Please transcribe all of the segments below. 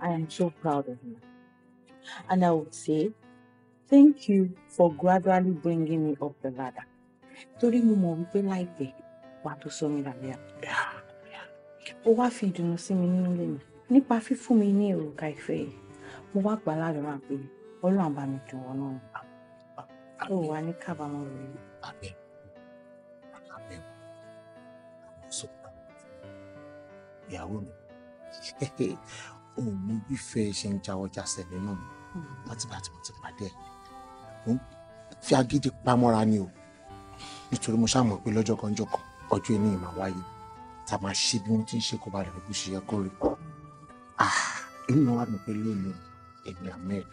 I am so proud of you. And I would say, thank you for gradually bringing me up the ladder. Torí mo mọ̀ wípé láìpẹ́ wà tó sọ mí dàbí àpò. Ó wá fi ìdùnnú sí mi nínú ilé mi. Nípa fífún mi ní èròkà ìfẹ́ yìí, mo wá gbà ládùúrà pé Ọlọ́run àbá mi dùn ọ́ náà. Ó wà ní kábàámọ̀ rẹ̀. Àbẹ̀ ìyàwó mi òun bí fẹ́ ṣe ń ja ọjà sẹ̀lẹ̀ náà wọ́n ti bá tí mo ti pàdé ẹ̀ mo ń fi agídí pamọ́ra ni o nítorí mo ṣàmọ̀ pé lọ́jọ́ kan jọ kan ọjọ́ ẹni ìmọ̀ wáyé tá a máa ṣe bí wọ́n ti ń ṣe kó ba rẹ̀ bó ṣe yẹ kó rí ah, inú wa dùn pé lónìí èmi Ahmed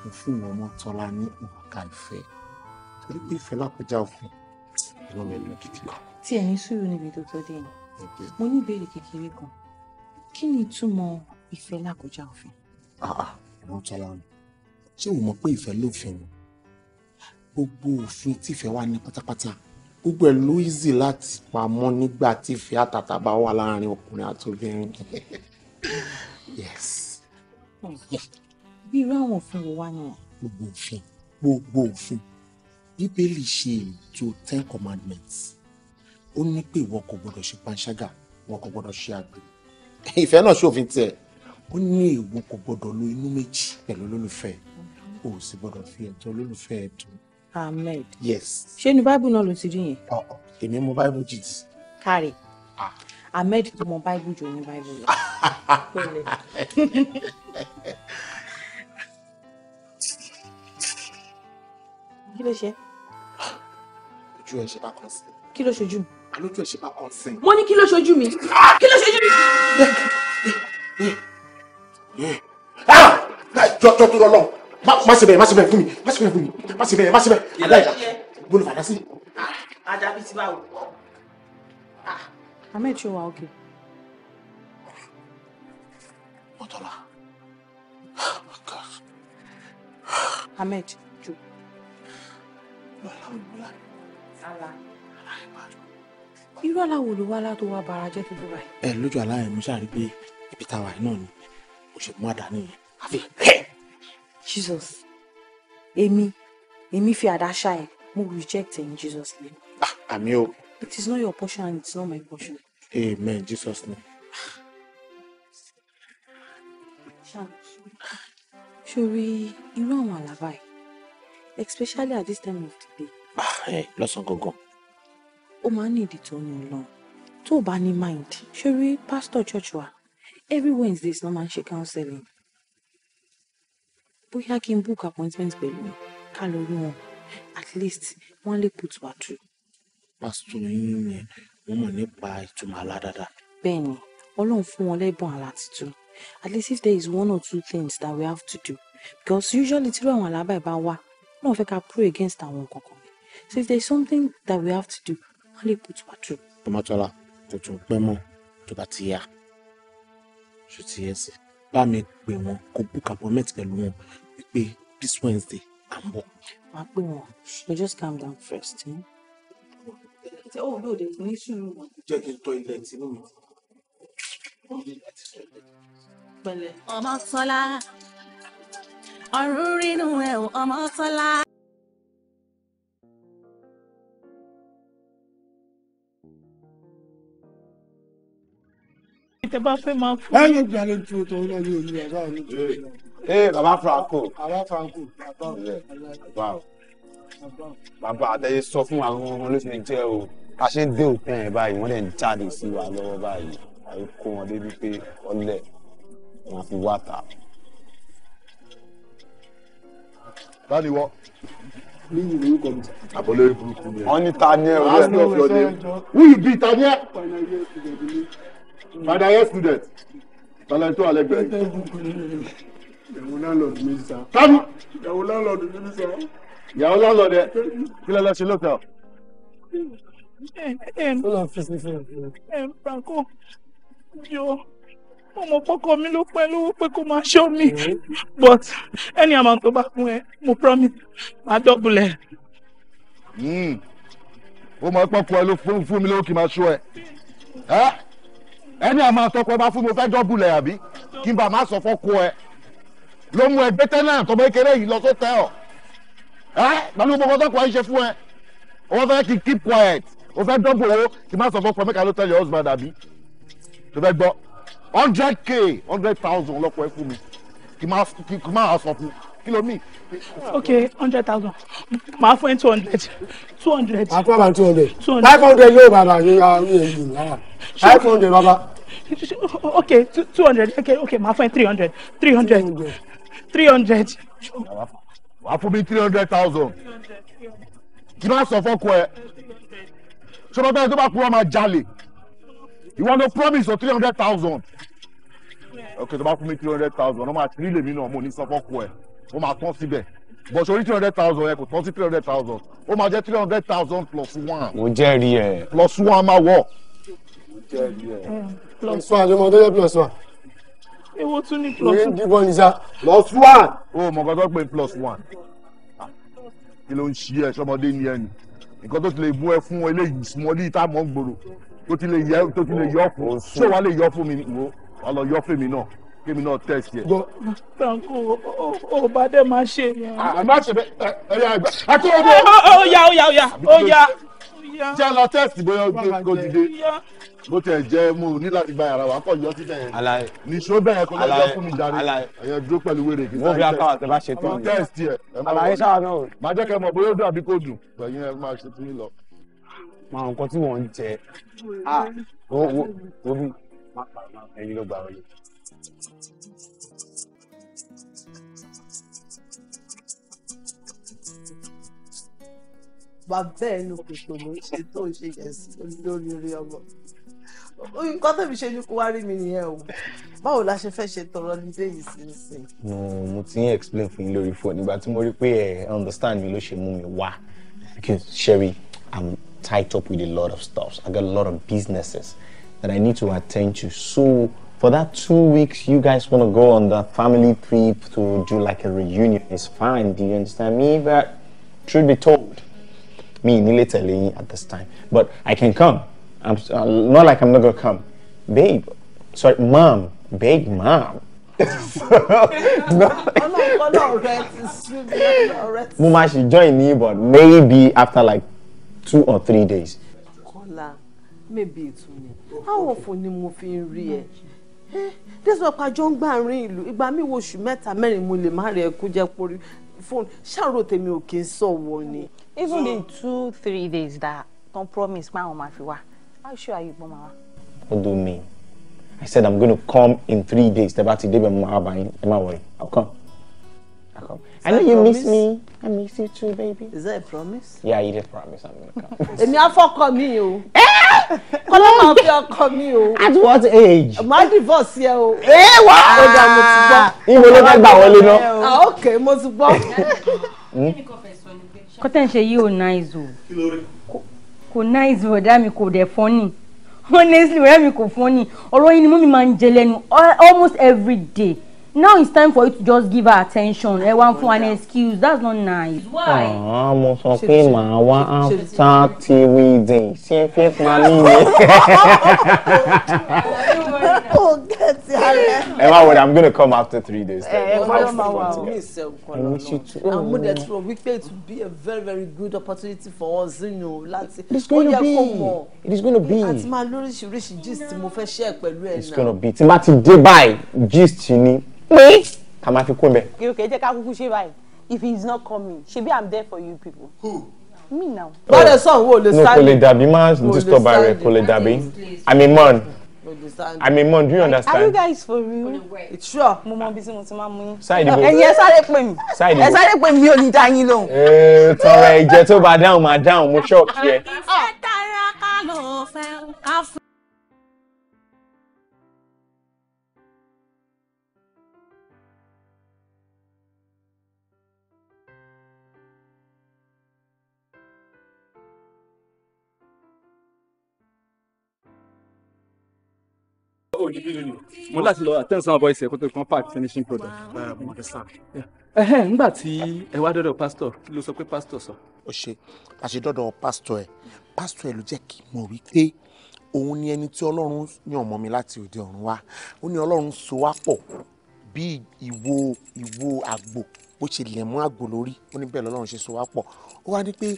mo fún ìwọ ọmọ tọ́lá ní òǹkà ìfẹ́ torí pé ìfẹ́ lápẹjá òfin inú mi ló dìde. tí ẹni sùúrù níbi tó tọ́ dé ni mo ní ìbéèrè kékeré kan kí ni ìtumọ̀ ìfẹ́ lákọjá òfin. àwọn tọ́lá ni ṣé o mọ̀ pé ìfẹ́ lófin ni gbogbo òfin tífẹ́ wà ní pátápátá gbogbo ẹ̀ ló easy láti pamọ́ nígbà tífẹ́ àtàtà bá wà láàrin ọkùnrin àti obìnrin yes. bí irú àwọn òfin wo wá nìyẹn. gbogbo òfin gbogbo òfin bíbélì ṣe ètò ten commandments ó ní pé ìwọ kò gbọdọ̀ ṣe panṣágà ìwọ kò gbọdọ̀ ṣe àgbèrè ìfẹ́ náà ṣòfin tiẹ̀ ó ní ìwọ kò gbọdọ̀ lo inú méjì pẹ̀lú olólùfẹ́ o sì gbọdọ̀ fi ẹ̀tọ́ olólùfẹ́ ẹ̀ dùn. ahmed yes. ṣé inú báíbù náà ló ti rí yẹn. ọ̀ọ́ èmi mọ báíbù jìdì. káre ah. ahmed tó mọ báíbù jù ní báíbù lọ. kí ló ṣe. ojú ẹ ṣe bá kan sí. kí ló ṣojú mi lójú ẹ̀ ṣe bá kàn sìn. mo ní kí ló ṣojú mi kí ló ṣojú mi. Ah! Ah! jọ jọ dúró lọ má ṣe bẹ́ẹ̀ má ṣe bẹ́ẹ̀ fún mi má ṣe bẹ́ẹ̀ fún mi má ṣe bẹ́ẹ̀ má ṣe bẹ́ẹ̀ aláìka bolo fàdá sí. Ah, ajabi ti báwo. ahmed ṣe wa òkè. ọ̀tọ̀lá. ahmed jù. alhamdulilayi. ala irú aláwo ló wá látó wá bara jẹ́ tó dúró ẹ lójú aláyẹ mo ṣáà rí pé ibi tá a wà náà ni mo ṣe mú àdá nìyẹn àfi. Jesus èmi èmi fi àdá ṣá ẹ mo reject ẹ in Jesus name. ah àmì o. it is not your portion and it is not my portion. amen Jesus name. sori irú àwọn àlàbà yìí especially at this time of the day. ah ẹ lọ́sàn-án gangan ó máa ń ní ìdí tó ní Ọlọ́run tó bá ní mind ṣorí Pastor church wa every Wednesday, ló máa ń ṣe counseling bóyá kí n book appointment pẹ̀lú ká lọ rí wọn at least wọ́n lè put wa through. pásítọ̀ yín ni wọ́n mọ̀ nípa ìtumọ̀ aládàáda. bẹ́ẹ̀ni Ọlọ́run fún wọn lẹ́bùn alátìtú at least if there is one or two things that we have to do because usually tí àwọn alábàá bá wà wọ́n fẹ́ ká pray against àwọn kankan so if there is something that we have to do wọ́n lè bù tó bá kò tún pẹ́ mọ́ tó bá ti yá ṣe ti yẹ sí bá mi pè wọ́n kó book appointment pẹ̀lú wọn wípé this Wednesday à ń bọ̀. wàá pè wọn so just calm down first. Eh? ṣé o lóde ní sùúrù. jẹ́ kí n tọ́ ilẹ̀ tí mo mọ̀. pẹ̀lẹ́. ọmọ sọlá ọrùn rínú ẹ̀ ọmọ sọlá. tẹ bá fẹ́ máa fún. láyé ìgbà ló tu tó lọ ní olú ẹ báwo ní tu. ee baba Franco. baba Franco baba o. baba àtẹ̀yẹ sọ fún àwọn ọmọ olóṣèlú jẹ́ o a ṣe ń dé òpin ẹ̀ báyìí wọ́n dẹ̀ ń jáde sí wa lọ́wọ́ báyìí àyè kó wọn débi pé ọlẹ̀ wọn fi wá ta. báyìí wọ́n lórí orúkọ mi. àbọ̀lẹ̀ burúkú ni. wọ́n ní ta ni ẹ. wọ́n ní ọ̀fẹ́ ọ̀dẹ́. wíyì bíi ta my mm. direct student tọ́lẹ̀ tó alẹ́ gbẹ̀rẹ̀. ìyàwó láńlọ́ọ̀dù mi sá. kánú. ìyàwó láńlọ́ọ̀dù mi sá. ìyàwó láńlọ́ọ̀dù ẹ kí lọ́ọ́ ṣe lóòótọ́. sọlá fèsì fèsì. ẹ Branko yo ọmọ pọkọ mi ló pẹ́ lówó pé kó máa ṣọ́ me. Mm-hmm. but any amount tó bá fún ẹ mo promise máa dọ́gbùlẹ̀. Mm. ó máa pọ́kọ ẹ ló fún mi lówó kí n show. ṣọ́ ẹ ẹni àmọ́ àtọkọ bá fún mi fẹ́ jọ́ bulẹ̀ àbí kí n bá má sọ fọ́kọ ẹ ló mú ẹgbẹ́ tẹ́lẹ̀ tọmọ kékeré yìí lọ tó tẹ́ ọ ẹ pẹ̀lú gbogbo tọkọ ẹ ṣe fún ẹ wọ́n fẹ́ kí keep quiet o fẹ́ dọ́bù owó kí n má sọ fọ́kọ mẹ́ka ló tẹ̀lé husband àbí tó fẹ́ gbọ́ hundred k hundred thousand lọ́kọ ẹ fún mi kí n má sọ fún kí ló ok hundred thousand màá fún ẹ two hundred two hundred. màá fún àbá two hundred five hundred yóò bàbá ah, yìí rárá five hundred bàbá. ok two hundred ok ok màá fún ẹ three hundred three hundred three hundred. wàá fún mi three hundred thousand kí ló sọ fọ́kọ ẹ ṣọlá bẹ́ẹ̀ tó bá kúrò máa jalè ìwọ ló promise ọ three hundred thousand ok tó bá fún mi three hundred thousand ọmọ àti nílé mi náà mo ní sọ fọ́kọ ẹ ó máa tán síbẹ̀ bọ̀ sórí three hundred thousand yẹn kò tán sí three hundred thousand ó máa jẹ́ three hundred thousand plus one. mo jẹ́rìí ẹ̀. plus one máa wọ̀. mo jẹ́rìí ẹ̀. plus one àjọmọ́ tó yẹ plus one. ewo tún ní plus one. oye ń dìbọn nìsa. plus one. o mọ̀ kọ́tọ́ pé plus one. kí ló ń ṣí ẹ sọmọdé ni ẹ nì nǹkan tó ti lè mú ẹ fún eléyìí sọmọdé tá a mọ̀ ń gbòòrò tó ti lè yọ fún ṣé wàá lè yọ fún mi wọ́n lọ yọ fún mi náà kémi náà tẹ̀sí ẹ̀. gbọ́ franco oh, bá dé máa ṣe. àmọ́ àṣẹbẹ ẹ̀yà oh, akérèdé. oh, yá oh, yá oh, yá oh, yá. jẹ́ lọ tẹ̀sí bóyá ó gbé kó dìde bó tẹ̀ jẹ́ mú un ní láti gba yàrá wa kọ́ yọ títẹ̀ yẹn. nìṣó bẹ́ẹ̀ kó lọ́jọ́ fún mi darí ẹ̀yẹ dúró pẹ̀lú wèrè kí sáyẹn tẹ̀. wọ́n fi akáwà tẹ bá ṣe tán. ọmọ tẹ́sítì ẹ̀. àlàyé sáà náà o. màá jẹ́ kẹ́ mọ̀ bóyá ó dùn àbí kò dùn. pẹ̀yìn ẹ máa ṣe fún yín lọ. máa nǹkan tí wọ́n ń jẹ. ah wo wo wo bí ẹyin ló gbà wọlé. bàbá ẹnu kòtò ló ṣe tó ṣe yẹn sí olóríire ọmọ nǹkan tẹ̀mí ṣe ní kó wá rí mi nìyẹn o báwo la ṣe fẹ́ ṣe tọrọ nílé yìí sí nísìn. mo ti ń explain fún yín lórí fóònù ìgbà tí mo rí pé ẹ understand mi ló ṣe mú mi wá because Sherry I'm tied up with a lot of stuff I got a lot of businesses that I need to attend to so for that two weeks you guys wanna go on that family trip to do like a reunion it's fine do you understand me but truth be told Me ì nílé at this time but I can come I'm uh, not like I'm not gonna come babe sorry mom babe mom. mo she join me but maybe after like two or three days. kọ́lá maybe ìtún ni àwọn òfò ni mo fi ń rí ẹ tẹsán ọkọ àjọ ń gbà rin ìlú ìgbà mi wo oṣù mẹ́ta mẹ́rin mo lè má rí ẹ kó jẹ́ porí fóònù even the two three days that don promise ma àwọn máa how sure are you gbọ́n màá wá. what do you mean i said i'm gonna come in three days tẹ́ bá ti débẹ̀ mo máa bá yín ẹ má worry i'll come. I'll come. I know you promise? miss me. I miss you too, baby. Is that a promise? Yeah, you did promise I'm gonna come. Èmi afọ́kọ mi o. Eh? Kọ́lá máa fi ọkọ mi o. At what age? Màá divorce yẹ o. Ẹ eh, wá. Ó mo ti gbọ́. Ibo ló fẹ́ gbà wọlé náà. Ah, okay, mo ti gbọ́. Hmm? Kí ni kò kọ́tẹ́ ń ṣe yìí ò nice o kò nice ọ̀dá mi kò dẹ̀ funny honestly ọ̀dá mi kò funny ọ̀rọ̀ yìí ni mú mi máa ń jẹ lẹ́nu almost every day now it's time for you to just give her attention ẹ wá fún an excuse that's not nice. ọ̀hún ah, mo sọ pé màá wá after three days ṣé fẹ́ pa mí yẹn. Oh, ẹ wá wọlé i'm gonna come after three days. ẹ eh, ẹ eh, wọ́n máa wà ó mi ìṣẹ̀kùn ọ̀nà náà and mo dẹ̀ tún it will be a very very good opportunity for us you know láti ó yẹ kó mọ̀ it is gonna be àti máa lóríṣiríṣi gist mo fẹ́ share pẹ̀lú ẹ̀ náà. it's gonna be tí má ti dé báyìí gist ni pé ká máa fi kún bẹ́ẹ̀. kìrìkìrì jẹ́ ká kúkú ṣe báyìí if he is not coming ṣebi i'm there for you people. Who? me now. bọ́dẹ̀ sọ̀rọ̀ wo lè sáré. no kò lè dàbí má disturb by. rẹ̀ kò lè dàbí i'm a man understand. I mean, Mom, do you understand? Are you guys for real? It's sure. Mo mọ bí tí mo ti máa mú yín. Sáìdì bo. Ẹ̀yin Side the pè mí. Sáìdì bo. Ẹ sáré pè mí mi ò ní dá yín lóhùn. Ee tọrọ ẹ̀jẹ̀ tó bá òjì bí lónìí mo láti lọ attend some boys tó kàn pack finishing product. Ah, ẹhẹ́ nígbà tí ẹ wá dọ́dọ̀ pásítọ̀ kí ló sọ pé pásítọ̀ sọ. ó ṣe àṣedọ́dọ̀ pásítọ̀ ẹ̀ pásítọ̀ ẹ̀ ló jẹ́ kí n mọ̀ wípé òun ni ẹni tí ọlọ́run yàn mọ́ mi láti òde ọ̀run wá ó ní ọlọ́run so wá pọ̀ bí ìwo ìwo àgbò bó ṣe lẹ̀ mọ́ àgbò lórí ó ní bẹ́ẹ̀ lọ́lọ́run ṣe so wá pọ̀ ó wá ní pé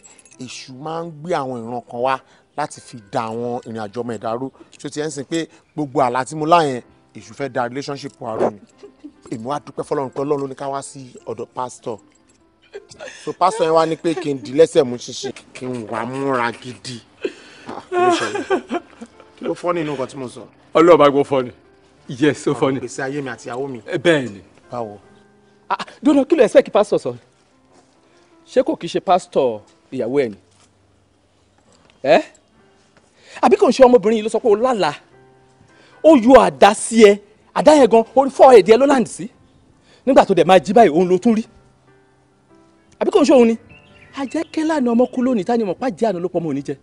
èṣù máa ń gbé àwọn ìran kan wá láti fi da àwọn ìrìn àjò ọmọ ẹ̀dá rú tó ti ẹ̀ ń sìn pé gbogbo àlá tí mo láyẹn èṣù fẹ́ da relationship wa rú ni èmi wá dúpẹ́ fọlọ́run pé ọlọ́run ló ní ká wá sí ọ̀dọ̀ pásítọ̀ so pastor, yẹn wá ní pé kí n di lẹ́sẹ̀ mú ṣinṣin kí n wá múra gidi ah, kí ló fọ́ ní inú nǹkan tí mo sọ. ọlọ́run bá gbọ́ fọ́ ni yes ó fọ́ ni. gbèsè ayé mi àti ìyàwó mi. Eh, bẹ́ẹ̀ ni. báwo. Ah, dundun kí ló expect pásítọ̀ sọ ṣé kò kí ṣe pásítọ̀ ìyàwó ẹ̀ ni. ẹ́ eh? àbí kò ń ṣe ọmọbìnrin yìí ló sọ pé ó lálàá ó yọ àdá sí ẹ àdá yẹn gan orí fọ́ èdè ẹ ló láǹdì sí nígbà tó dẹ̀ máa jí báyìí òun ló tún rí àbí kò ń ṣe òun ni àjẹkẹ́ lánàá ọmọ kú lónìí tá ni mọ̀ pàjẹ́ àná ló pọ̀ mọ́ òní jẹ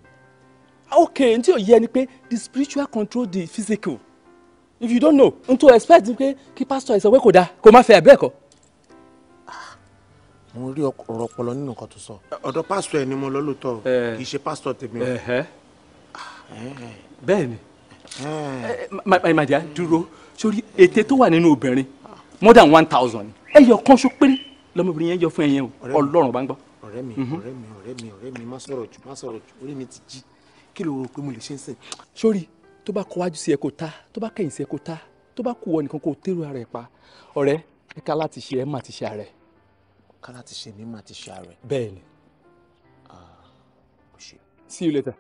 ok n tí ò yẹ ni pé the spiritual control the physical if you don't know n tó expect ni pé kí pastor ẹ sọ pé kò dáa kò má fẹ́ àbẹ́ ẹ̀kọ́. mo rí ọ̀rọ̀ ọpọlọ nínú nǹkan tó sọ. ọ̀dọ̀ pásítọ̀ ẹ̀ ni mo lọ lóòótọ́ eh. kì í ṣe pásítọ̀ tèmi bẹ́ẹ̀ ni eh, eh, my dear dúró sórí ète tó wà nínú obìnrin more than one thousand ẹyọ kan ṣo péré lọmọbìnrin yẹn yọ fún ẹyẹ o Ọlọ́run bá ń gbọ́. ọ̀rẹ́ mi mhm. ọ̀rẹ́ mi ọ̀rẹ́ mi ọ̀rẹ́ mi má sọ̀rọ̀ jù má sọ̀rọ̀ jù orí mi ti jí kí ló rò pé mo lè ṣe ń sìn. sórí tó bá kọwájú sí ẹ kó ta tó bá kẹ̀yìn sí ẹ kó ta tó bá kù nìkan kó tẹrù ara ẹ pa ọ̀rẹ́ ẹ ká láti ṣe ẹ má ti ṣe ara ẹ. ká láti ṣe mi má ti ṣe ara ẹ. bẹ́ẹ̀ni. Ah, see you later.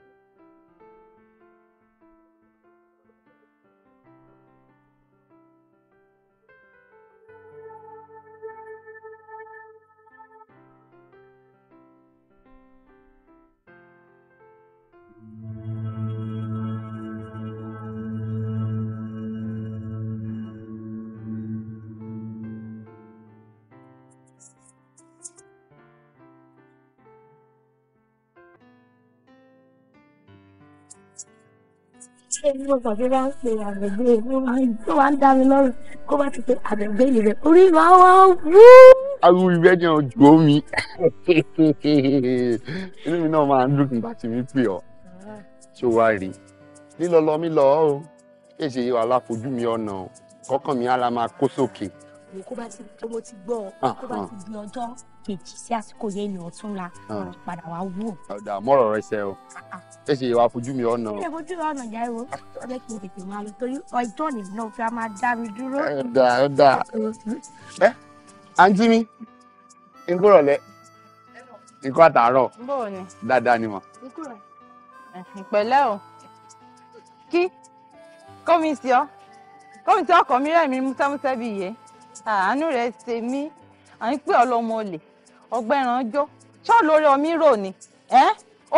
ní mo kàn fi máa ń pe àgbègbè mi tó máa ń dá mi lọ́rùn kó bá ti pe àgbègbè mi rẹ̀ orí máa wá wú. awo ìbẹ́ jẹ́ ojú omi inú mi náà máa ń dùn nígbà tí mi pè ọ́ tí wá rí lílọ lọ mi lọ o èsì wàhálà fojú mi ọ̀nà kọ́kàn mi á la máa kó sókè. kó bá ti tó mo ah, kó bá ti ah. di ọjọ́ kejì sí àsìkò yẹn ní ọ̀túnla ah. padà wá wò. ọ̀dà mọ́rọ̀ rẹ sẹ́ ah, ah. o ẹ ṣe ìwà fojú mi ọ̀nà. ṣé fojú mi ọ̀nà jáde wo jẹ́ kí n tètè máa lọ torí ọjọ́ ni náà fi máa dá mi dúró. ọ̀dà ọ̀dà ẹ àǹtí mi nkú rọ̀lẹ́ nkú àtàárọ̀ dáadáa ni wọn. ìpẹ̀lẹ́ o kí kọ́mísì ọ kọ́mísì ọkọ̀ mi rẹ̀ mi mú sẹ́músẹ́ bí yẹ àánú rẹ̀ ṣe mí à ń pè ọlọ́mọ olè ọgbẹ́ranjọ́ ṣé olórí omi rò ni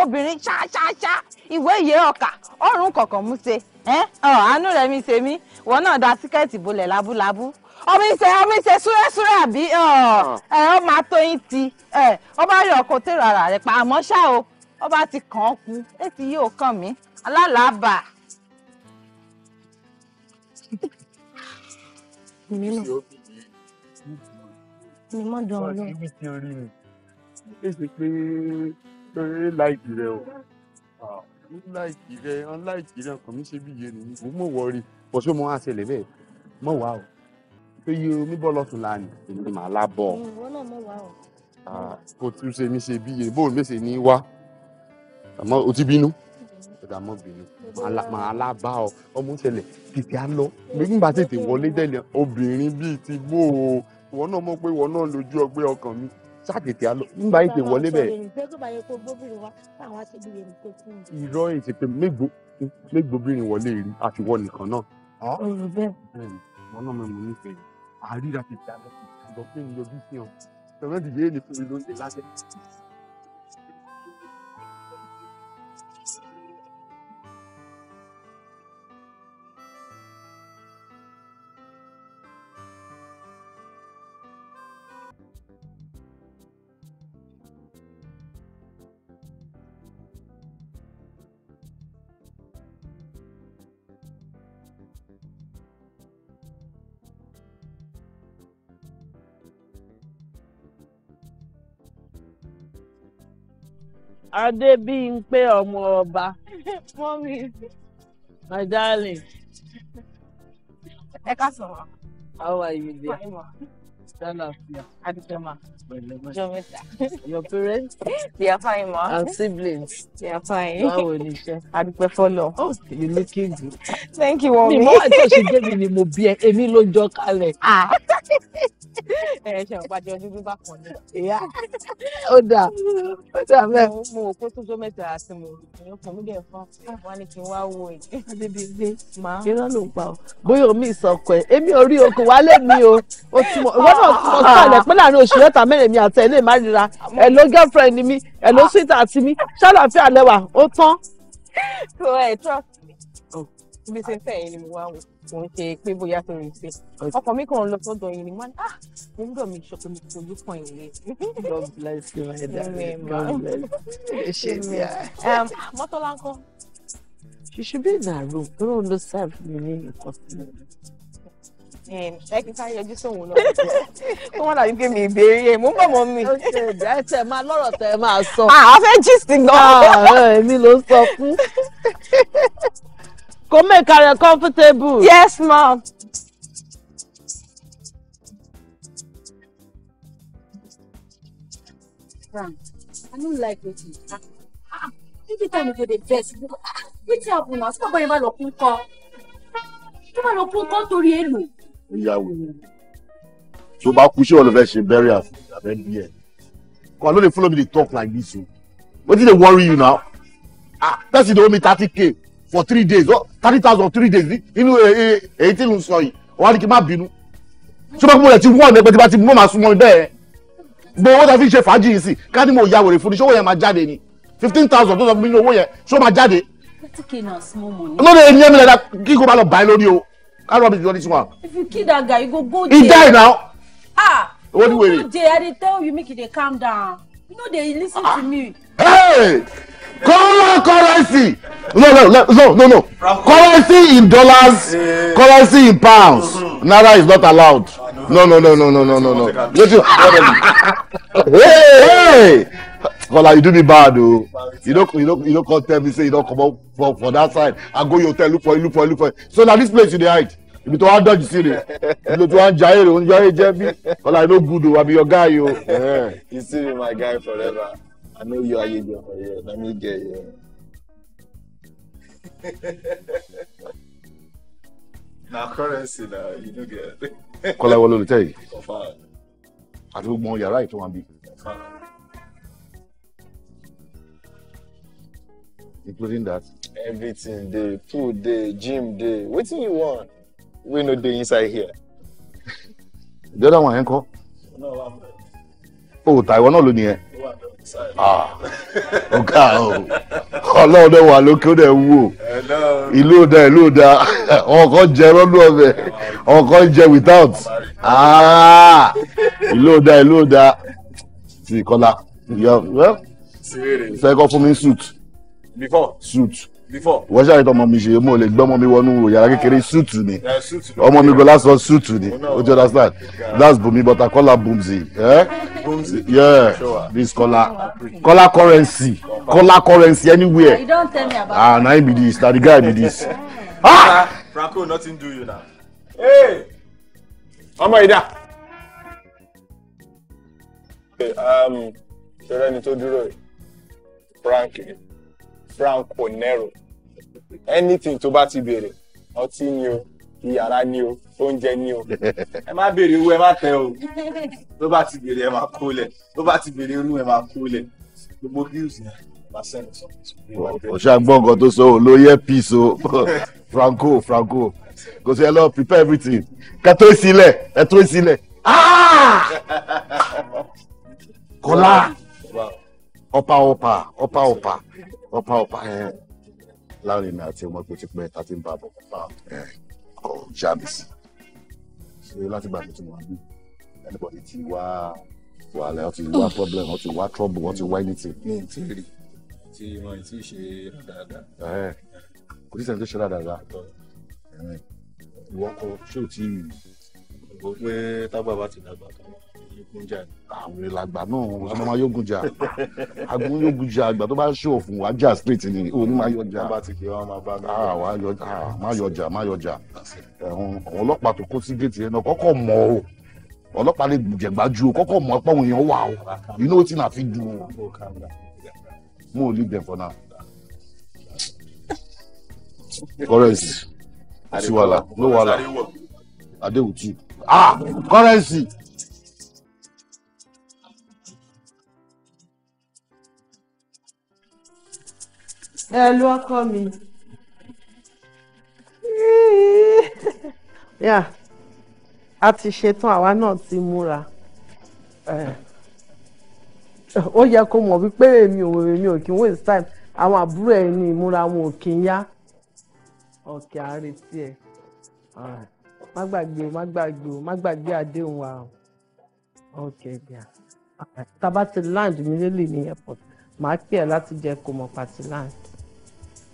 obìnrin ṣáṣáṣá ìwé ìyẹ́ ọ̀kà ọ̀run kọ̀ọ̀kan mú ṣe àánú rẹ̀ mi ṣe mí ìwọ náà da tíkẹ́ẹ̀tì bolẹ̀ lábúlábú omi ṣe omi ṣe súrẹ́súrẹ́ àbí ẹ ọ máa tóyin ti ọba yọ ọkọ tèrò ara rẹ pa àmọ́ ṣá o ọba ti kàn án kú ètí yóò kàn mí alálàábà. mi náà mi mọ́ dán lọ. wọ́n ti wí sí orí mi èsì pé pé láìkì rẹ o láìkì rẹ ọ̀nláìkì rẹ ọkàn mi ṣe bí iye nìyí mo mọ̀ wọ́ọ̀rì bó ṣe mo á ṣẹlẹ̀ bẹ́ẹ̀ mọ̀ wá o pé iye omi bọ́ lọ́tún lánìí èmi màá lábọ̀ ọ́ kò tún ṣe mi ṣe bí iye bóun mèsè ní wá àmọ́ o ti bínú ọ̀dà mọ́ bínú màá lábá ọ ọmọ ṣẹlẹ̀ tètè á lọ nígbà tètè wọlé dẹ́lẹ̀ obìnrin bíi ti bó o wọn náà mọ̀ pé wọn náà lójú ọgbẹ́ ọkàn mi ṣàtètè àlọ nígbà yìí pé wọlé bẹ́ẹ̀. irọ́ èsì pé mégbóbìnrin wọlé rí àfiwọ́ nìkan náà. ọ̀rọ̀ bẹ́ẹ̀. wọn náà mọ̀ nífẹ̀ẹ́ àríra ti dá lọ́sìn ìgbọ̀n pé mi lójú sí ọ. tọ́lá dìde èlé fún mi lóúnjẹ lásẹ̀. Adébíyìnpé ọmọ ọba. Mọ́mí. My darling. Ẹ ká sọ̀rọ̀. How are you there? Fine ma. Ṣálàfíà. Adìjọ́mà. Jọ́mẹ́ta. Your parents? They are fine ma. And siblings? They are fine. Báwo ni iṣẹ́? Adúpẹ́ fọ́lọ̀. Oh, you looking good. Thank you, Wọ́mi. Mi mọ́ àti òṣìṣẹ́ mi ni mo bí ẹ, èmi ló jọ kalẹ̀. Ah. ẹ ṣe ọ̀pá jọ ní ní. ìyá ó dà ó dà mẹ́. mo wò pé tójó mẹ́ta àti mo rò pé mi dẹ̀ fún wa ni kí n wá wo èyí. adébíyé irọ́ ló ń pa ọ́ bóyá omi ìsọkọ ẹ̀ èmi ò rí okùn wálé mi o ìwọ náà mọ sọ̀lẹ̀ ah. pé láàrin oṣù mẹ́ta mẹ́rin mi àtẹ̀ lè má rira girlfriend mi ẹ̀ ló sweetheart mi ṣáláfíà lẹ́wà ó tán. ẹ trust bí ṣe ń fẹ́ yẹn ni mo wá wò kò ń ṣe pé bóyá tó rí ṣe ọkàn mi kàn ń lọ sọ́dọ̀ yìí ni wọ́n á ah, mo ń dọ̀ mi ṣọkọ mi kò ló pọ̀ ìwé. God bless you my darling God bless you ṣe ti a. mọ́tọ́lá ń kọ́. she should be in her room tó ló ń lọ serve mi ní nǹkan sí mi ẹ kí n sáré yọjú sóhun náà kó wọn dàbí pé mi ìbéèrè ẹ mú bọ̀ mọ́ mi. ẹ tẹ máa lọ́rọ̀ tẹ máa sọ. àwọn ah, fẹ́ gist gan. Ah, èmi ló sọ fún. Go make her comfortable. Yes, ma'am. Frank, I don't like what you do. Every ah, ah, time you go the ah, best, wetin happen na sọ́kọ̀ yẹn bá lọ kún kọ́. Tó bá lọ kún kọ́ torí èlò. Ìyàwó So back, kú ṣé olùfẹ́ ṣe burial fún abẹ́ bí ẹ̀. Come on, no dey follow me They talk like this What did they worry you now? Ah, person dey owe me thirty k for three days oh, thirty thousand three days inú eh, eh, èyí tí ń sọ yìí wà ní kí n má bínú sọ́dọ̀ mo rẹ̀ ti wọ́n ẹgbẹ́ tí bá ti mú màá súnmọ́ bẹ́ẹ̀ gbogbo owó tá a fi ṣe fàájì yìí sí ká ní mo ya wèrè fún ni ṣé owó yẹn máa jáde ni fifteen thousand tó sọ fún mi ní owó yẹn ṣé ó máa jáde. lórí ẹni ẹ̀mí lẹ́dá kí kò bá lọ bá ẹ lórí o ká lọ́ọ́ bí ti lọ ní tiwọn. if you kill that guy you go go jail. he die now. ah you go jail i dey tell you make you dey calm down you no dey lis ten to ah. me. Hey! currency no no no no no currency in dollars eh. currency in pounds mm-hmm. naira is not allowed no no no no no no no no wetin hey hey kola you do me bad dude. Oh. you don't, you don't, you don't come tell me say you don't come out for for that side i go your hotel look for you look for you look for you so now this place you the hide You be to dọ́jú sí rè ibi tó wá ń jayé rè ó ń jayé jẹ́ bí kola you no good o oh. i be your guy o. Oh. you still be my guy forever. I know you are you for you. Let me get you. na currency now you no get. Kọ́lá ìwọ ló lè tẹ̀ yìí. Àti gbogbo yàrá ìtọ́ wọn bí. Including that. Everything dey, food dey, gym dey, wetin you want? Wey no dey inside here. The other one ẹ̀ ń kọ́. O ò ta ìwọ náà ló ní Ah. ọ̀gá o ọlọ́run náà wà lókè ó dẹ̀ ń wò ìlú ò da ìlú ò da àwọn kan jẹ rọ́nú ọbẹ̀ àwọn kan jẹ without ah. ìlú ò da ìlú ò da ti kọ́lá second for me suit. before suit. Before, wọ́n ṣàyẹ̀tọ̀ ọmọ mi ṣe mo lè gbọ́ ọmọ mi wọnú yàrá kékeré ah, súùtù ni ọmọ mi go last lásán súùtù ni oh, o ti understand that's Bumi but I call her Bumzi eh? Bumzi yeah sure. this Kola Kola currency Kola currency anywhere ah na him be this na the guy be this. ah! Franco nothing do you now. Hey! ọmọ ìdá. Um, ṣẹlẹ ni tó dúró yìí Frank Franco Nero anything tó bá ti béèrè ọtí ni o iyàrá ni o oúnjẹ ni o ẹ má béèrè owó ẹ má tẹ o tó bá ti béèrè ẹ má kó lẹ tó bá ti béèrè inú ẹ má kó lẹ gbogbo bills yẹn má sẹ́nu sọ. ọ̀ṣà gbọ̀ngàn tó sọ olóyè peace o franco franco kò sí ẹ lọ prepare everything ká tó sílẹ̀ ẹ tó sílẹ̀ ah! kọ́lá ọ̀pá ọ̀pá ọ̀pá ọ̀pá ọ̀pá ọ̀pá láàrin mi àti ọmọ tó ti pẹ́ tá a ti ń bá a bọ̀ bá kò já mi sí ṣe láti gbà mí wà ní anybody ti wá wàhálà ọ ti wá problem ọ ti wá trouble ọ ti wá anything. ní ti rí tí wọn ti ṣe dáadáa. kò sí sẹ́ni tó ṣe dáadáa ìwọ kọ ṣé o ti rí i. o pé tábà bá ti dàgbà kan ìgbìnjà àwọn ìlàgbà náà wọn sọ ma yógun jà agun yógun jà àgbà tó bá ṣòwò fún wa jà straight ni o ní ma ah, yọ jà má yọ jà má yọ jà àwọn ọlọ́pàá tó kó sí géètì yẹn náà kọ́kọ́ mọ̀ o ọlọ́pàá lè jẹ̀gbájú o kọ́kọ́ mọ̀ pé àwọn èèyàn wà o you know wetin I fit do o mo leave them for now currency sí no wàhálà adéwùtú ah currency. ẹ ló ọkọ mi. yà a ti ṣetán àwa náà ti múra ó yẹ kó mọ̀ wípé èmi ò èmi ò kí n waste time àwọn àbúrò ẹ̀ ní ìmúra wọn ò kí n yá ọ̀kẹ́ àárẹ̀tì ẹ̀ má gbàgbé o má gbàgbé o má gbàgbé àdéhùn wa o ọ̀kẹ́ bíà tá a bá ti land mi lélẹ̀ ní airport màá pè ẹ́ láti jẹ́ kó mọ̀ pàtí land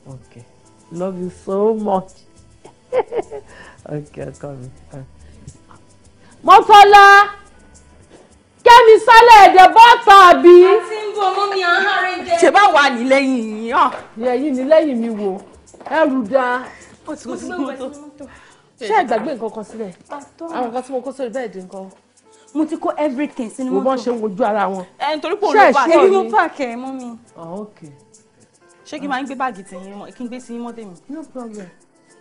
okay love you so much okay come. mi. mọ́tọ́lá kẹ́mi sálẹ̀ èdè bọ́ọ̀tà àbí. a ti ń bọ̀ mọ́ mi àárín jẹ. ṣé bá wà ní lẹ́yìn yìí hàn. yẹ̀yìn ní lẹ́yìn mi wò ẹrù dáa. ó ti kó mọ́tò. ṣé ẹ gbàgbé nǹkan kan sílẹ̀ àwọn nǹkan tí mo kó sórí bẹ́ẹ̀ di nǹkan mo ti kó everything sínú mọ́tò. mo bọ́n ṣe wojú ara wọn. ẹ nítorí pé òun ló bá mi. ṣe é ṣe é bí mo pààkẹ́ mọ́ mi ṣé kí n máa ń gbé báàgì tí yín mọ́ kí n gbé sí yín mọ́ tèmi. no problem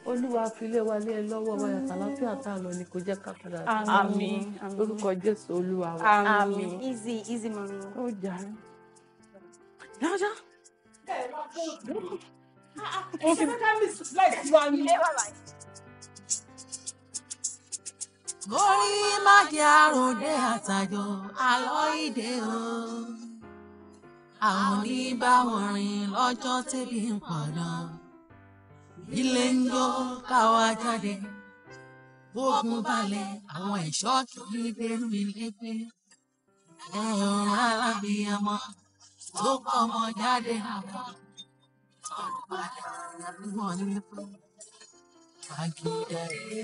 olúwa filé wa lé ẹ lọ́wọ́ wa yàtọ̀ tá a lọ ni kò jẹ́ ká padà sí. àmín lórúkọ jésù olúwa wa. àmín easy easy mami. ó jà á. dáadáa. ó fi gorí mákì àròdé o àwọn oníbàwọ̀n rìn lọ́jọ́ tẹ́bí ń pọ̀nà ilé ń yọ káwa jáde bógun balẹ̀ àwọn ẹ̀ṣọ́ kìí dẹnu ilé pé ẹ̀rùn alábìyàmọ tó kọ́ ọmọ jáde àbọ̀ tọ́lú balẹ̀ àlùmọ́ nípa àgídàrí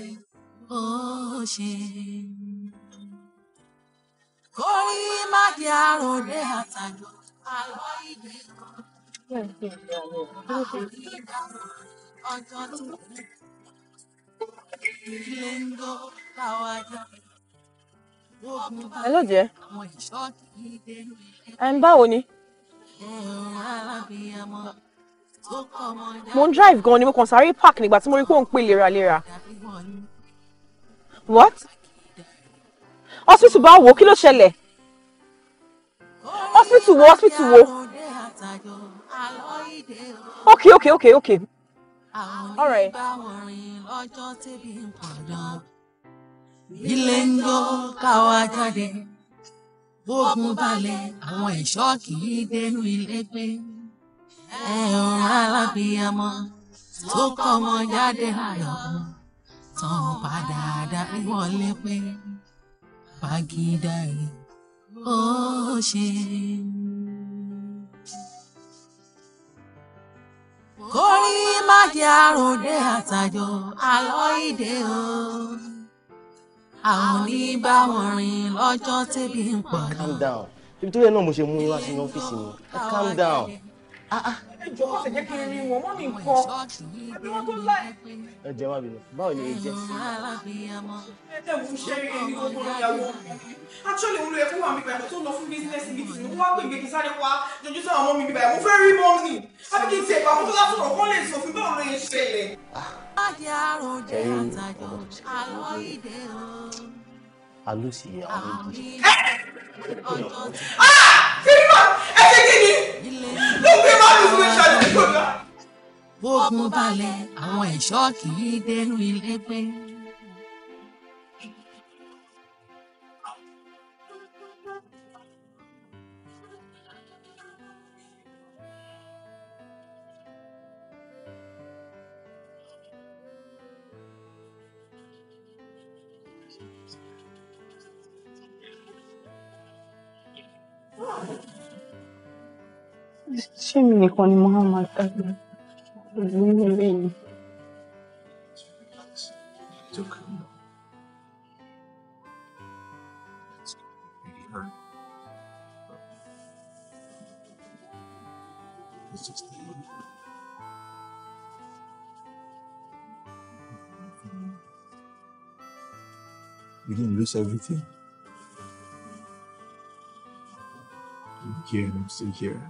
Hello, dear. Um, báwo ni? Mo ń drive gan ni mo kàn sáré park nígbà tí mo rí pé òun pè léraléra. What? Hospital bá wò ó kí ló ṣẹlẹ̀? hospital wo hospital wo okay okay okay okay all right. ilé ń yọ káwa jáde bógun balẹ̀ àwọn ẹ̀ṣọ́ kì dẹnu ilé gbé ẹ̀rùn alábìyamọ tó kọ́mọ jáde ayọ̀ tán padà darí wọlé pé fagídá yìí ó ṣe. Kórí má jẹ́ o. Àwọn ní lọ́jọ́ tẹ́bí ń pọ̀. Calm down. Ibi tó yẹ náà mo ṣe mú yín wá sí ọ́fíìsì mi. Calm down. Ah, ah. ẹ jẹ́ wá bìbọ̀ báwo ni èyí jẹ́ ẹ jẹ́ mo ṣe eré ní gbogbo ìyàwó actually olú ẹ̀kọ́ wà mí bàtà tó lọ fún business meeting ó wá pè mí kí sáré wá jọjú sọ ọmọ mi bàtà mo fẹ́ rí mọ́mì àbí kí n tiẹ̀ pàmò tó lásọ̀rọ̀ kọ́ lè sọ fún báwo ló yẹ ṣẹlẹ̀. ẹyin ọmọ alóòsì àwọn méjì. fífà ẹ ṣe kí ni ló gbé bọ́ọ̀lù fún ìṣàlùkù. bógun balẹ̀ àwọn ẹ̀ṣọ́ kì í dẹnu ilé pé. ni kwani Muhammad It's You didn't lose everything. You am here and I'm still here.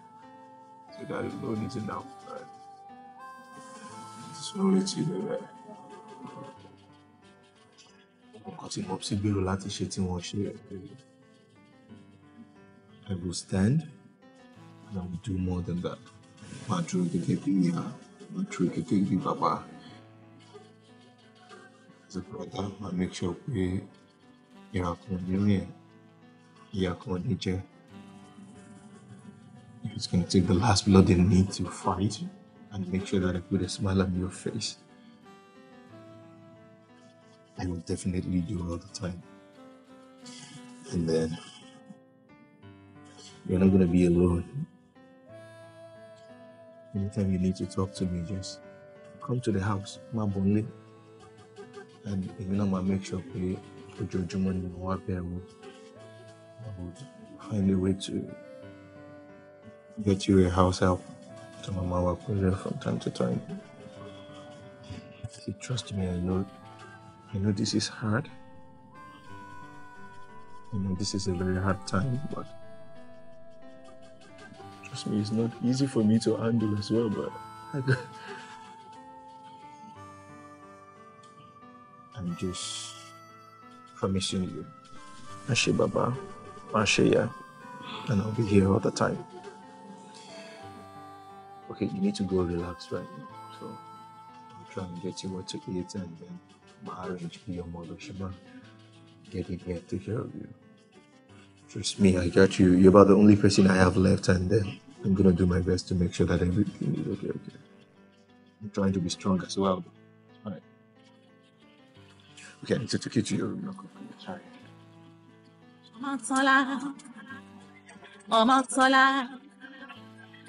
so that the loan is enough. Right? Sórí ti bẹ̀rẹ̀. Nǹkan tí mo ti gbèrò láti ṣe tí wọ́n ṣe rẹ̀ I will stand and I will do more than that. Màá dúró gẹ́gẹ́ bí ìyá, màá dúró gẹ́gẹ́ bí bàbá. As a brother, màá make sure pé ìyá kan ò ní rìn, ìyá kan ò It's going to take the last blood they need to fight and make sure that I put a smile on your face. I will definitely do all the time. And then you're not going to be alone. Anytime you need to talk to me, just come to the house, my bonly. And even know, my make sure put your ni in one bẹ̀rù, I would find a way to get you a house help to Mama Wakunle from time to time. See, trust me, I know, I know this is hard. I know this is a very hard time, but trust me, it's not easy for me to handle as well, but I I'm just promising you. Ashe Baba, Ashe and I'll be here all the time okay, you need to go relax right now. So i am trying to get you what to eat and then I'll your mother Shima. Get in here, take care of you. Trust me, I got you. You're about the only person I have left and then I'm gonna do my best to make sure that everything is okay, okay. I'm trying to be strong as well. Alright. Okay, I need to take you to your room. Sorry.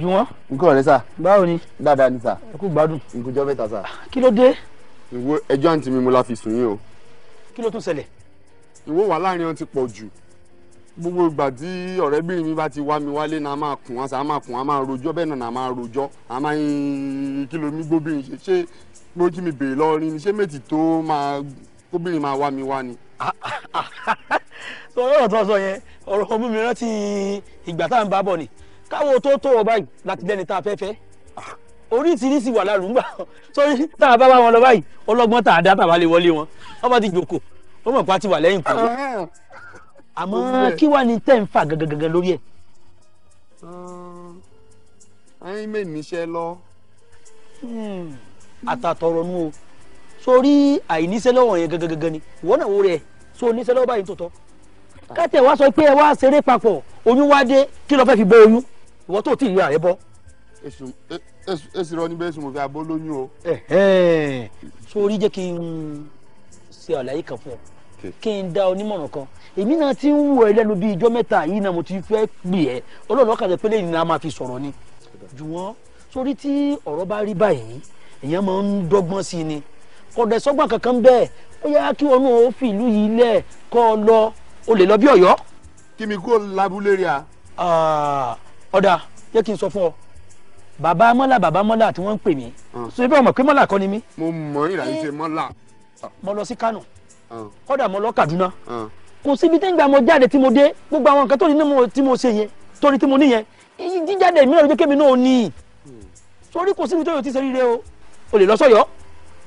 Jùwọ́n. nǹkan rẹ sà. báwo ni. dáadáa ni sà. ẹ kú gbádùn. ìkójọ mẹ́ta sà. kí ló dé. ìwọ ẹjọ́ àǹtí mi mo la fi sùn yín o. kí ló tún ṣẹlẹ̀. ìwọ wà láàrin wọn ti pọ̀ jù gbogbo ìgbà tí ọ̀rẹ́bìnrin mi bá ti wá mi wálé náà máa kùn wọn sá máa kùn wọn máa rojọ́ bẹ́ẹ̀ náà máa rojọ́ a máa ń kí lomi gbóbìnrin ṣe ṣé lójú mi bèè lọ́ọ́rin ni ṣé méjì tó máa kóbìnrin máa wá mi wá ni. sọ ọ̀rọ̀ tó sọ yẹn ọ̀rọ̀ ọmú mi rántí ìgbà tá à ń bá bọ̀ ni káwọn tó tó wọ báyìí láti dẹni tá a fẹ́ fẹ́ oríṣiríṣi wà lárúgbà sórí tá a bá bá wọn lọ báyìí ọlọ́gbọ́n tá a dá tàbá lè wọlé wọn wọ́n bá ti jòkó wọ́n mọ̀ pé a ti wà lẹ́yìn kú àmọ́ kí wàá ní tẹ́ ń fà gangan lórí ẹ̀. ẹyin mè níṣẹ́ lọ. Hmm, àtàtọ̀rọ̀ nu o sórí àìníṣẹ́ lọ́wọ́ yẹn gangan ni wọ́n náà wó rẹ̀ so oníṣẹ́ lọ́wọ́ báyìí tó tọ́ kátẹ̀ wá sọ pé ẹ wá ṣeré papọ̀ oyún wá dé kí ló fẹ́ fi bọ́ oyún ìwọ tó ti yan ààrẹ bọ́. èsì rọ níbẹ̀ èsì mo fi abọ́ lóyún o. sórí jẹ́ kí n ṣe àlàyé kan fún ọ kí n dá onímọ̀ràn kan èmi náà ti ń wọ ẹlẹ́nu bíi ijọ́ mẹ́ta yìí náà mo ti fẹ́ pè ẹ́ ọlọ́run ọkàn pé lẹ́yìn náà máa fi sọ̀rọ̀ ni jùwọ́n sórí tí ọ̀rọ̀ bá rí báyìí èèyàn máa ń dọ́gbọ́n sí i ni kọ̀dẹ̀ sọ́gbọ́n kankan bẹ́ẹ̀ ó yá kí wọn náà ó fi ìlú yìí lẹ̀ kọ́ ọ lọ o lè lọ bí ọ̀yọ́. kí mi kó labúlé rí a ọ̀dà jẹ́ kí n sọ fún ọ bàbá mọ́là bàbá mọ́là tí wọ́n ń pè mí so ibi ọmọ pé mọ́là kọ́ ni mí. mo mọ ìràyè ṣe mọ́là. Ah. mo lọ sí Kánò ah. kódà mo lọ Kaduna ah. kò síbi tí ń gbà mo jáde tí mo dé gbogbo àwọn nǹkan tó ní tí mo ṣe yẹn torí tí mo níyẹn jíjáde mi náà ló jẹ́ kémi náà ní sórí hmm. kò síbi tó yọ ti ṣe rire o o lè lọ sọyọ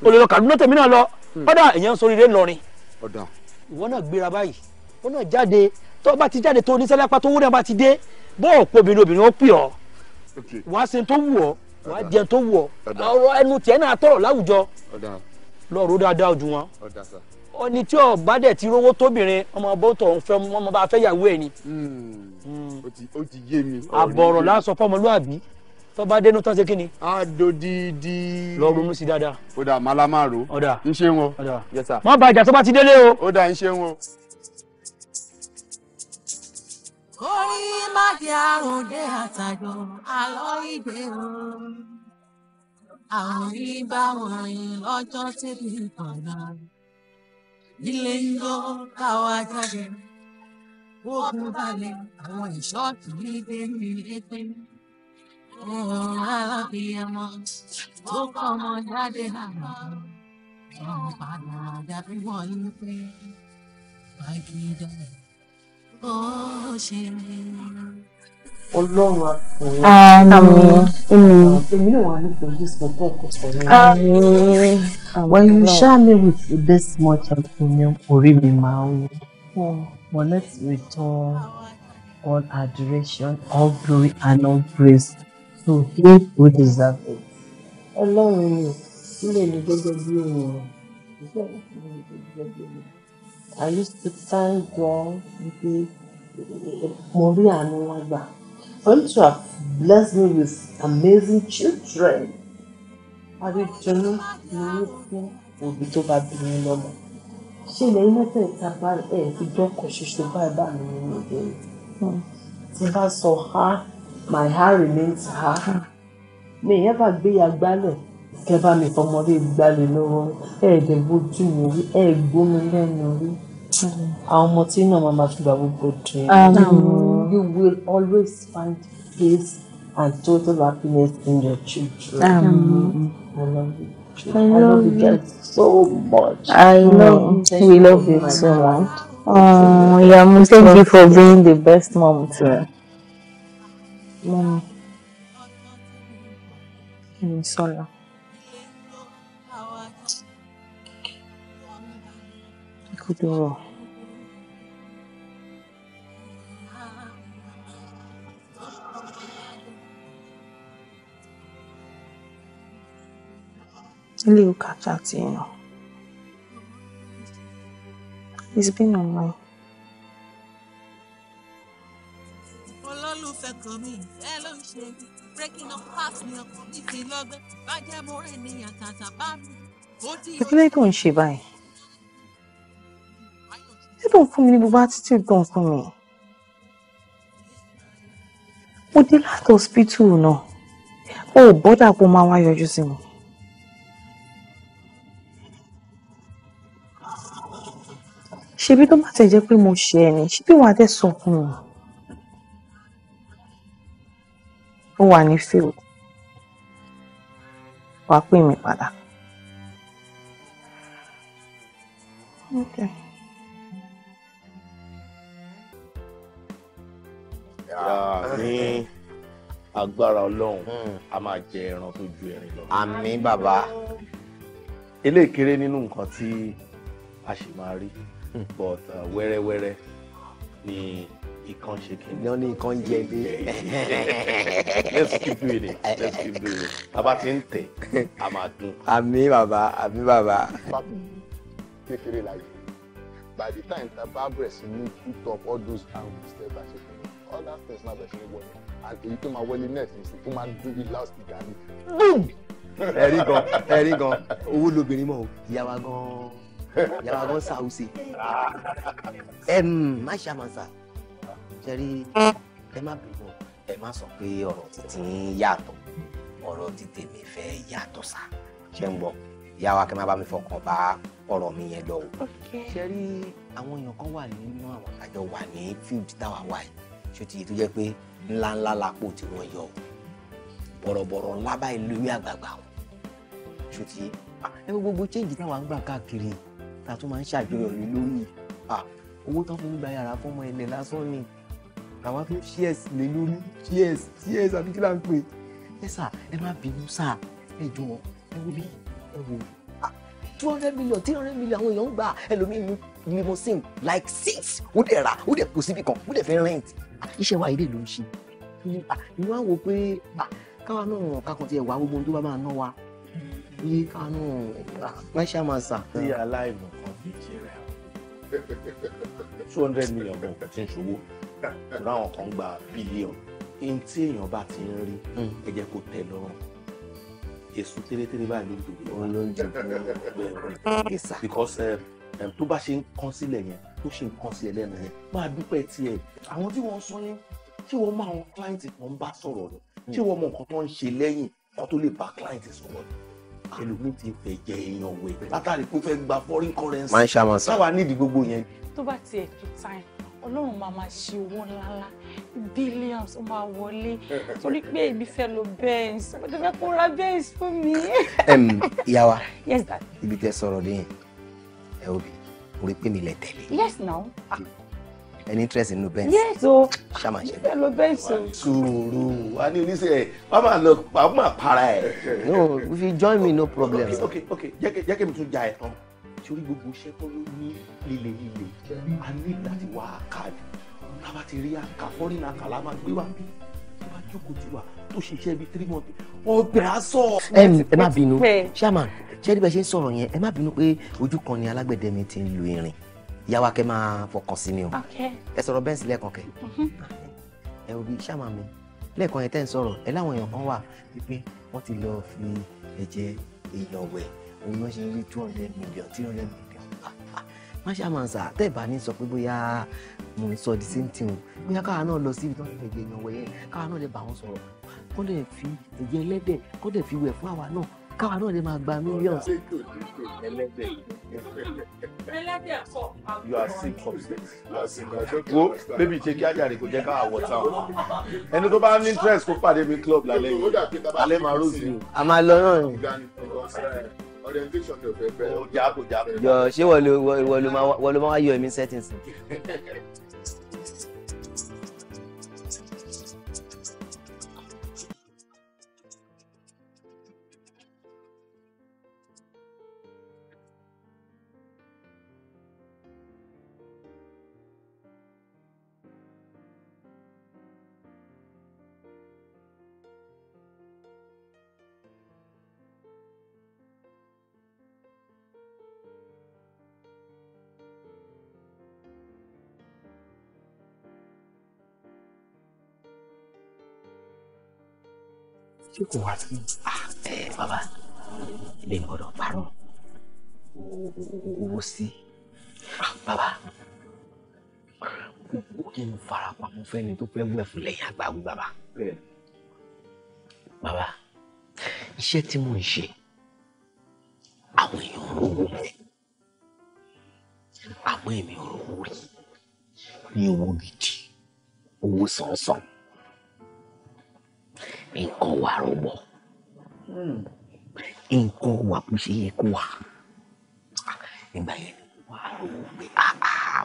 o lè lọ Kaduna tèmi náà lọ hmm. kódà èèyàn sọ rire lọrin ìwọ náà gbéra báyìí ìwọ náà jáde tó bá ti jáde tó oníṣẹ́lápá tó wúrẹ́ bá ti dé bọ́ọ̀ pé obìnrin obìnrin ó pè ọ́ wàá ṣe tó wù ọ́ wàá jẹun tó wù ọ́ ọ̀rọ̀ ẹnu tiẹ̀ náà tọ̀rọ̀ láwùjọ lọ́ọ̀rọ̀ dáadáa ojú wọn ọni tí ọba dẹ̀ ti rówó tóbìnrin ọmọ bọ́tọ̀ ń fẹ́ ọmọ bá fẹ́ yàwó ẹ̀ ni. ó hmm. hmm. ti yé mi. àbọ̀rọ̀ lásán fọmọlúàbí tọ́ba dénú tán ṣe kí ni. a do dídí. lọ ronú sí dáadáa. ó dà máa ó dà ń ṣe wọn. ó dà yẹsà. má bàjẹ́ tó bá ti délé o. ó dà ń ṣe wọn. Kórí má jẹ́ àrùn dé àtàjọ àlọ́ ìgbé o. Àwọn ibà wọ̀nyí lọ́jọ́ tẹ́lẹ̀ ìkànnà. Ilé ń lọ káwa jáde. Ogun balẹ̀ àwọn ìṣọ́ kìí dé ní ilé Òòrùn alábìyẹmọ tó kọ́ ọmọ jáde àná. Ọ̀pá náà dàbí wọ́n ń pè é. Ọlọ́run àkùnrin. Àmín. When you share me with the best much alcohol, orí mi máa ń wú. Hmm. But let's return all adoration, all glory and all praise to him who deserves it. Ọlọ́run ni ilé mi gẹ́gẹ́ bí ènìyàn. I used to thank God wípé mo rí àánú For him to have blessed me with amazing children. Adéjọ́nú ni ó fún òbí tó bá bí mi lọ́mọ. Ṣé ilẹ̀ iná tẹ̀ ta bá ẹ̀ fi dọ́kọ̀ ṣoṣo báyìí bá mi nínú ìdè mi? Tí bá sọ ha, my heart remains ha. Mi ìyá bá gbé ya gbálẹ̀ kẹ́ bá mi fọmọdé gbálẹ̀ lọ́wọ́. Ẹ̀ẹ́dẹ̀ bójú mi rí, ẹ̀ẹ́gbómi lẹ́nu rí àwọn ọmọ tí náà máa fi gba gbogbo dùn um, you will always find peace and total happiness in your children. Amen. Um, I love you. I love, you guys so much. I love you. Thank we you love you so much. Oh, yeah, Mom, thank you for being the best mom to me. Mom. Mom. Sola. futuro. Ilé bàtà ti yan. It's been on my. Olólùfẹ́ kan mi, ẹ ló ń ṣe breaking up heart ni ọkàn ti lọ́gbẹ́. Bá mo rìn ní àtàtà bá mi. Ìdílé tó ń ṣe báyìí ẹ lóun fún me ní gbogbo attitude gan fún mi mo dé láti hospital náà o ò bọ́dà pé ó máa wá yọjú sí mi. ṣebí tó bá tẹ̀ jẹ́ pé mo ṣe ẹni ṣebí wàá tẹ̀ sọ fún mi. ó wà ní field wàá pè mí padà. Okay. ní agbára ọlọ́run a máa jẹ ẹran tó ju ẹran lọ. àmín bàbá. eléyìí kéré nínú nǹkan tí a sì máa rí but uh, wẹ́rẹ́wẹ́rẹ́ ni ìkan ṣe kí ni. ìkan jẹ bí. let's keep doing it let's keep doing it bàbá ti ń tẹ̀ a máa dún. àmín bàbá àmín bàbá. kékeré la yìí by the time tá a bá bẹ̀rẹ̀ sí ní two top all those angles tẹ́ bá ṣe other steps máa bẹ̀rẹ̀ sí wọlé àti èyí tó máa wọlé next ní sìn tó máa last ìgbà mi boom ẹ̀rí gan ẹ̀rí gan owó lobìnrin mọ̀ ìyá wa gan ìyá wa gan ṣàwùsè ẹ̀ má ṣàmàṣà ṣẹ́rí ẹ má bìbọ̀ ẹ má sọ pé ọ̀rọ̀ títí yàtọ̀ ọ̀rọ̀ títí mi fẹ́ yàtọ̀ sá ṣé ń gbọ́ ìyá kí n má bá mi fọkàn bá ọ̀rọ̀ mi yẹn lọ o ṣẹ́rí àwọn èèyàn kan wà nínú àwọn àjọ wà ní fíìdì táwa wà yìí ṣètì tó jẹ́ pé ńláńlá lápò tí wọ́n yọ bọ̀rọ̀bọ̀rọ̀ ńlá báyìí lórí àgbààgbà wọn ṣètì ẹ gbogbo change táwa ń gbà káàkiri ta tó máa ń ṣàjọyọ̀ lé lórí owó tán fi ń gba yàrá fún ọmọ ilẹ̀ lásán ni làwọn fi ń cheers lé lórí cheers cheers àbí kí là ń pè ẹ sà ẹ má bínú sà ẹ jọ ẹ wo bí ẹ wo two hundred million three hundred million àwọn èèyàn ń gbà ẹlòmíín limousine like six ó dẹ̀ rà ó dẹ̀ kò síbi kan ó dẹ̀ fẹ́ rent Ah, iṣẹ́ wa ilé ló ń ṣe ìlú ah, wa wò pé ah, káwa náà kakàn tiẹ̀ wá gbogbo tó bá máa ná wa yé káwa náà máṣá máa sà. tí aláìmọ̀ kan fi jẹ two hundred million bọ̀ kò tí ń ṣòwò ráwọn kan gba bílíọ̀nù ohun tí èèyàn bá ti ń rí hmm. ẹ jẹ́ tẹ̀ lọ́rùn èso tẹ́lẹ̀tẹ́lẹ̀ báyìí ló ń dògbò ló ń dògbò bẹ́ẹ̀ bẹ́ẹ̀ because eh, tó bá ṣe ń kán sílẹ̀ yẹn tó ṣe nǹkan sí ẹ lẹ́nu máa dúpẹ́ tiẹ̀ àwọn tí wọ́n sún yín tí wọ́n máa wọn client kan ń bá sọ̀rọ̀ ni tí wọ́n mọ nǹkan tó ń ṣe lẹ́yìn kó tó lè bá client sọ̀rọ̀ ni ẹlòmíì ti fẹ́ jẹ èèyàn wẹ̀ látàrí pé ó fẹ́ gba foreign currency máa ń ṣàmọ̀ sá wà nídìí gbogbo yẹn. tó bá tiẹ̀ tó time ọlọ́run máa máa ṣe owó ńláńlá billions ó máa wọlé torí pé èmi fẹ́ lo benz mo ti fẹ́ kó ra benz fún mi. ìyá wa ibi tẹ sọ̀rọ̀ dé ẹ ò bí orí mi lẹ tẹ̀lé. yes now. Any ah. interest nínú bẹ́ǹsì. yes o ṣàmà ṣe bẹ́ẹ̀ lọ bẹ́ǹsì. sùúrù wa ní oníṣẹ́ wa máa lọ wa máa para ẹ̀. no if you join me no problem. ok ok ok jẹ́ kí mi tún ja ẹ̀ tán torí gbogbo iṣẹ́ kọ́ ló ní líle líle a ní láti wá àkàdé tába ti rí àkà fọ́rínà àkà la máa gbé wá bí tó bá jókòó tiwa tó ṣiṣẹ́ bíi three months ọbẹ̀ á sọ. ẹ má bínú chairman ṣé níbẹ̀ ṣe ń sọ̀rọ̀ yẹn ẹ má bínú pé ojú kan ni alágbẹ̀dẹ mi ti ń lu irin ìyá wa kẹ́ máa fọkàn sí ni o ẹ sọ̀rọ̀ bẹ́ẹ̀ sí lẹ́ẹ̀kan kẹ́ mhm. ẹ òbí ṣáàmà mi lẹ́ẹ̀kan yẹn tẹ́ ń sọ̀rọ̀ ẹ láwọn èèyàn kan wà wípé wọ́n ti lọ fi ẹ̀jẹ̀ èèyàn wẹ̀ òun ló ṣe rí two hundred million three hundred million má ṣáàmà ń sà tẹ́ ẹ̀ bá ní sọ pé bóyá mo ń sọ the same thing o bóyá káwa náà lọ sí ibi tó ń fi ẹ̀jẹ̀ èèyàn wẹ̀ káwa náà lè bá wọn sọ̀rọ̀ kọ́ dẹ̀ fi ẹ̀jẹ̀ ẹlẹ́dẹ̀ kọ́ dẹ̀ fi wẹ̀ fún àwa náà káwa náà lè máa gba millions. you are sick of this. wo bébí ṣe kí ajáde kò jẹ́ káwa wọ̀ táwọn. ẹni tó bá ní interest kó pàdé mi club lálẹ́ yìí alẹ́ máa rose yìí. a máa lọ náà ni. orientation ni o fẹ́ bẹ́ẹ̀. yọ ṣé wọ́n ló máa yọ ẹ̀mí settings. ṣé kò wá sí. Ah, ẹ bàbá ilé mi gbọ́dọ̀ parọ́ owó sí ah, bàbá ó kí n fara pamọ́ fẹ́ni tó fẹ́ wẹ̀ fún lẹ́yìn àgbà wí bàbá bàbá iṣẹ́ tí mò ń ṣe àwọn èèyàn ń rówó rẹ̀ àmọ́ èmi ò rówó rí ní owó gidi owó sànsán nǹkan wà rọ̀bọ̀ hmm. nǹkan wà bó ṣe yẹ kó wà nígbà yẹn wà á rò ó pé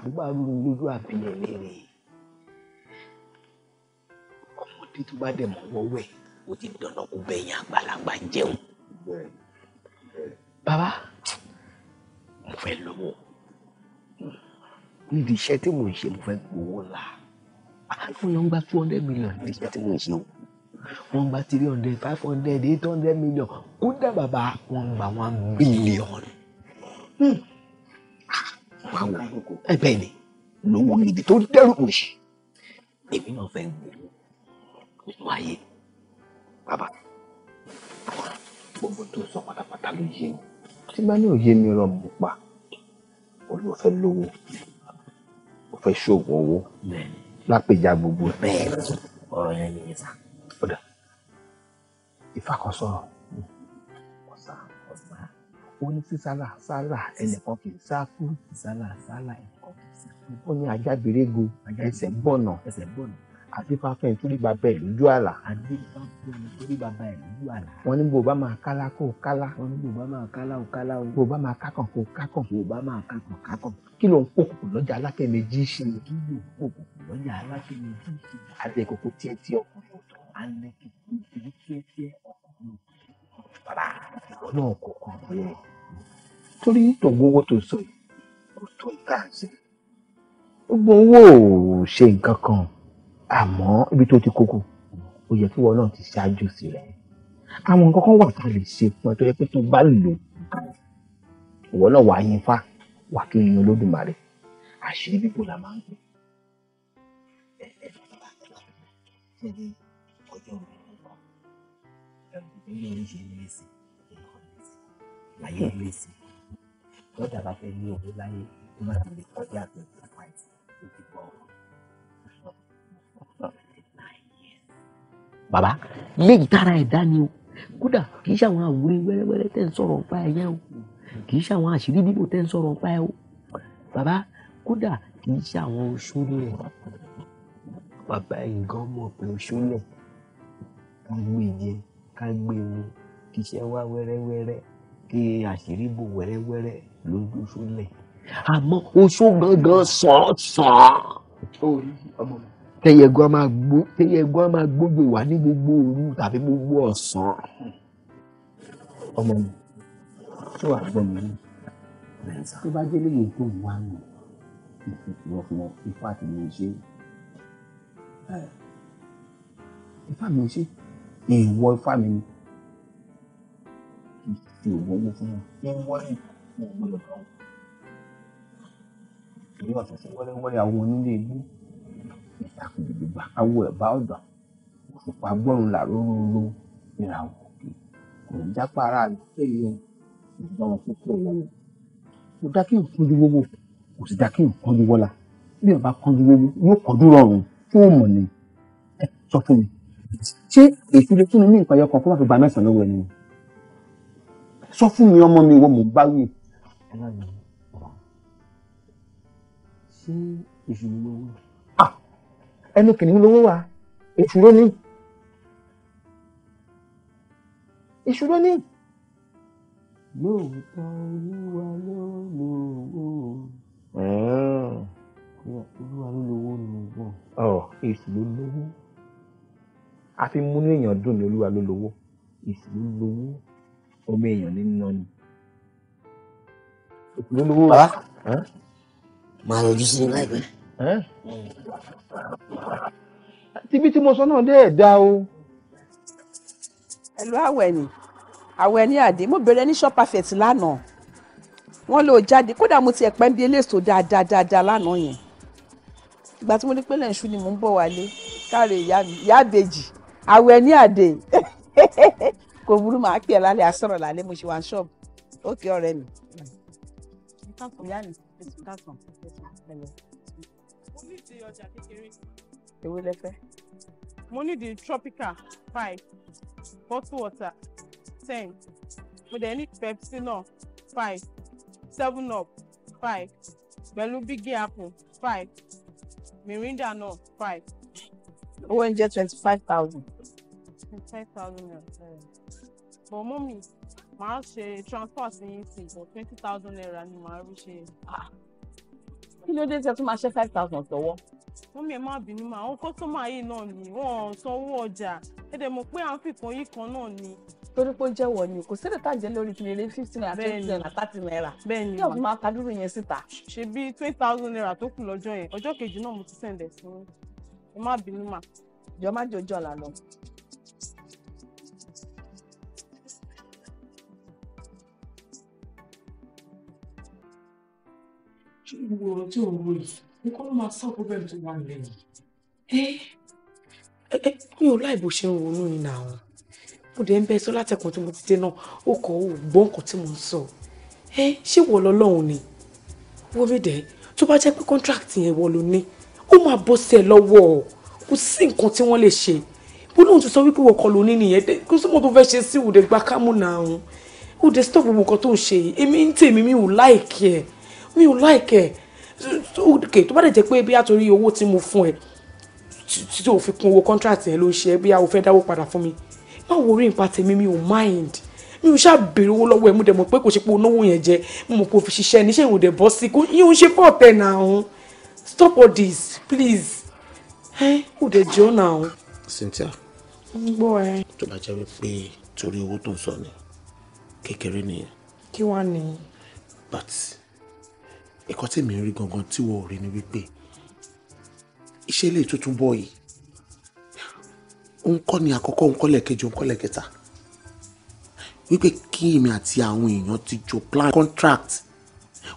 bó bá rú mi lójú àbílẹ̀ lére ọmọdé tó bá dẹ̀ mọ́ wọ́wẹ́ ó ti dọ̀nà kó bẹ́ẹ̀ yẹn àgbàlagbà jẹun bàbá mo fẹ́ lówó nídìí iṣẹ́ tí mò ń ṣe mo fẹ́ gbowó ńlá àánú ló ń gba two hundred million nídìí iṣẹ́ tí mò ń ṣe o wọ́n ń gba three hundred five hundred eight hundred million kódà bàbá wọ́n ń gba one billion. Hmm. wáwo ẹ bẹ́ẹ̀ ni lówó gidi tó dẹ́rù òṣì èmi náà fẹ́ gbó nínú ayé bàbá gbogbo tó sọ pátápátá ló yé mi tí bá ní òye mi rọ mọ pa olúwa fẹ́ lówó ó fẹ́ ṣòwò owó lápèjá gbogbo bẹ́ẹ̀ ọ̀rọ̀ yẹn nìyẹn sá. Ifá kan sọ̀rọ̀ ó ní sí sálà sálà ẹnìkan kì í sáàkú sálà sálà ẹnìkan kì í sáàkú ó ní ajá berego ẹsẹ̀ bọ̀nà ẹsẹ̀ bọ̀nà àti fáfẹ́ nítorí bàbá ẹ̀ lójú àlà. àti fáfẹ́ nítorí bàbá ẹ̀ lójú àlà. wọ́n ní bò bá máa kálá kó kálá. wọ́n ní bò bá máa kálá kó kálá o. bò bá máa kákàn kó kákàn. bò bá máa kákàn kákàn. kí ló ń kó kòkò lọ́jà alákẹ́mẹ́jì ṣe. kí ló ń kó lọ́jà alákẹ́mẹ́jì ṣe. àti ìkòkò tiẹ̀ tiẹ̀ ọkùnrin ọ̀tọ̀ alẹ́ kékeré kékeré ọkùnrin bàbá ìwọ náà kò kàn rẹ torí tògbó owó tó sọ yìí kò tó ìta sí gbogbo owó ò ṣe nǹkan kan àmọ́ ibi tó ti kókó ó yẹ kí wọn náà ti ṣáájú sí rẹ àwọn nǹkan kan wà tá a lè ṣe fún ẹ tó yẹ pé tó bá lò ìwọ náà wàá yín fá wà kí yín olódùmarè àṣírí bíbò la máa ń gbé nílò oríṣi ìrẹsì nǹkan ìrẹsì láyé ìrẹsì lọ́dà bá fẹ́ ní owó láyé tó má ti lè kọjá àtẹ̀jù fight ó ti bọ̀ ọ́. bàbá léyìí tára ẹ̀dá ni o o kì ṣàwọn àṣírí bíbò tẹ́ ń sọ̀rọ̀ nípa ẹ̀ o bàbá kódà kì ṣàwọn oṣù lẹ̀ bàbá ẹ̀yìn gan pé oṣù lẹ̀ ká gbé ká gbèrú iṣẹ́ wa wẹ́rẹ́wẹ́rẹ́ kí àṣírí bò wẹ́rẹ́wẹ́rẹ́ lójú sólẹ̀ àmọ́ oṣó gangan sàn sàn. orí ọmọ mi. tẹyẹgun a máa gbó tẹyẹgun a máa gbógbè wá ní gbogbo òru tàbí gbogbo ọ̀sán. ọmọ mi ṣé wàá gbọ́ mi ní. tó bá délé yìí tó wà nù ìfòsíwọ́ ifá àti mi ṣe ifá mi ṣe ìwọ ifá mi ni fi ògùn owó fún mi ń wọlé mo gbọ́dọ̀ kàn wọn torí wọn tẹsí wọléwọlé àwọn onílé ibú ìtàkùn gbogbo àwọ ẹbá ọdọ wọn sì pa gbọrun làróróró òkè kò ní jápa ara rẹ kéyìí o ìgbà wọn kò kó kò dá kí n kúnjú wọwọ kò sì dá kí n kúnjú wọlá bí ọba kúnjú wọwọ yóò kọjú rọrùn tí ó mọ ni ẹ sọ fún mi ṣé èsì lè fún mi ní nǹkan ẹyọkan kó má fi gba mẹ́sàn-án lọ́wọ́ ẹni sọ fún mi ọmọ mi wo mò ń bá wí. ṣé èsì ló lówó. ẹnu kìnìún lówó wa èsì ló ní. èsì ló ní. lóòótọ́ olúwa ló lówó. Hmm. olúwa ló lówó nù. Oh. èsì ló lówó àfi múnú èèyàn dùn ní olúwa ló lówó èsì ló lówó ọmọ èèyàn ní nínú ni. èsì ló lówó. bàbá màá yọjú sí ní láìpẹ́. tibí tí mo sọ náà dẹ́ẹ̀ dá o. ẹ̀lú àwẹ̀ ni àwẹ̀ ni àdé mo bẹ̀rẹ̀ ní shop perfect lánàá wọ́n lò jáde kódà mo ti ẹ̀pẹ́ ń bí eléso dáadáa dáadáa lánàá yẹn ìgbà tí mo ní pé lẹ́ǹṣú ni mò ń bọ̀ wálé káre ìyá ìyá àbèjì àwẹ̀ ní àdè kò burú màá pè ẹ́ lálẹ́ àsọ̀rọ̀ lálẹ́ mo ṣe wà ní ṣọ́ọ̀bù ó kí ọ̀rẹ́ mi. ewé lẹ́fẹ́. mo ní di tropical five bottle water ten mo dẹ̀ ní pepsi náà five seven up five pẹ̀lú bigi apple five mirinda náà five. owó oúnjẹ twenty five thousand five thousand naira eh. but mọ́mí màá ṣe transport ní sí for twenty thousand naira ni màá rí ṣe. Ah. kí ló dé tí ẹ tún máa ṣe five thousand sọ́wọ́. mọ́mí ẹ má bínú mà àwọn kọ́sọ́mà yìí náà ni wọ́n sanwó ọjà ẹ̀dẹ̀ mọ̀ pé à ń fìkan yìí kan náà ni. torí pé ó jẹ́wọ́ ni kò sí èdè tàjẹ́ lórí kìnìún fifteen naira twenty naira thirty naira bẹ́ẹ̀ni yóò máa ta dúró yẹn síta. ṣe bí twenty thousand naira tó kù lọ́jọ́ yẹn ọjọ́ kejì náà mo ti sẹ̀ǹdẹ̀ sí ẹ má bínú mà. jọ má jọjọ́ la lọ. wo ọ̀rọ̀ tí ò ń wo yìí ní kó ló máa sọ problem tó wà nílẹ̀ yìí. ẹ eh, ẹ eh, eh, mi ò láì bó ṣe ń ronú yìí nà ọ mo dé ń bẹ sọ látẹkùn tí mo ti dé náà ó kọ ò gbọ́ nǹkan tí mo ń sọ ẹ ṣé wọ lọ́lọ́run ni wọ́n mi dẹ̀ tó bá jẹ́ pé contract yẹn wọ ló ní ó máa bọ́ sí ẹ lọ́wọ́ kò sí nǹkan tí wọ́n lè ṣe bólóhùn ti sọ wípé wọ́n kọ ló ní nìyẹn kó sọ́mọ́ tó fẹ́ ṣe sí òde gbá kámú nà ọ̀hún òde stop gbogbo nǹkan tó ń ṣe yìí èmi ń tèmi mi ò láìkí ẹ̀ mi ò láìkẹ́ òkè tó bá dẹ̀ jẹ́ pé bí àtòrí owó tí mo fún ẹ tí o fi kún owó contract yẹn ló ń ṣe bí a ò fẹ́ dáwó padà fún mi má wo orí nípa tèmi mi ò mind mi ò ṣáà béèrè owó lọ́wọ́ ẹ mo dẹ̀ mọ̀ pé kò ṣe pé onówó yẹn jẹ mo mọ̀ pé o fi ṣiṣẹ́ níṣẹ́ ìwò dẹ̀ bọ́ sí kó yín ṣe pọ̀ tẹ̀ náà stop all this please ẹ kò dẹ̀ jọ́ náà. Cynthia ń gbọ́ ẹ. tó bá jẹ́ wípé torí owó tó ń sọ ni kékeré nìyẹn. kí wàá nìyẹn. but ẹ̀kọ́ tèmi rí gangan tí wọ́n rí ni wípé iṣẹ́ ilé tuntun bọ̀ yìí ń kọ́ ni àkọ́kọ́ ń kọ́ lẹ́ẹ̀kejì ń kọ́ lẹ́ẹ̀kẹta wípé kí èmi àti àwọn èèyàn ti jọ plan contract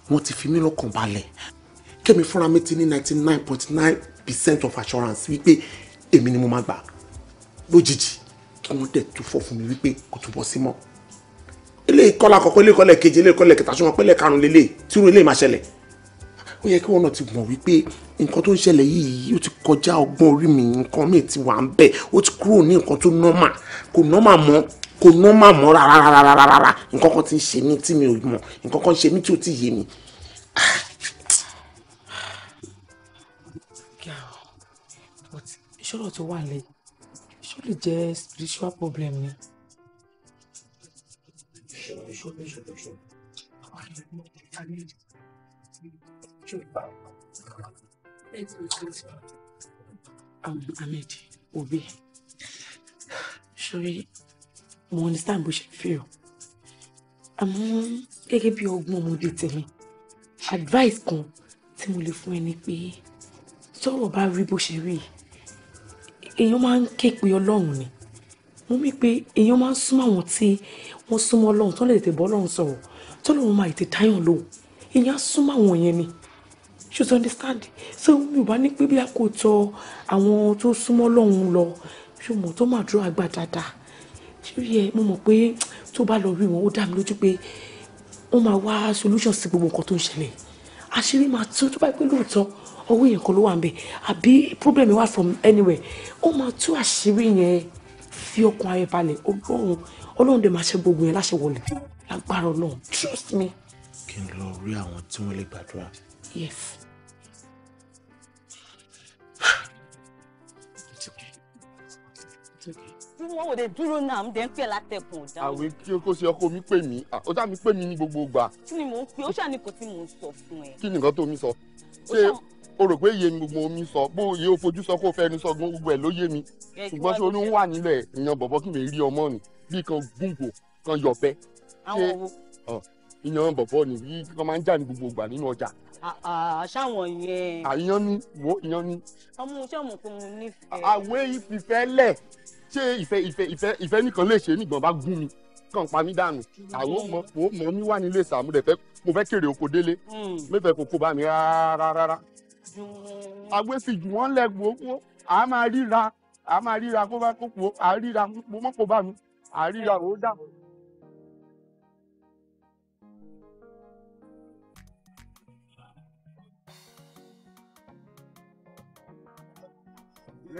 wọ́n ti fi mí lọ́kàn balẹ̀ kẹ́mi fúnra mi ti ní ninety nine point nine percent of assurance wípé èmi ni mo máa gbà lójijì kí wọ́n dẹ̀ tún fọ́ fún mi wípé kò tún bọ́ sí mọ́ ilé ìkọ́lá àkọ́kọ́ ilé ìkọ́lá kejì ilé ìkọ́lá kẹta ṣùgbọ́n pẹ́lẹ́ karùn-ún lélẹ̀ tí irú ilé máa ó yẹ kí wọn náà ti mọ̀ wípé nǹkan tó ń ṣẹlẹ̀ yìí ó ti kọjá ọgbọ́n orí mi nǹkan míì ti wà ń bẹ̀ ó ti kúrò ní nǹkan tó nọ́mà kò nọ́mà mọ́ kò nọ́mà mọ́ rárárárárá nǹkan kan ti ń ṣe mí tí mi ò mọ̀ nǹkan kan ń ṣe mí tí ò tí ì yé mi. ṣọ́rọ̀ tó wà lẹ́yìn ṣó lè spiritual problem ni. Sure, sure, sure, sure. Ahmed Obi sori mo understand bó ṣe fẹ́ o àmọ́ gẹ́gẹ́ bí ọgbọ́n ọmọdé tèmi advice kan tí mo lè fún ẹ ni pé sọ̀rọ̀ bá rí bó ṣe rí èèyàn máa ń ké pe ọlọ́run ni mo mí pé èèyàn máa ń súnmọ́ àwọn tí wọ́n súnmọ́ ọlọ́run tó lè tètè bọ́ ọlọ́run sọ̀rọ̀ tó lóun máa tètè táyàn lò èèyàn á súnmọ́ àwọn yẹn ni you understand so mi ò bá ní pé bí a kò tọ àwọn tó súnmọ́ lọ́hùn lọ ṣùgbọ́n tó máa dúró àgbà dáadáa ṣé yẹ mo mọ̀ pé tó bá lọ rí wọn ó dá mi lójú pé wọ́n máa wá solution sí gbogbo nǹkan tó ń ṣẹlẹ̀ àṣírí máa tú tó bá pẹ́ lóòótọ́ ọwọ́ èèyàn kan ló wà ń bẹ̀ problem wà from anywhere ó máa tú àṣírí yẹn fi ọkàn ayẹ balẹ̀ ọlọ́run ọlọ́run dẹ̀ máa ṣe gbogbo yẹn láṣẹ wọlé lágbára ọlọ́run trust me. kí n lọ rí àwọn tí wọ́n lè gbàdúrà. yes. wọn ò lè dúró náà mo dẹ̀ ń pè látẹ̀kùn ọ̀dà. àwẹ̀ kí o kó ṣe ọkọ mi pè mí ọjà mi pè mí ní gbogbo ìgbà. kí ni mò ń pe ó ṣàní kò tí mò ń sọ fún ẹ. kí ni nǹkan tó mi sọ ṣé o rò pé iye mi gbogbo mi sọ bó iye o fojú sọ kó o fẹnu sọ gbogbo ẹ ló yé mi ṣùgbọ́n ṣé oyún wà nílẹ̀ ìyàn bọ̀bọ̀ kí mi rí ọmọ nì bí kan gbùngbò kan yọ̀bẹ ṣé ìyàn bọ̀bọ̀ nì bí kan máa ń jà yẹn. àyàn ni wo ìyàn ni. ọmọ iṣẹ́ ọmọ nífẹ̀ẹ́. àwé ìfìfẹ́ lẹ̀ ṣé ìfẹ́ ìfẹ́ ìfẹ́ ìfẹ́ nìkan lè ṣe nígbọ̀n bá gún mi kàn pa mí dànù àwọn mọ mọ mi wà nílé Sàámú rẹ fẹ́ mo fẹ́ kéré oko délé mẹfẹ hmm. kò kó bá mi rárá rárá hmm. àgbẹ̀sì jù wọ́n lẹ́gbọ̀ owó a máa ríra a máa ríra kó bá kó kó a ríra mo mọ́ kó bá mi a ríra ó dà.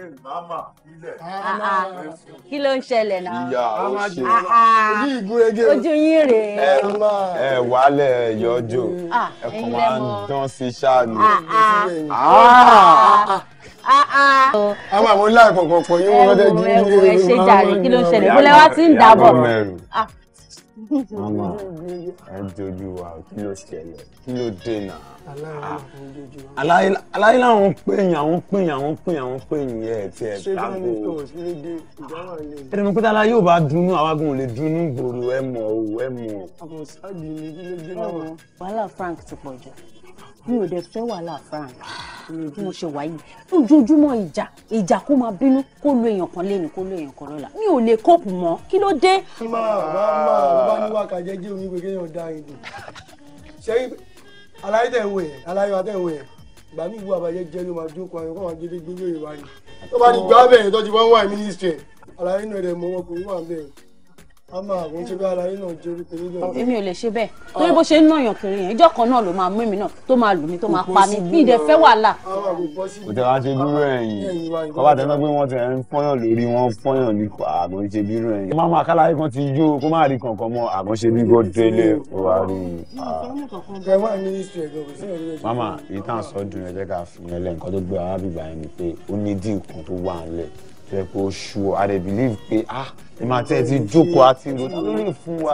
ilé ìmáàmà ilẹ̀. Ah, ah, ah. kí ló ń ṣẹlẹ̀ náà. ìyá ó ṣe ojú ìgúrégé ojú yín rèé. ẹ wálẹ̀ yọjọ mm. ẹ kàn máa ń dán sí ṣáàlù. àwọn àwọn ilé àkọ́kọ́ pọ̀ yín wọ́n fẹ́ jù ú. ẹ ṣe jàre kí ló ń ṣẹlẹ̀ bó lẹ́wọ́ ti ń dàbọ̀ mama ẹ dojú wa kí ló ṣẹlẹ̀ kí ló dènà aláyé làwọn ah. ń pèyàn àwọn ń pèyàn àwọn ń pèyàn àwọn ń pèyàn ẹ ti ẹ gbàgbó ẹni mo pété aláyé ò bá dunnú awágun lè dunnú gbòòrò ẹ mọ̀ ọ́ ẹ mọ̀. àwọn sáàdì ni kí ló náà. wàhálà Frank ti pọ̀ jù mi ò dẹ̀ fẹ́ wàhálà fúnra mi bí mo ṣe wà yìí ojoojúmọ́ ìjà ìjà kó máa bínú kó lo èèyàn kan léni kó lo èèyàn kan lọ́la mi ò lè kóòpù mọ́ kí ló dé. máa bá máa bá níwá kàjẹ́ jẹ́ omi gbẹ̀gẹ́ yàn dá ìdùn ṣẹ́yìn aláyé tẹ̀ wò yẹn aláyé wa tẹ̀ wò yẹn ìgbà mi ìwú àbájẹ́ jẹ́ ló máa jókòó àwọn kọ́ máa gbé gbé gbé ìwà ni tó bá ti gbá bẹ́ẹ̀ tó ti wọ́n wà mínísítì aláyé náà rẹ̀ mọ́ wọn kò wà bẹ́ẹ̀ a máa kó ṣe bí ara yín náà jórí torí bẹ́ẹ̀. èmi ò lè ṣe bẹ́ẹ̀ torí bó ṣe ń nàyàn kiri yẹn ìjọ kan náà ló máa mú èmi náà tó máa lù mí tó máa pa mí bí ìdẹ fẹ́ wàhálà. kò tẹ̀ wá ṣe bírò ẹ̀yìn kọ́ba tẹ̀ náà pé wọ́n ti ẹ̀ ń fọ́yàn lórí wọn fọ́yàn ní àgọ́ ń ṣe bírò ẹ̀yìn. máma káláyé kan ti yó kó má rí kankan mọ́ àgọ́ ṣe bí gọ́dẹ́lẹ̀ wà rí i. máma ìtàn sọ́dún ẹ jẹ́ ká fi yẹn lẹ́ nǹkan tó gbé arábìgbà yẹn ni pé ó ní dín nǹkan tó wà ń lẹ̀ tó yẹ pé ó ṣù ọ́ a dẹ̀ believe pé ah ìmọ̀ àti ẹ̀ ti jókòó àti ìlú tó lè fún wa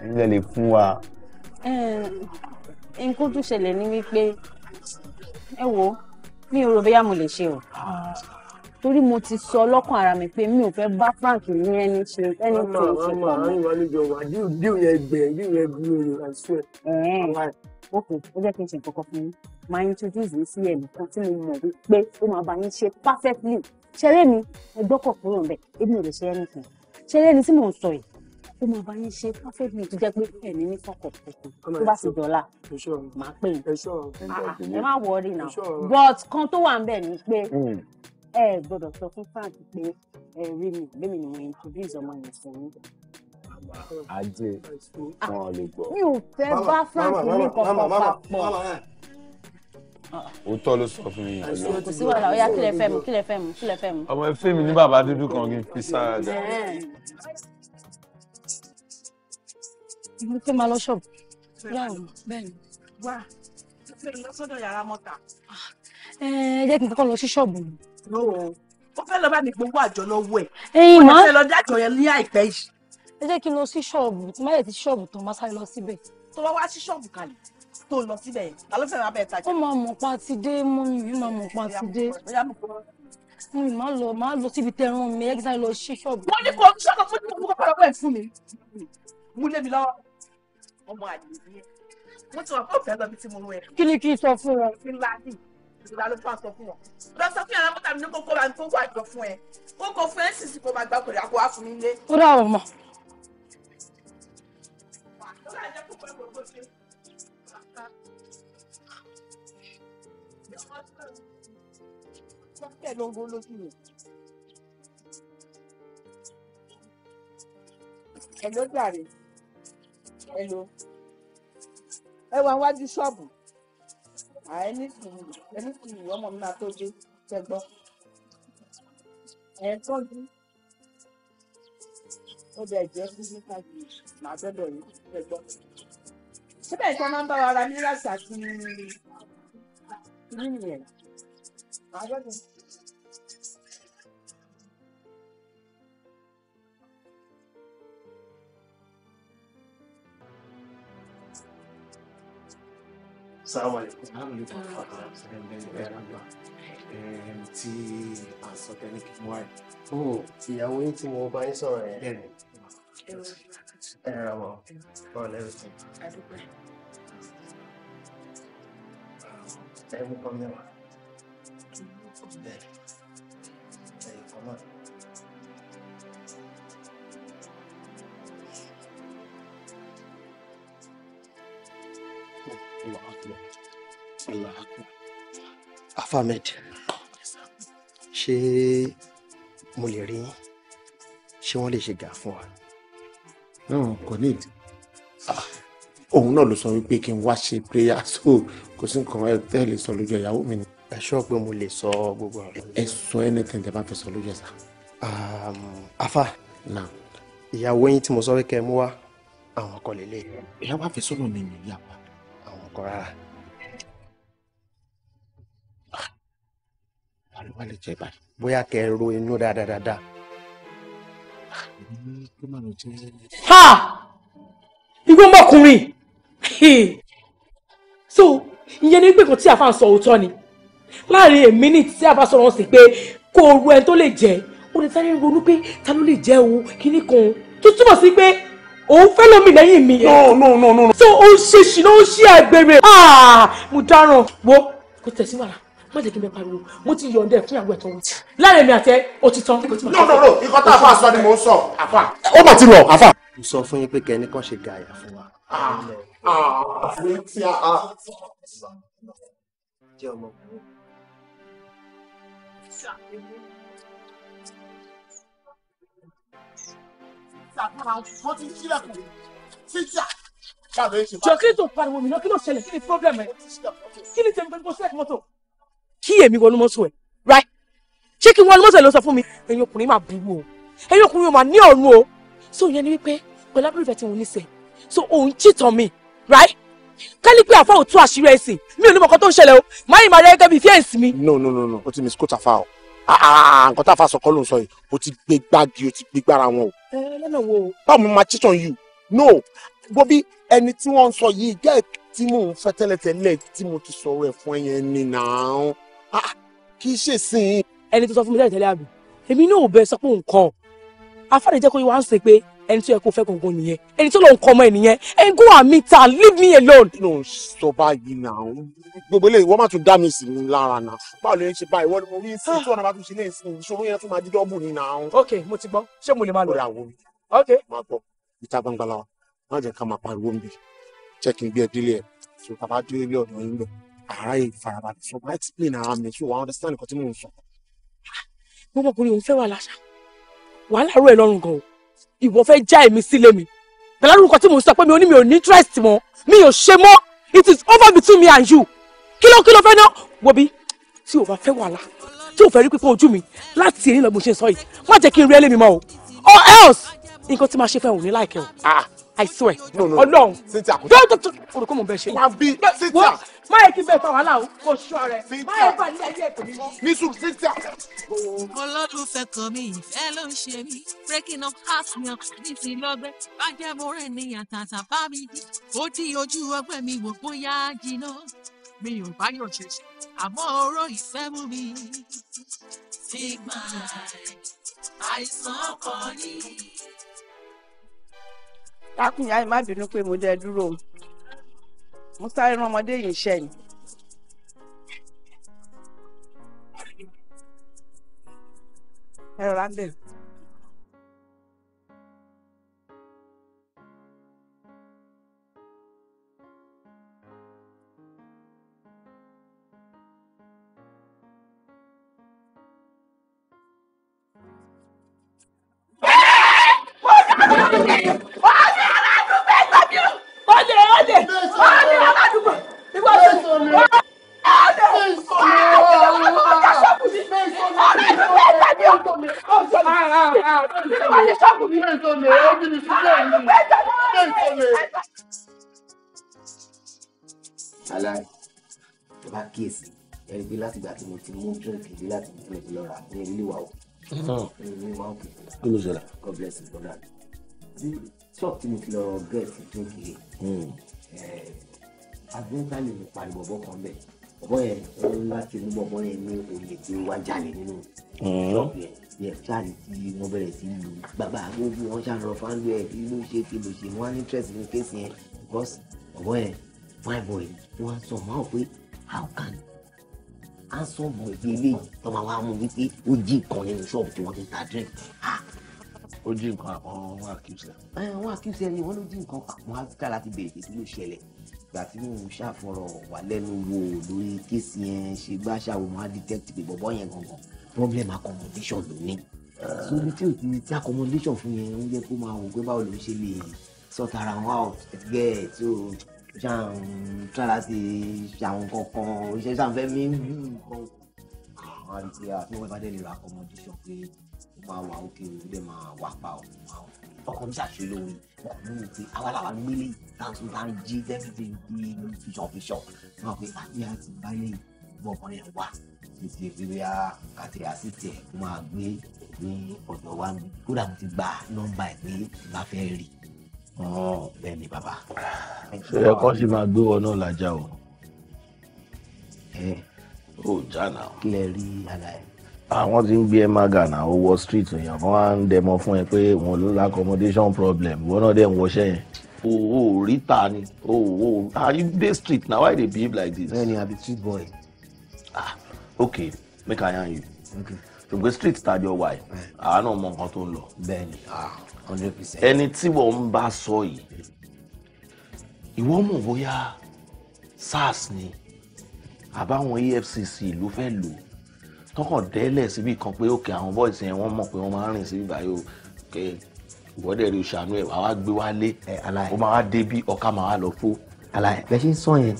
ẹ̀yin lè lè fún wa. nǹkan tó ṣẹlẹ̀ ni wípé ẹ wo mi ò rò bóyá mo lè ṣe o torí mo ti sọ lọ́kàn ara mi pé mi ò fẹ́ bá Frank ní ẹni ṣe ẹni tó ń ṣe pọ̀ mọ́. díò yẹn gbẹ díò yẹn gbẹ yẹn I swear. ok ó jẹ́ kí n ṣe nǹkan kan fún yín máa introduce yín sí ẹnìkan tí mo mọ̀ wípé ó máa bá yín ṣe perfectly ṣeré mi ẹgbọ́ kọ̀ kúrò ńbẹ èmi ò lè ṣe anything ṣeré ni tí mò ń sọ yìí ó máa bá yín ṣe perfect mi tó jẹ́ pé ẹ̀ ní ní kọ̀kọ̀ tó bá sì dọ́là máa pè é ẹ má wọrí náà but kan tó wà ń bẹ̀ ni pé ẹ gbọ́dọ̀ sọ fún Frank pé ẹ rí mi bẹ́ẹ̀ ni mo introduce ọmọ yẹn fún mi ajé wọn lè gbọ́. mi ò fẹ́ bá Frank ní kọ̀ọ̀kan papọ̀ òótọ́ ló sọ fún mi. kò sí wàhálà ọ̀yá kílẹ̀ fẹ́ mu kílẹ̀ fẹ́ mu kílẹ̀ fẹ́ mu. ọmọ ẹfẹ mi ní bàbá dúdú kan kì í fi sára dà. mo fẹ́ máa lọ ṣọ́ọ̀bù. bẹ́ẹ̀ni wá ṣe lọ sọ́dọ̀ yàrá mọ́ta. Ah, ẹ jẹ́ kí n kọ́kọ́ lọ sí ṣọ́ọ̀bù. ó fẹ́ lọ bá mi gbogbo àjọ lọ́wọ́ ẹ̀. ẹyin máa ń lọ dájọ yẹn ní àìpẹ́ yìí. ẹ jẹ́ kí n lọ sí ṣọ́ọ̀bù tí má yẹ ti ṣọ́ọ̀bù tó má sáré lọ síbẹ̀. tó bá wá sí ṣọ́ọ̀bù kalẹ̀ tó lọ síbẹ̀ yẹn ta ló fẹ́ràn abẹ́ ìtajà. ó máa mọ̀ pa ti dé mú mi máa mọ̀ pa ti dé. fún mi máa lọ máa lọ síbi tẹran mi ẹgbẹ́ sáyẹn lọ ṣí ṣọ́ọ̀bù. wọ́n ní kò ṣọ́ọ̀bù fún mi kò kọ́kọ́ bẹ́ẹ̀ fún mi. mú lé lọ́wọ́ ọmọ àlè yẹn mo ti wà fún ọ̀fẹ́ lọ tí mo rú ẹ. kí ni kí n sọ fún wọn. kí n la ní ìlà ló fún aṣọ fún wọn. lọ sọ fún yàrá mọ́tà mi ní kókó wa ní kókó àjọ fún ẹ kókó fún ẹ sì sì kó máa gbá dẹ̀ ló ń ro lójú rẹ̀. ẹ ló dàrí ẹ ló ẹ wá wájú ṣọ́ọ̀bù ẹni kìí ẹni kìí ọmọ mi náà tó dé tẹgbọ́ ẹ tọ́jú ó bẹ jẹ́ fífi káàkiri màá gbọ́dọ̀ yìí tẹgbọ́. síbẹ̀ tí wọ́n máa ń bá wa ra mílíọ̀sì àti kíní nìyẹn màá Assalamu alaikum. Ti oh, àṣọ tẹ́lẹ̀ kí wá ẹ̀. Ìyàwó yín tí mo bá yín sọ̀rọ̀ ẹ̀. Bẹ́ẹ̀ni. Ẹ ra wọ̀, wọ́n lẹ́rù tí. Ẹ mú kọ́ mẹ́wàá. Bẹ́ẹ̀ni. Ẹ̀yìn kan náà. Afahmed ṣé mo lè rí yín ṣé wọ́n lè ṣe gà fún wa. kò ní ìdí ah, òun náà ló sọ wípé kí n wá ṣe prayer so kò sí nǹkan ẹ lè sọ lójú ìyàwó mi ni. ẹ sọ pé mo lè sọ gbogbo ọ̀rọ̀. ẹ sọ anything tẹ́ bá fẹ́ sọ lójú ẹ um, afa ìyàwó yín tí mo sọ pé kẹ́ ẹ mú wá àwọn ọkọ lélẹ̀. ìyàwó àfẹ́sọ́nà mi ni ìyàwó. àwọn ọkọ rárá. ló wá lè jẹ́ báyìí bóyá kẹ́ ẹ ro inú dáadáa dáadáa. ha igbó mọ́kùnrin so ìyẹn ni pé kò tí a fà ń sọ òótọ́ ni láàrin èmi ní tí a bá sọ̀rọ̀ sí pé kó o ru ẹni tó lè jẹ́ ó lè sáré ronú pé ta ló lè jẹ́ òun kíní kan tó túmọ̀ sí pé òun fẹ́ lómi lẹ́yìn mi. no no no no. so ó ń ṣe ṣìnà ó ń ṣe àgbèrè. Ah! mo dáràn wo kò tẹ̀síwára má jẹ́ kí n bẹ pariwo mo ti yọ̀ǹda ẹ̀ fún ìyàwó ẹ̀ tó láàrin mi àti ẹ o ti tán. no no no ikọ́ tá a fa aṣọ ni mò ń sọ àfa. ó mà ti lọ àfa. mo sọ fún yín pé kẹ́ni kan ṣe gàyà fún wa. jọ kí ni tó pariwo mi náà kí ló ṣẹlẹ̀ kí ni pọ́blẹ́mù ẹ̀ kí ni tẹ̀mí pẹ̀lú kó kí èmi wọnú mọ́tò ẹ̀ ráì ṣé kí wọnú mọ́tò ẹ̀ ló sọ fún mi ẹ̀yin ọkùnrin máa burú o ẹ̀yin ọkùnrin máa ní ọ̀run o so ìyẹn ni wípé pẹ̀lú abúlé ìfẹ́ tí wọ́n ní so òun jìtàn mi ráì kálí pé àfa òtún àṣírí ẹ̀sìn mi ò ní mọ̀kọ́ tó ń ṣẹlẹ̀ o má yìí máa rẹ́ gẹ́gẹ́ bí fíẹ̀nsì mi. no no no no o ti miss kóta fa o ah, ah, ah, nǹkan tá a fa sọkọ ló ń sọ yìí o ti gbé gbági o ti gbé gbára wọn o. ẹ lọ́nà wo. báwo ni màá cheat on you no bobi ẹni tí wọ́n ń sọ yìí gẹ́ẹ̀ tí mò ń fẹ́ tẹ́lẹ̀tẹ́lẹ̀ tí mo ti sọ̀rọ̀ ẹ̀ fún ẹ̀yẹn ni nàá Ah, kì í ṣe sìn. ẹni tó sọ fún mi tẹ́lẹ̀ tẹ́lẹ̀ àbí èmi náà ò bẹ sọ pé òun kọ afáde jẹ́ kó wá ń sè pé ẹni tó yẹ kó fẹ́ gbọ̀ngàn nìyẹn ẹni tó lòun kọ ọmọ ẹ ẹni go and meet her leave me alone. kí ló ń sọ báyìí náà gbogbo eléyìí wọ́n má tún dá mi sí mi lára náà báwo ló ń ṣe báyìí wọ́n mo rí sí ah. tí wọ́n bá tún ṣe lẹ́yìn sí ìṣòro yẹn tún máa di dọ́ọ̀bù ni náà. ok mo ti gbọ́ ṣé mo lè máa lọ. ọ̀rẹ́ àwọn ok máa gbọ́ ìta gbangba la wa má jẹ́ ká máa pariwo mi jẹ́ kí n gbé ẹ délé ẹ̀ ara ìfarabalẹ̀ sọ máa explain ara mi ṣé wàá understand nǹkan tí mò ń sọ. gbogbo ọkùnrin òun fẹ́ wà láṣà wàhálà rú ẹ̀ lọ́rùn gan o ìwọ fẹ́ já èmi sílé mi pẹ̀lú orúkọ tí mò ń sọ pé mi ò ní mi ò ní interest mọ́ mi ò ṣe mọ́ it is over between me and you kí ló kí ló fẹ́ ná wo bí tí o bá fẹ́ wàhálà tí o fẹ́ rí pípọ́ ojú mi láti èyí lọ́gbọ̀n ṣe sọ yìí má jẹ́ kí n rí ẹ́ mọ́ o or else nǹkan tí máa ṣe fẹ́ òun ní láìkẹ́ o. Ah. I swear. No, no. Ọlọ́run. Cynthia kò tó. Dọ́tọ̀ tó. Orúkọ mo bẹ ṣe. Wà á bí Cynthia. Má yẹ kí bẹ́ẹ̀ fa wàhálà o, kò ṣọ́ rẹ̀. Má yẹ bá nílẹ̀ ayé ẹ̀kọ́ mi. Nísù Cynthia. Ọlọ́dún fẹ́ kọ́ mi, ìfẹ́ ló ń ṣe mí. Breaking up has me ọkàn ní ti lọ́gbẹ́. Bá jẹ́ mo rẹ̀ ní àtàtà bá mi dí. Ó dí ojú ọgbẹ́ mi wò bóyá jiná. Mi ò bá yọ̀ ṣẹ̀ṣẹ̀, àmọ́ ọ̀rọ̀ ìfẹ́ mú mi. Sigma, àìsàn ọkọ ni. lákùnyá yìí má bínú pé mo dẹ dúró mo sáré rán ọmọdé yìí ni. ẹ rọra ń bẹ̀rù. aláì tó bá kíyèsí ẹni pé láti ìgbà tí mo ti mú dírẹ̀kì dé láti ìgbà tí mo ní ilé wa o hmm. ní wa òkè kí ló ṣẹlẹ̀ god bless you brother tí tí mo ti lọ gẹ̀ẹ́sì dírẹ̀kì yìí hmm. eh, agbóńkálẹ̀ ló pariwo bọ́ kan bẹ̀ bọ́ yẹn ẹ láti inú bọ́bọ́ yẹn ní olè tí wá jalè nínú ṣọ́ọ̀bù yẹn yẹ sáàlì tí wọ́n bẹ̀rẹ̀ sí lù ú bàbá gbogbo wọn ṣàlọ́ fáńdù ẹ̀ kí ló ṣe kí ló ṣe wọn ní tẹ̀sí ní kéèsì yẹn because bọ́bọ́ yẹn fine boy wọ́n sọ máa pé how can handsome boy bí eléyìí tó máa wá mú wípé ó jí nǹkan nínú ṣọ́ọ̀bù tí wọ́n ti ta drink ó jí nǹkan àwọn wọn àkíyèsí. àwọn àkíyèsí ẹni wọn ló jí nǹkan àwọn afíríkà láti bèrè kí ló ṣẹlẹ̀ ìgbà tí mò ń ṣàfọ̀rọ̀ wà lẹ́nu wò lórí kéèsì yẹn ṣe gbá ṣàwò máa detect pé bọ́bọ́ yẹn gangan problem accommodation ló ní. sórí tí ò ti ti accommodation fún yẹn ń jẹ́ kó máa wò pé báwo ló ṣe lè sort ara wọn out gẹ́ ẹ̀ tí ò ṣàn try láti ṣàwọn kankan ṣe ṣàǹfẹ́ mi ń hmm, bí nǹkan. àwọn àti àfihàn ìbàdàn lè ra accommodation pé ó máa wà ókè ó dẹ̀ máa wà pa ọkọ̀ mi ṣàṣeyọrí ọkọ̀ mi ò pé àwa làwa ń gbélé yìí láti bá jí everything bí fíṣàn fíṣàn fún àwọn pé àti àti báyìí ìwọ ọkùnrin ẹ̀ wá títí ìfìwéyà àti àsìtì ẹ̀ kó máa gbé ní ọ̀dọ̀ wa ní kódà mo ti gba nọ́mbà ẹ̀ pé bá fẹ́ rí bẹ́ẹ̀ ni bàbá. ṣẹlẹ kọ́ sí máa gbé wọn náà ah, ń gbé ẹ máa gànà owó street èèyàn kan wá ń dẹmọ fún ẹ pé wọn ló la accommodation problem ìwọ náà dẹ̀ ń wọṣẹ́ yẹn. Oh, ríta ni owó are you dey street na why you dey behave like this. bẹ́ẹ̀ni i be street boy. ah okay make i yarn you. okay. go street tajọ wa yìí àwa náà mọ nǹkan tó ń lọ. bẹ́ẹ̀ni ah hundred percent. ẹni tí wọ́n ń bá sọ yìí ìwọ mọ̀ bóyá sars ni àbáwọn efcc ló fẹ́ lò tọkàn délẹ̀ síbi kan pé òkè àwọn boys yẹn wọ́n mọ̀ pé wọ́n máa ń rìn síbi báyìí o ìwọ́dẹ̀ rí ṣàánú ẹ̀ wàá gbé wálé ó máa dé bí ọkà máa lọ fó. àlàyé bẹ́ẹ̀ ṣe ń sọ yẹn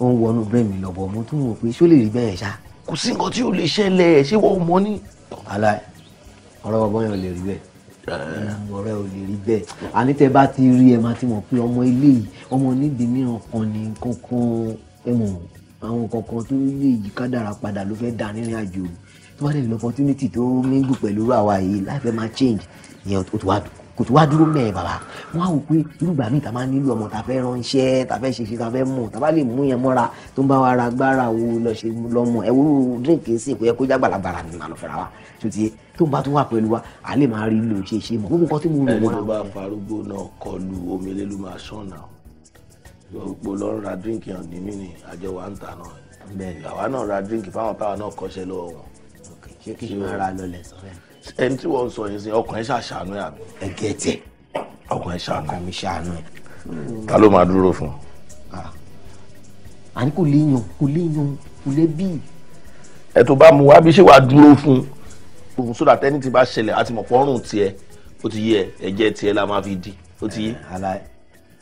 ó ń wọnú brain mi lọ́bọ̀ mo tún wò pé ṣó lè rí bẹ́ẹ̀ ṣá. kò sí nǹkan tí ó lè ṣẹlẹ̀ ẹ̀ ṣé wọ́n mọ ní. àlàyé ọ̀rọ̀ ọgbọ́n yẹn ò lè rí bẹ́ẹ̀ ọ̀rẹ́ ò lè rí bẹ́ẹ̀ àní tẹ́ bá ti rí ẹ máa ti mọ̀ pé ọmọ ilé yìí ọmọ nídìí mìíràn kan ní kankan ẹ mọ̀ àwọn kankan tó lè yí kádàrá padà ló fẹ́ dá nírìn àjò tó bá dẹ̀ lọ opportunity tó mingle pẹ̀lú àwa yìí life máa change ìyẹn ó ti wá dùn kò tó wá dúró mẹ́ẹ̀ bàbá wọn á wò pé irúgbà míì tá a máa nílò ọmọ tá a fẹ́ ránṣẹ́ tá a fẹ́ ṣèṣe tá a fẹ́ mú tá a bá lè mú yẹn mọ́ra tó ń bá wa ra agbára wo lọ ṣe lọ́mọ ẹ wúrú dínkì sí ìpẹ́yẹ kó jágbàlagbàrà ni màá lọ fẹ́ra wa tó ti tó ń bá tó wà pẹ̀lú wa à lè máa rí lò ṣe ṣe mọ̀ gbogbo nǹkan tí mo rò mọ́ra. ẹni tó kí n máa ra lọlẹ̀ sọ́rẹ́ ẹni tí wọ́n sọ yẹn sí ọkùnrin ṣàṣàánú yà mí. ẹ gẹ tiẹ. ọkùnrin ṣàánú. ọkùnrin mi ṣàánú ẹ. ta ló máa dúró fún. àní kò léèyàn kò léèyàn kò lẹ́bí. ẹ tó bá mu wá bí ṣé wàá dúró fún. òun sódà tẹ́ni ti bá ṣẹlẹ̀ àti mọ̀pọ́rùn tiẹ̀ ó ti yẹ ẹ̀jẹ̀ tiẹ̀ la máa fi di ó ti yé. ala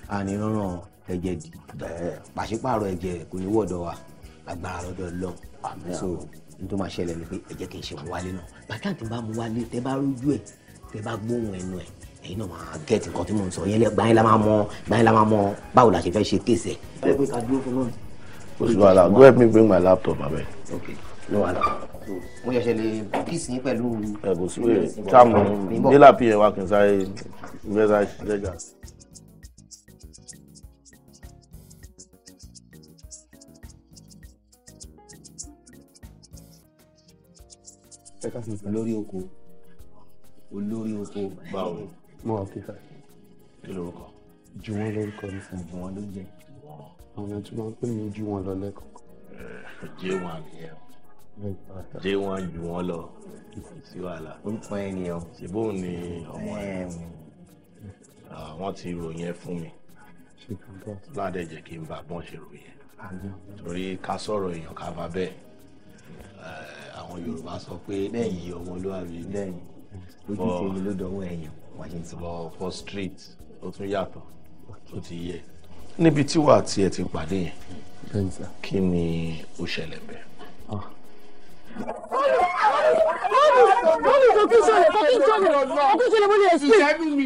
àní rọrùn ẹ̀jẹ̀ pàṣípààrọ̀ ẹ̀jẹ̀ kò ní wọ̀dọ̀ wa agbára lọ́dọ̀ lọ. àmín n tó máa ṣẹlẹ̀ ni pé ẹ jẹ́ kí ṣe wálé náà bàtàǹtì bá mú wálé tẹ bá rójú ẹ tẹ bá gbóhùn ẹnu ẹ ẹ̀yin náà máa gẹ̀ẹ́tì nǹkan tí mò ń sọ yẹn gbà yín la máa mọ gbà la máa mọ báwo la ṣe fẹ́ ṣe kéèsì ẹ̀. pé ká dúró fún náà. oṣù wàhálà go help me bring my laptop abẹ. ok no wàhálà. mo yẹ ṣe lè kíìsì yín pẹ̀lú. ẹ kò sí wẹ́ẹ̀ táàmù nílà pm wa kì í sáré ìgbésà jẹjà. olórí oko olórí oko báwo mo wà kíkà kí lorúkọ jù wọn lórúkọ mi fún jù wọn ló jẹ àwọn tí wọn pè mí jù wọn lọ lẹ́kọ̀ọ́. jẹ wọn nìyẹn jẹ wọn jù wọn lọ sí wàhálà orúkọ yẹn ni ọ ṣèbó ni ọmọ yẹn wọn ti ròyìn ẹ fún mi ládẹ jẹ kí n bá bọ́n ṣe ròyìn torí ká sọ̀rọ̀ èèyàn ká bá bẹ́ẹ̀ àwọn Yorùbá sọ pé lẹ́yìn ọmọlúwàbí lẹ́yìn lójúṣe mi ló dọwọ́ ẹ̀yàn wọ́n ṣe ń sọ. for street ó tún yàtọ̀ ó ti yẹ. níbi tí wàá tiẹ̀ ti pàdé yẹn kí ni ó ṣẹlẹ̀ bẹ́ẹ̀. Ah. kí n ṣọlẹ̀ kò kí n ṣọlẹ̀ kò kí n ṣọlẹ̀ mo lè explain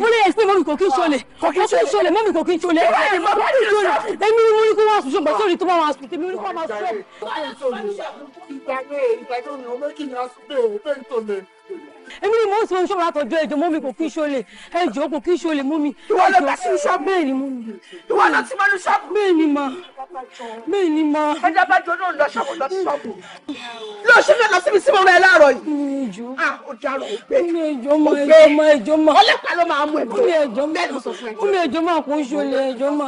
mo lè explain mọ́mì kò kí n ṣọlẹ̀ kò kí n ṣọlẹ̀ mọ́mì kò kí n ṣọlẹ̀ kò kí n ṣọlẹ̀ èmi ni mo ní kó wá sùn ṣùgbọ́n sórí tó bá wá sùn tèmi ní kó wá sùn. ìgbà yẹn ìgbà yẹn ò èmi ni mo ń sọ oṣù látọjọ́ ẹjọ́ mọ́mi kò kí ṣọlẹ̀ ẹjọ́ kò kí ṣọlẹ̀ mọ́mi. ìwọ ló ta sínú ṣọ́ọ̀bù bẹ́ẹ̀ ni mọ́mi. ìwọ ló ti mọ́nú ṣọ́ọ̀bù. bẹ́ẹ̀ ni ma bẹ́ẹ̀ ni ma. ẹja bá jọ náà lọ ṣọ́ọ̀bù lọ ṣọ́ọ̀bù. lọ sí fẹ́ lọ síbi sí mọ́ra ẹ yìí. ẹjọ́ ọmọ ẹjọ́ ma ẹjọ́ ma. ọlọ́pàá ló máa mú ẹ̀mí. ẹjọ́ ma kò ń ṣọlẹ̀ ẹjọ́ ma.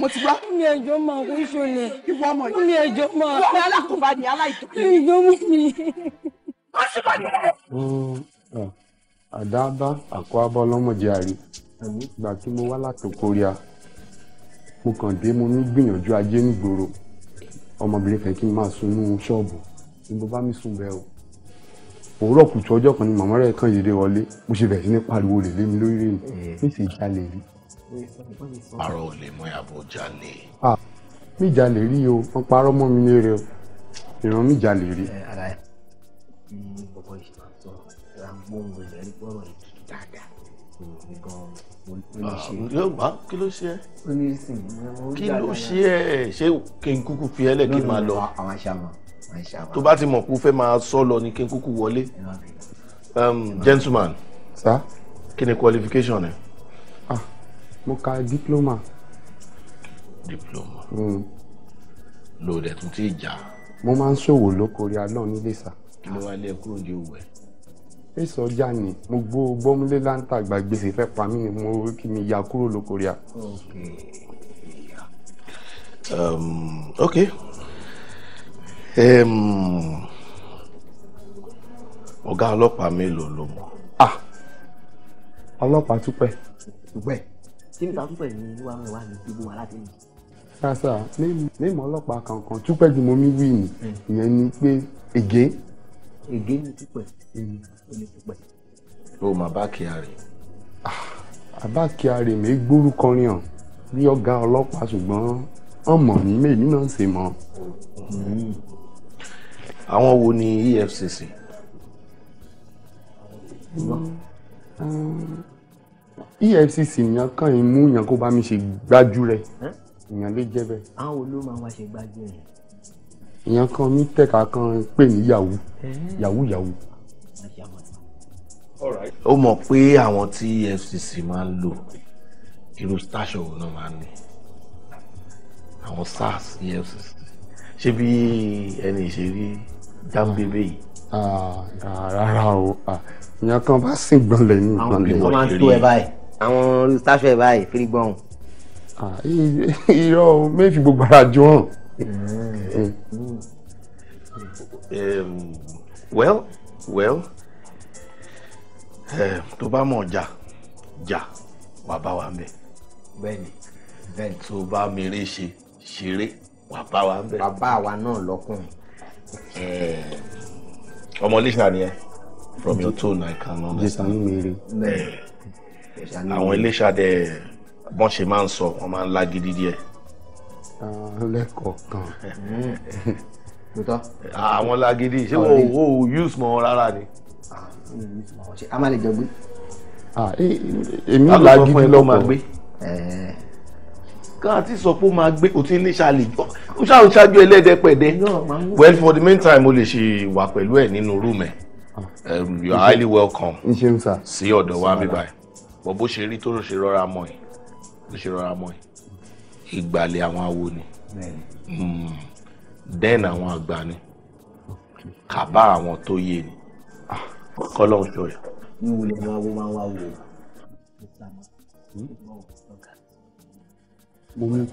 mo ti gbọ́. ẹjọ́ ma kò ń ṣọlẹ̀. ìwọ ọmọ yìí. ẹjọ́ ma. ìwọ alákòóbá ni aláìtó. ẹjọ́ mi. Mm, mm. àdáàbá àkọ́ábá ọlọ́mọdé àrí ìgbà tí mo wá láti korea mo kàn dé mo ní gbìyànjú ajé nígboro ọmọbìnrin kan kí n máa sunú ṣọ́ọ̀bù ni mo bá mi sùn bẹ́ẹ̀ o òwúrọ̀ kùtù ọjọ́ kan ni màmá rẹ̀ kàn yéde wọlé mo ṣe bẹ̀rẹ̀ sí ní pariwo lè lé mi lórí rẹ̀ mi mi sì jalè rí. parọ́ ò lè mọ ìyàbọ̀ jalè. Ah, mi jalè rí o wọ́n parọ́ mọ́ mi lé o ìran mi jalè rí. Eh, tí bọ̀bọ̀ yìí máa ń sọ ra gbóhùn rẹ̀ rí gbọ́rọ̀ yìí tutù dáadáa mi gan mo ní ṣe. yóò gbá kí ló ṣe ẹ. ó ní sìn ní mo ń dáadáa. kí ló ṣe ẹ ṣé kí n kúkú fi ẹlẹ kí n máa lọ. àwọn aṣáàmọ àwọn aṣáàmọ. tó bá ti mọ̀ kó fẹ́ máa sọ lọ ni kí n kúkú wọlé. Um, gentleman. sir. kí ni qualification ẹ. ah mo ka diploma. diploma. Mm. lo dẹ̀ tún ti jà. mo máa ń ṣòwò lóko rí alọ́ nílé sá kí ló wá lé ẹ kúrò ní òwò ẹ. èso ọjà ni mo gbọ́ gbọ́múlé láńtà gba gbèsè fẹ́ pa mí ni mo kí mi ya kúrò lóko rí a. ok um, ọ̀gá ọlọ́pàá mélòó ló mọ̀. ọlọ́pàá túpẹ́. túpẹ́ tí nípa túpẹ́ ni wàá mú wa ní gbogbo wa láti yìí kásá mímọ ọlọ́pàá kankan túpẹ́ tí mo mi wí ni hmm. ìyẹn ni pé ègé ègé ní pípẹ́ èmi ò ní pípẹ́. o mà bá kyari. àbá ah, kyari mi gbórúkọ rìn hàn bí ọ̀gá ọlọ́pàá ṣùgbọ́n ọmọ ní mèmí náà ṣe mọ. Hmm. àwọn wo ni EFCC. EFCC yẹn kàn ń mú yẹn kó bá mi ṣe gbájú rẹ ìyẹn lè jẹ bẹ́ẹ̀. àwọn olóòmà wa ṣe gbájú rẹ èèyàn kan ní tẹ̀ka kan pè ní yahoo eh. yahoo yahoo. ó mọ̀ pé àwọn tí EFCC máa ń lò irú station náà máa ń ní àwọn SARS EFCC ṣé bí ẹni ìṣeré jámbébé yìí. Ah, ah, rárá o èèyàn ah, kan bá sì gbọ́nlẹ̀ ní ìgbọ́nlẹ̀. àwọn máa ń tó ẹ báyìí àwọn station ẹ báyìí fírí gbọ́n. irọ́ o gbogbo ara jọ hàn. Mm. Eh, well well eh, tó bá mọ̀ jà jà wà bá wa ń bẹ̀. bẹ́ẹ̀ni bẹ́ẹ̀ni. tó bá mèrè ṣe ṣeré wà bá wa ń bẹ̀. bàbá wa náà lọ́kùnrin. Eh, ọmọ iléṣà ni ẹ from your tone i can understand. àwọn iléṣà dẹ bọ́n ṣe máa ń sọ wọ́n máa ń lágídí díẹ̀ lẹ́kọ̀ọ̀kan. àwọn lágídí ṣé wọn ah, ò use mọ rárá ni. a máa lè jọ gbé. Ah, e, èmi lágídí lọ́pọ̀ ká ti sọ pé ó máa gbé kò tí ní ṣàlejò ó ṣáà ń ṣáájú ẹlẹ́dẹ̀ pẹ̀dẹ́ well for the meantime o lè ṣe wà pẹ̀lú ẹ̀ nínú room ẹ̀ ah. um, you are highly welcome sí ọ̀dọ̀ wa bíbáyìí But bó ṣe rí tó ṣe rọra mọ́ ẹ̀ bó ṣe rọra mọ́ ẹ̀ ìgbàlẹ̀ àwọn awo ni den hmm. àwọn àgbà ni kàbá àwọn tó yé ni kọ́lọ́hún ṣọ̀rẹ́. mi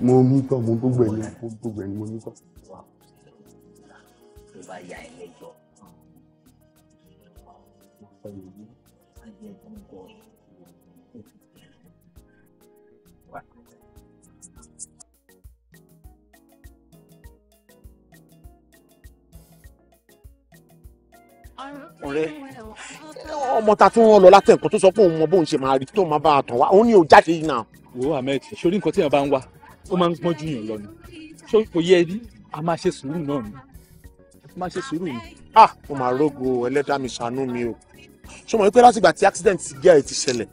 mo mú tán mo gbogbo ẹni mo gbogbo ẹni mo mú tán. tó bá ya ẹ lẹ́jọ́. ọ̀rẹ́ ọmọ ta tún rán lọ látẹ̀kọ́ tó sọ pé òun mọ bóun ṣe máa rí tó máa bá a tàn wá òun ni ò jáde yìí náà. wo ahmed sori nǹkan tí bá ń wá ó máa ń pọ́n ju yàn lọ ni sori kò yẹ ẹbí a máa ṣe sùúrù náà ni a máa ṣe sùúrù ni. ah mo máa rógo ẹlẹ́dàá mi ṣàánú mi o ṣé mo pé láti ìgbà tí accident ti gé ẹ̀ ti ṣẹlẹ̀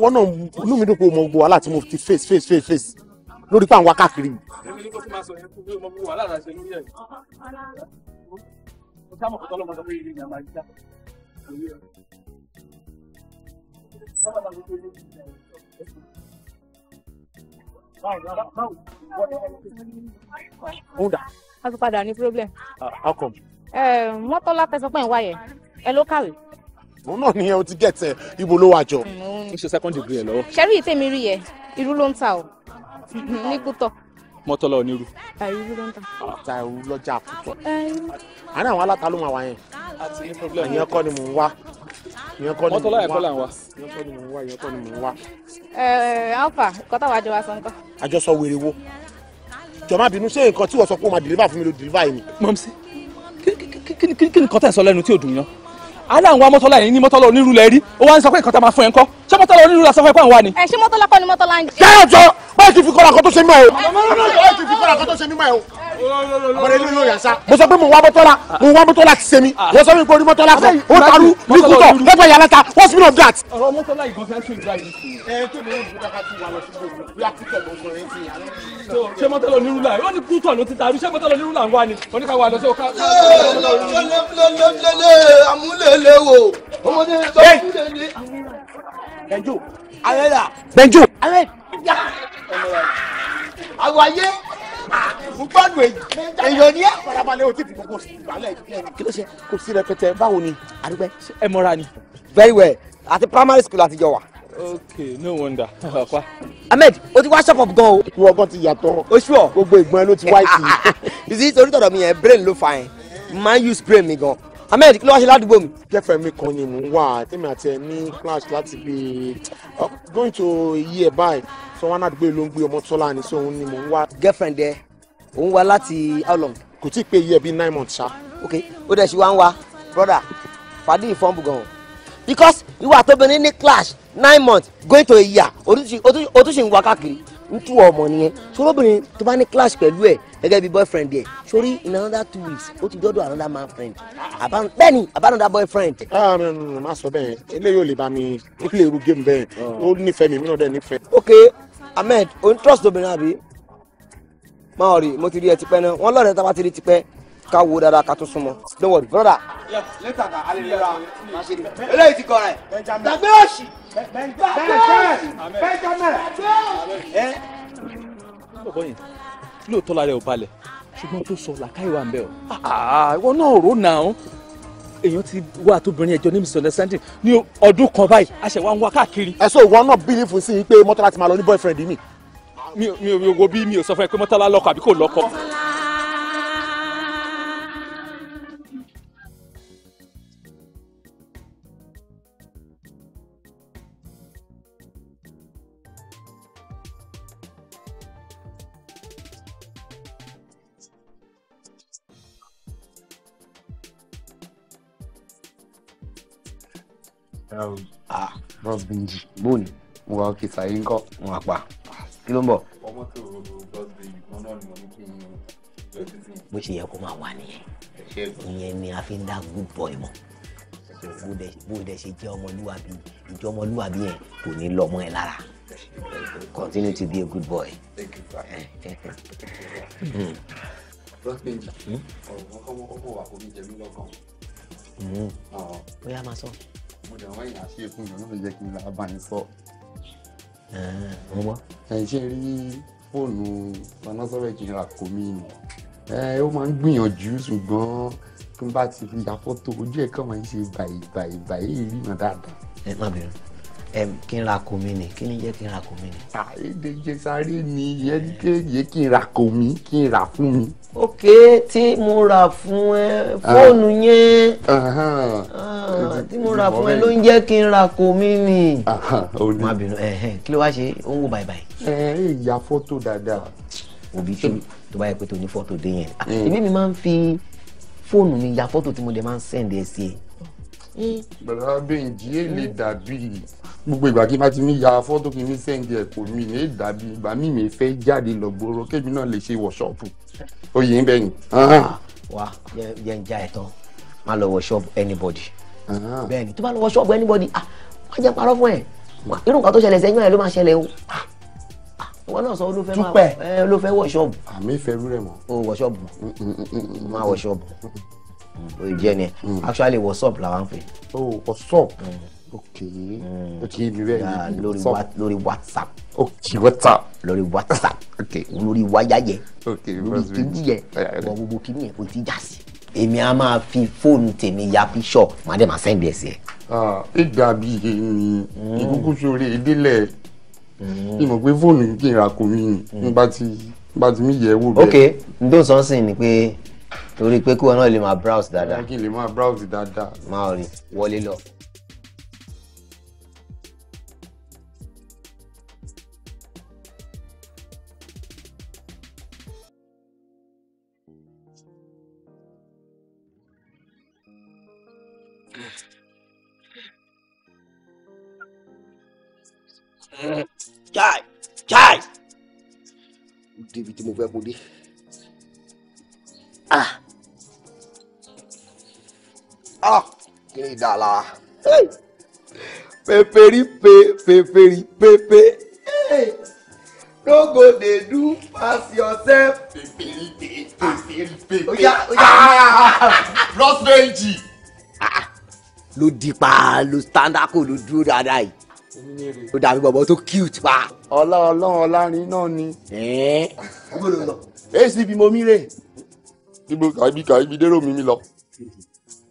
wọ́n náà inú mi dùn pé mo gbọ́ wàhálà tí mo ti face face face face lórí pé àwọn wákàkiri. èmi ní kó tún máa sọ yẹn fún Estamos con todos los que vienen a Marita. Una. A ti padà ní problem. Ah, how come? Eh, mọ́tò láti sọ pé ń wáyẹ̀, ẹ ló kàwé. Òun náà ni o ti gẹ̀tẹ̀ eh, ibo ló wà jọ. Mm. Ń ṣe second degree ẹ lọ́wọ́. Ṣẹ́rí ìtẹ̀mí rí yẹ, irú ló ń mọ́tọ́lá onírú. ẹ̀rú ló ń ah, ta. àtà ẹ̀rú lọ́jà àkùtọ̀. àná àwọn aláta ló máa wà yẹn. àti ní problem. ìyẹn kọ́ ni mò ń wá. ìyẹn kọ́ ni mò ń wá. mọ́tọ́lá ẹ̀kọ́ là ń wá. ìyẹn kọ́ ni mò ń wá. ìyẹn kọ́ ni mò ń wá. ẹ alfa kọ́tà wàá jọ wa sọ nǹkan. àjọsọ wèrè wo jọ̀ọ́ má bínú ṣé nǹkan tí wọ́n sọ pé ó máa deliver fún mi ló deliver yìí ni. mọ̀mísí kí ni kọ́tà ẹ̀ sọ lẹ́nu tí ò dùn yàn aláwọn wa mọ́tọ́lá yẹn ní mọ́tọ́lá onírú lẹ rí ó wá ń sọ pé nǹkan tá a máa fún ẹ ńkọ́ ṣé mọ́tọ́lá onírú sọ pé àwọn ni. ẹ ṣé mọ́tọ́lá kọ́ ni mọ́tọ́lá ń jẹ. yáyà jọ báyìí ti fi kọ́ra kan tó ṣe mímọ́ ẹ o mo sọ pé mo wá Mọ́tọ́lá mo wá Mọ́tọ́lá ti ṣe mi wọ́n ah. sọ pé orí Mọ́tọ́lá kan ó taru ní kútọ̀ lẹ́gbẹ̀ẹ́ yàrá ta what's mean of that. ọ̀rọ̀ Mọ́tọ́lá ìgbọ́n fẹ́ ìgbà yìí. ẹ tó ní ìlú kaka tún wà lọ sí gbogbo bí a kúkẹ̀ gbogbo rẹ̀ ti yàrá. ṣé Mọ́tọ́lá onírúlà yìí wọ́n ní kútọ̀ ló ti taru ṣé Mọ́tọ́lá onírúlà ń wá ni wọ́n ní ká wà lọ sí ọkà. lọ́lọ́lọ́lọ́lọ́ amúlẹ̀lẹ̀ wo ọmọdé tó ń lé ní. Benjo ayẹ́dà. Benjo ayẹ́dà. àwọ̀ ayé mo èyàn ní àfarabalẹ̀ o ti gbogbo ìgbàlẹ̀ ìgbàlẹ̀. kí ló ṣe kò sí rẹpẹtẹ báwo ni àdúgbẹ́ ẹ mọ́ra ni. very well àti primary school àti jọ wà. ok no wonder ọ̀pá. ahmed o ti wá shop up gan o. ìwọ gan ti yàtọ̀ oṣù ọ gbogbo ìgbọ́n ló ti wá ìsìn. ìsìn torí tọ̀dọ̀ mi yẹn brain ló fa yẹn máa use brain mi gan ahmed kí ló wá ṣe ládùúgbò mi. jẹ́fẹ̀ mi kan ni mò ń wà tèmi àti ẹ̀ ní clash láti bí uh, going to year báyìí So wọn àdúgbò ló ń gbé ọmọ tọ́lá ni so òun ni mò ń wá. girlfriend ẹ òun wá láti how long. kò tí ì pé year bíi nine months ṣá. ok ó dẹ̀ ṣe wá ń wa brother fàdí ìfọ́nbù gan-an because ìwà tóbi ní clash nine months going to a year o tún ṣì ń wá káàkiri ń tú ọmọ nìyẹn sọlọ́bìnrin tó bá ní clash pẹ̀lú ẹ̀ gẹ́gẹ́ bí boyfriend ẹ̀ sórí in another two weeks ó ti dọ́dọ̀ another man friend bẹ́ẹ̀ni abanada boyfriend. Ah, má sọ bẹ́ẹ̀ eléyìí ò lè bá mi ó lè ru game bẹ́ẹ̀ ó nífẹ̀ẹ́ mi mi náà dẹ̀ nífẹ̀ẹ́. ok ahmed o n trust obìnrin àbí máa rí mo ti rí ẹ tipẹ́ náà wọ́n lọ́rẹ̀ẹ́ tá a bá ti rí tipẹ́ ká wo dáadáa ká tó súnmọ́ don't worry brother. lẹ́tà ká alẹ́ lera eléyìí ti kọ́ra ẹ̀ dàgbé òsì dàgbé òsì benjamin ẹ. ọkọ yìí lóòótọ́ la rẹ̀ ò balẹ̀ ṣùgbọ́n tó sọ làkàyè wa ń bẹ̀ ọ́ ah, ah, ìwọ náà rò náà èèyàn ti wá àtòbìnrin ẹjọ ní misunderstanding ní ọdún kan báyìí a ṣe wá ń wá káàkiri. ẹ sọ ìwọ náà bílífù sí i pé mọ́tàlá ti máa lọ ní boyfriend mi. mi ò wo bí mi ò sọ fún ẹ pé mọ́tàlá lọ́kọ àbí kò lọ́kọ. ah bros benji bóòní mo wà òkè sàyé ńkọ wọn àpà kí ló ń bọ̀. ọmọ tó o bros benji kan náà ni mo ní kí n yọ bó ṣe yẹ kó máa wà nìyẹn ìyẹn ni a fi ń dá good boy mọ̀ bó o dẹ ṣe jẹ́ ọmọlúwàbí ìjọ ọmọlúwàbí yẹn kò ní lọ́mọ ẹ lára continue to be a good boy. Thank you, sir. Hmm. mm. Bros benji hmm? ọ̀rọ̀ wọn kọ́ wọ́n wà kó mi jẹ lọ́kàn. Hmm. Ah. bóyá máa sọ mo dẹ̀ wọ́n yàn àṣẹ fún yàn ló jẹ́ kí n lọ́ọ́ bá yín sọ. ọmọ. ẹ̀yin ṣe rí fóònù panasonic ra kò mí nù ó máa ń gbìyànjú ṣùgbọ́n kí n bá ti fi ya fọ́tò ojú ẹ̀ kàn máa ń ṣe bàyìbàyìbàyì rí mọ̀ dáadáa. ẹ má bẹ̀rẹ̀ kí n ra kò mí ni kí ni jẹ́ kí n ra kò mí ni. àìdè jẹsàrí mi yẹ́díkéyìí kí n ra kò mí kí n ra fún mi. ok tí mo rà fún ẹ ah. fóònù yẹn ah, tí mo rà fún ẹ ló ń jẹ́ kí n ra kò mí ni. má bínú kí ló wá ṣe ó ń wo bàìbàì. ẹ ẹ ìyá fọ́tò dáadáa. òbí ṣe tó bá yẹ pé tó ní fọ́tò dé yẹn. ìbí ah, mm. mi máa ń fi fóònù mi ya fọ́tò tí mo dẹ̀ máa ń sẹ́ǹdì ẹ̀ sí i bàbá Bẹ́ǹjì ẹ lè dàbí gbogbo ìgbà kí n bá ti ní ya fọ́tò kí n ní sẹ́ǹdì ẹ̀ kò mí ní dàbí ìgbà mí mi fẹ́ jáde lọ gbòòrò kémi náà lè ṣe wọ̀ṣọ́ọ̀pù oyè ń bẹ̀yìn. wà yẹ ń já ẹ tán má lọ wọ̀ṣọ́ọ̀pù anybody ah. bẹ́ẹ̀ni tó bá lọ wọ̀ṣọ́ọ̀pù anybody ah má jẹ́ parọ́ fún ẹ̀ irú nǹkan tó ṣẹlẹ̀ sẹ́yìn ẹ̀ ló máa ṣẹlẹ̀ o ah, wọn náà sọ olófẹ máa olófẹ wọ̀ṣọ́ọ̀pù. àmì ìfẹ́ rú rẹ̀ mọ́. o wọ̀ṣọ́ọ̀pù máa mm, mm, mm, wọ̀ṣọ́ọ̀pù ìjẹ ni hmm. actually whatsapp làwọn fẹ́. oh whatsapp hmm. ok hmm. ok ìbílẹ̀ yìí ah, lórí lórí whatsapp. ok whatsapp. lórí whatsapp. ok lórí wáyáyẹ. ok lórí kìíní yẹ wọ gbogbo kìíní yẹ kò tí já sí. èmi a máa fi fóònù tèmi ya píṣọ màá dẹ̀ máa sẹ́ndì ẹ̀ sí ẹ. ìgbà bíi èyí ìkúkú sórí ìdílé ìmọ̀ pé fóònù kí n ra kò mí ni nígbà tí nígbà tí mi yẹ̀ wò bẹ́ẹ̀. ok ndó sọ́nsìn ni pé torí pé kí wọn náà lè máa browse dáadáa. kí n lè máa browse dáadáa. máa rí wọlé lọ. chai chai. débi tí mo fẹ́ kó dé. ah. Ah, kí ni ìdá lára pèpèrí pé pèpèrí pépé no go dey do pass yourself. pèpèrí pé pèpèrí ah, pépé oya oya ah, plus méjì. ló di pa ló standard kò ló dúró dáadáa yìí ó dàbí bọ̀bọ̀ tó cute pa. ọlá ọlọ́run ọlárin náà ni. ẹ̀ẹ́n. èsì bí mo mí rè. ibo kàbí kàbí dérò mímí lọ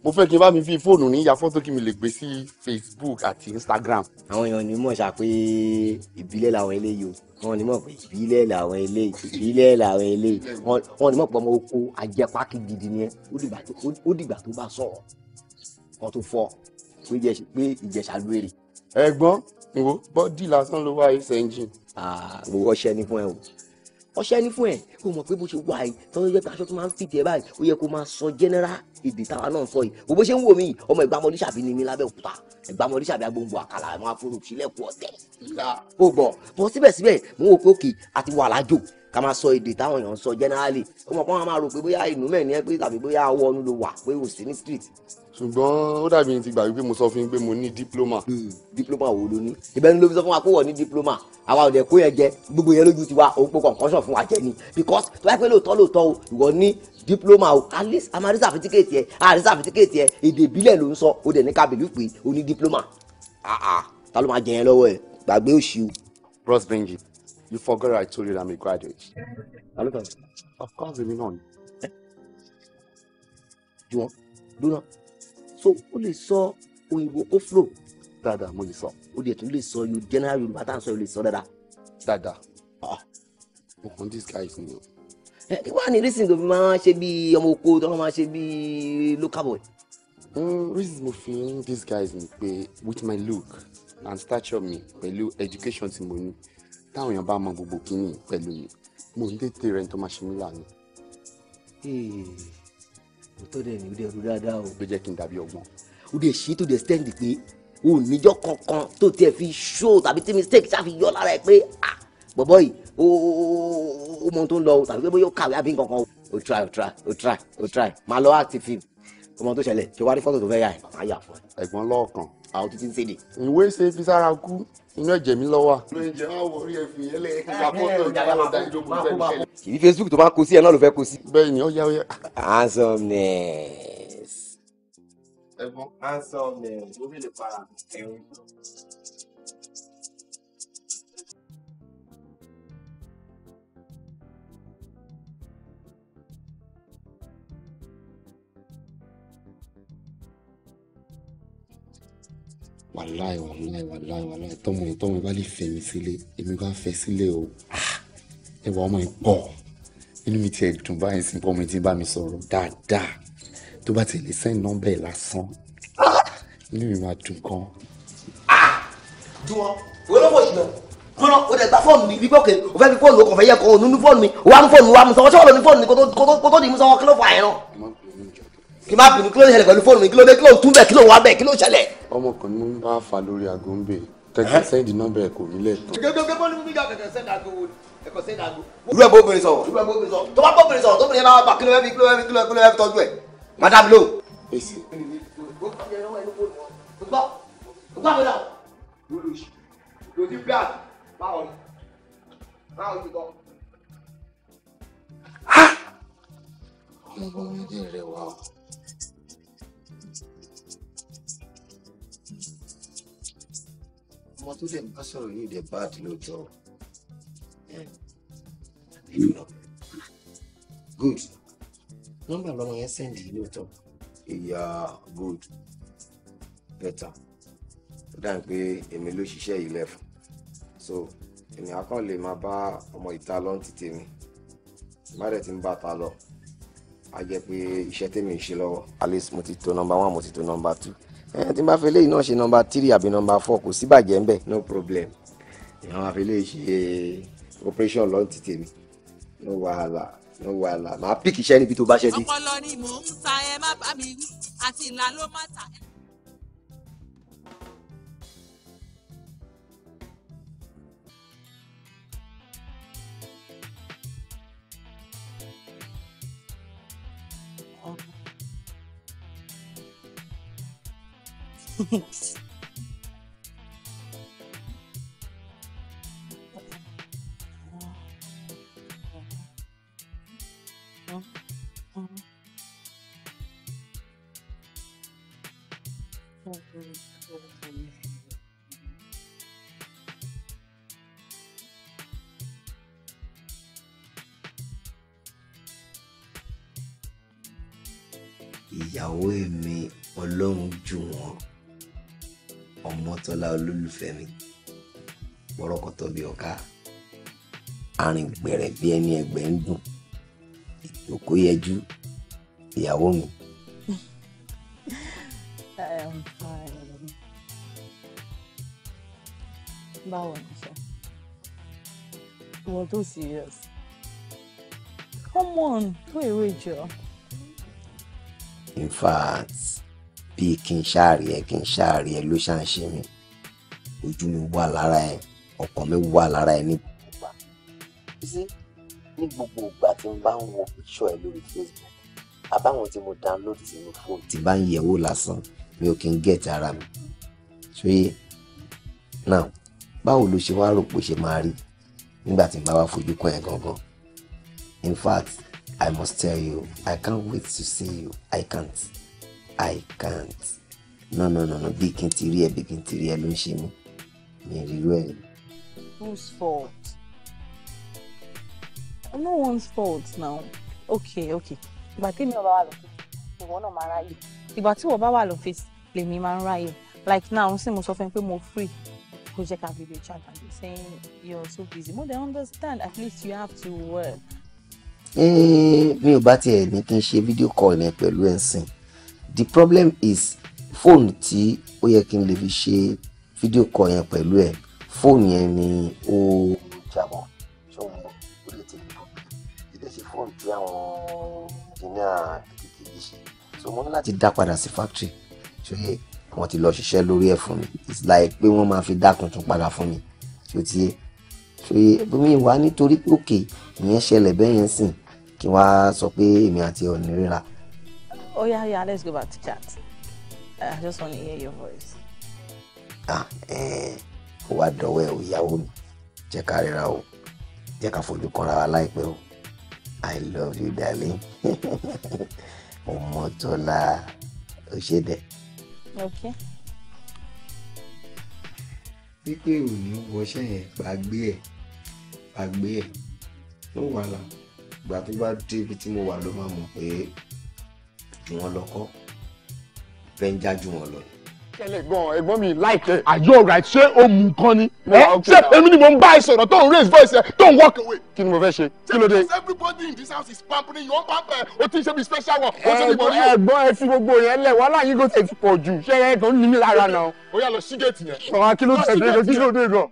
mo fẹ́ kí n bá mi fi fóònù ní ya fọ́tò kí mi lè gbé sí Facebook àti Instagram. àwọn èèyàn ní mọ̀ ṣá pé ìbílẹ̀ làwọn eléyìí o wọn ní mọ̀ pé ìbílẹ̀ làwọn eléyìí ìbílẹ̀ làwọn eléyìí wọn ní mọ̀ pé ọmọ oko ajẹ́pákí gidi ni ẹ ó dìgbà tó bá sọ̀rọ̀ kan tó fọ́ pé ìjẹ̀ṣà lóore. ẹ̀gbọ́n wo bọ́dí lásán ló wá ẹsẹ̀ engine. àwọn ọṣẹ ni fún ẹ o ọṣẹ ní fún ẹ kó mọ̀ pé bó ṣe wà yìí tó yẹ aṣọ tó máa ń fìdí ẹ báyìí ó yẹ kó máa sọ general èdè táwa náà sọ yìí bó ṣe ń wò mí ọmọ ìgbà ọmọdé ni mí lábẹ́òkúta ìgbà ọmọdé ṣàbí agbóhùnbó àkàlà àwọn afúrò sílẹ̀kùn ọ̀tẹ̀ ó gbọ́ bọ́ síbẹ̀síbẹ̀ mú òkè òkè àti wà lájò ká máa sọ èdè táwọn èèyàn sọ generally ó mọ̀ pé wọ́n máa rò pé bóyá ìnú mẹ́ni ẹ pé tàbí bóyá ọwọ́ ṣùgbọ́n ó dàbí ti gbà wípé mo sọ fún yín pé mo ní diploma. Hmm, diploma wo ló ní ibẹ̀ ló fi sọ fún wa pé wọ́n ní diploma àwa ò dẹ̀ kó yẹn jẹ gbogbo yẹn lójú tiwa òun pé kọ̀ǹkọ́ṣọ̀ fún wa jẹ ni because tó bá pẹ́ lóòótọ́ lóòótọ́ o ìwọ ní diploma o at least a máa rí ẹ a rí ẹ èdè ìbílẹ̀ ló ń sọ ó dẹ̀ ní ká pé o ní diploma ta ló máa jẹ yẹn lọ́wọ́ ẹ gbàgbé òṣì o. Bros Benji you forget I told you I'm a graduate. of course èmi náà ni. Eh? jùwọ́n dúró náà so ó lè sọ òyìnbó ó flow Dada, mo lè sọ ó lè tún lè sọ yóò general yorùbá tá à ń sọ yóò lè sọ dáadáa dáadáa ah mo kàn dis guy is mi o. Eh, kí wàá ní reason tó fi máa ṣe bí ọmọ oko tó máa ṣe bí local boy. Hmm, reason mo fi ń dis guy ni pé with my look and stature mi pẹ̀lú education tí mo ní táwọn èèyàn bá mọ gbogbo kínní pẹ̀lú mi mo ń tètè rẹ̀ ń tó máa ṣe mí lánàá tó dẹ̀ ní o dẹ̀ dáadáa o. ló jẹ́ kí n dàbí ọgbọ́n. o dẹ̀ ṣí tó dẹ̀ stand pé o níjọ́ kankan tó tiẹ̀ fi show tàbí tí mistake ṣáfi yọ lára ẹ pé bọ̀bọ̀ yìí o o mọ tó ń lọ o tàbí pé bóyá o kàwé àbí nǹkankan o. o try o try o try o try máa lọ active film ọmọ tó ṣẹlẹ̀ ṣe wá rí fọ́tò tó fẹ́ yà ẹ̀ máa yà fún ẹ. ẹ̀gbọ́n lọ́ọ̀kan àwọn títí ń ṣe dè. ìwé ṣe fi sára kú inú ẹ̀jẹ̀ mi lọ́wọ́. ìjẹ́ máa wọ orí ẹ̀fìn ẹlẹ́ ìdàpọ̀tọ̀ ìjàlá ọ̀dà ìjókòó sẹ́ni. kì í Facebook tó bá kó sí ẹ náà ló fẹ́ kó sí. bẹ́ẹ̀ ni ó yá ó yá. handsomeness. ẹ̀gbọ́n handsomeness ó fi lè para ẹ̀rín. wàláì wàláì wàláì wàláì tọmọ ẹ tọmọ ẹ bá lè fẹ́ mi sílé èmi bá fẹ́ sílé o ah! ẹwà ọmọ ẹ pọ̀ inú mi tiẹ̀ dùn báyìí sí pọ́nmi tí bá mi sọ̀rọ̀ dáadáa tó bá tẹ̀lé sẹ́yìn nọ́mbà lásán inú mi máa dùn gan. Ah! dùn o de gba fọ́ọ̀nù mi wípé òkè o fẹ́ fi fóònù o kàn yẹ kọ́ o nínú fóònù mi o wá mú fóònù wa mú sọ́wọ́ sọ́wọ́ lọ ní fóònù mi kó tó di mú sọ́wọ́ kí ló yẹn náà kí n má bínú kí ló ṣẹlẹ̀ fóònù mi kí ló tún bẹ̀ kí ló wá bẹ̀ kí ló ṣẹlẹ̀. ń bá fa lórí aago ń bè tẹkẹ sẹ́ndì nọ́mbà ẹ̀ kò rí lẹ́ẹ̀kan. gẹ́gẹ́ bó ni mo fi tó bá ọmọ ọmọ mi dé rẹwà o. ọmọ tó dẹ̀ ń sọ̀rọ̀ yìí dẹ̀ bá àdìlò jọ good nọ́mbà lọmọ yẹn sẹ́ndì yìí lóòótọ́ ìyá good better ó dáhùn pé èmi ló ṣiṣẹ́ yìí lẹ́fọ̀ so èmi á lè máa bá ọmọ ìta lọ ní títì má dẹ̀ ti ń bá ta lọ á jẹ́ pé iṣẹ́ tèmi ń ṣe lọ́wọ́ at mo ti tó nọ́mbà one mo ti tó nọ́mbà two ẹ eh, tí n bá fi eléyìí náà ṣe nọmba three àbí nọmba four kò sí bàjẹ́ ń bẹ̀ no problem èèyàn máa ṣe operation lọ́n ti tèmi no wàhálà no wàhálà màá píkì iṣẹ́ níbi tó bá ṣẹ́ ọpọlọ ni mò ń ta ẹ má bá mi wí àti ìlà ló má ta ẹ. Thanks. olólùfẹ́ mi pọ̀rọ̀kọ̀tọ̀ bí ọ̀ká arìn gbẹ̀rẹ̀ bí ẹni ẹgbẹ́ ń dùn ìjòkó yẹjú ìyàwó mi. báwo ni sọ wọn tó serious come on tó èrò ìjọ. in fact bí kí n ṣáàrí ẹ kí n ṣáàrí ẹ ló ṣàǹṣe mi ojú mi wà lára ẹ ọkàn mi wà lára ẹ ní gbogbo ìgbà ṣé ní gbogbo ìgbà tí n bá ń wo píṣọ ẹ lórí Facebook àbáwọn tí mo download sínú fóònù tí bá ń yẹ̀wò lásán mi ò kí ń gẹ̀ẹ́tì ara mi ṣóyè now báwo ló ṣe wá rò pé ṣe máa rí nígbà tí n bá wá fojú kọ ẹ gangan in fact I must tell you I can't wait to see you I can't I can't no no no no bí kí n ti rí ẹ bí kí n ti rí ẹ ló ń ṣe mí mi rí whose fault? no one's fault now. okay okay ìgbà tí mi ò bá wà lọ want to marry. máa ráyè ìgbà tí wọ́n bá wà lọ fèsì lèmi máa ń ráyè like now sì mo sọ fún ẹ pé mo free go check out video chat and be saying you're so busy mo dey understand at least you have to work. Uh, eh, mi ò bá tiẹ̀ ní kí n call yẹn pẹ̀lú ẹ̀sìn the problem is phone tí We yẹ kí n fídíò kọ yẹn pẹ̀lú ẹ̀ fóònù yẹn ni ó jàbọ̀ tó ń bọ̀ ó lè tẹ̀lé public ìdẹ́sẹ̀ fóònù tí àwọn ìdíná kékeré yìí ṣe so wọ́n ní láti dá padà sí factory tó yẹ wọ́n ti lọ ṣiṣẹ́ lórí ẹ̀ fún mi it's like pé wọ́n máa fi dá tuntun padà fún mi tí ó ti yẹ tó yẹ bómi wá nítorí pé òkè ìyẹn ṣẹlẹ̀ bẹ́ẹ̀ yẹn sìn kí wọ́n á sọ pé èmi àti Oh yeah, oya oya let's go back to chat I just want to hear your voice ó ah, eh, wá dọ̀wọ́ ẹ̀ òyàwó mi jẹ́ ká ríra o jẹ́ ká fojú kanra wa láìpẹ́ o i love you darling ọmọtọ́lá òṣèdè. pípé ò ní wọṣẹ́ yẹn gbàgbé ẹ̀ gbàgbé ẹ̀ ló wà lá ìgbà tó bá dé ibi tí mo wà ló máa mọ̀ pé jù wọ́n lọ ń já jù lọ ni ṣẹlẹ̀ gan-an ẹ̀gbọ́n are you alright ṣé o mú nǹkan ni. ṣé èmi ni mo ń bá ẹ sọ̀rọ̀ tó ń raise voice ẹ tó ń walk away. kí ni mo fẹ́ ṣe kí ló dé. everybody in this house is pampering you wọ́n pampẹ́ o ti ṣe bí special one. ẹ̀gbọ́n ẹ fi gbogbo yẹn lẹ̀ wàhálà yín kò tẹ̀ ti pọ̀ jù ṣé ẹ kò ní mi lára náà. ó yá lọ sí gẹ̀ẹ́tì yẹn. àwọn akíló tẹ̀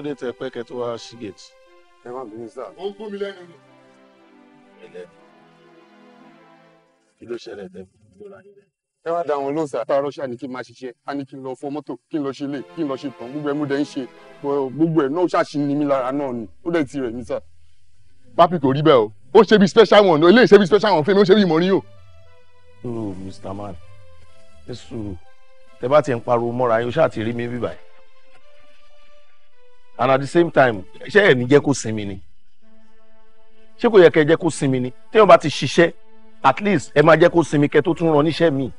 ló dé tẹ pẹ́ kẹ́ tó wá sí gate. ẹ má bínú sáà. ó ń gbómi lẹ́nu. ẹlẹ kí ló ṣẹlẹ̀ tẹ ló ra yín lẹ. ẹ wá da àwọn olóòsà àtàrọ ṣáà ní kí n máa ṣiṣẹ́ a ní kí n lọ fọ mọ́tò kí n lọ ṣe lè kí n lọ ṣe tán gbogbo ẹ mú dẹ ń ṣe gbogbo ẹ náà ṣáàṣì ní mi lára náà ni ó dẹ̀ ti rẹ̀ mí sáà. pápí kò rí bẹ́ẹ̀ o ó ṣe bí special one eléyìí ṣe bí special one fẹ́mi ó ṣe bí ìmọ̀rin yìí o. sùúrù Mr. Man ẹ sùúrù tẹ bá ti ń pariwo mọ́ra yín ó ṣáà ti rí mi bíbáyìí and at the same time ṣé ẹ̀ ní jẹ́ kó sinmi ni ṣé kò yẹ kẹ́ ẹ jẹ́ kó sinmi ni téèyàn bá ti ṣiṣẹ́ at least ẹ máa jẹ́ kó sinmi kẹ́ tó tún ran níṣẹ́ míì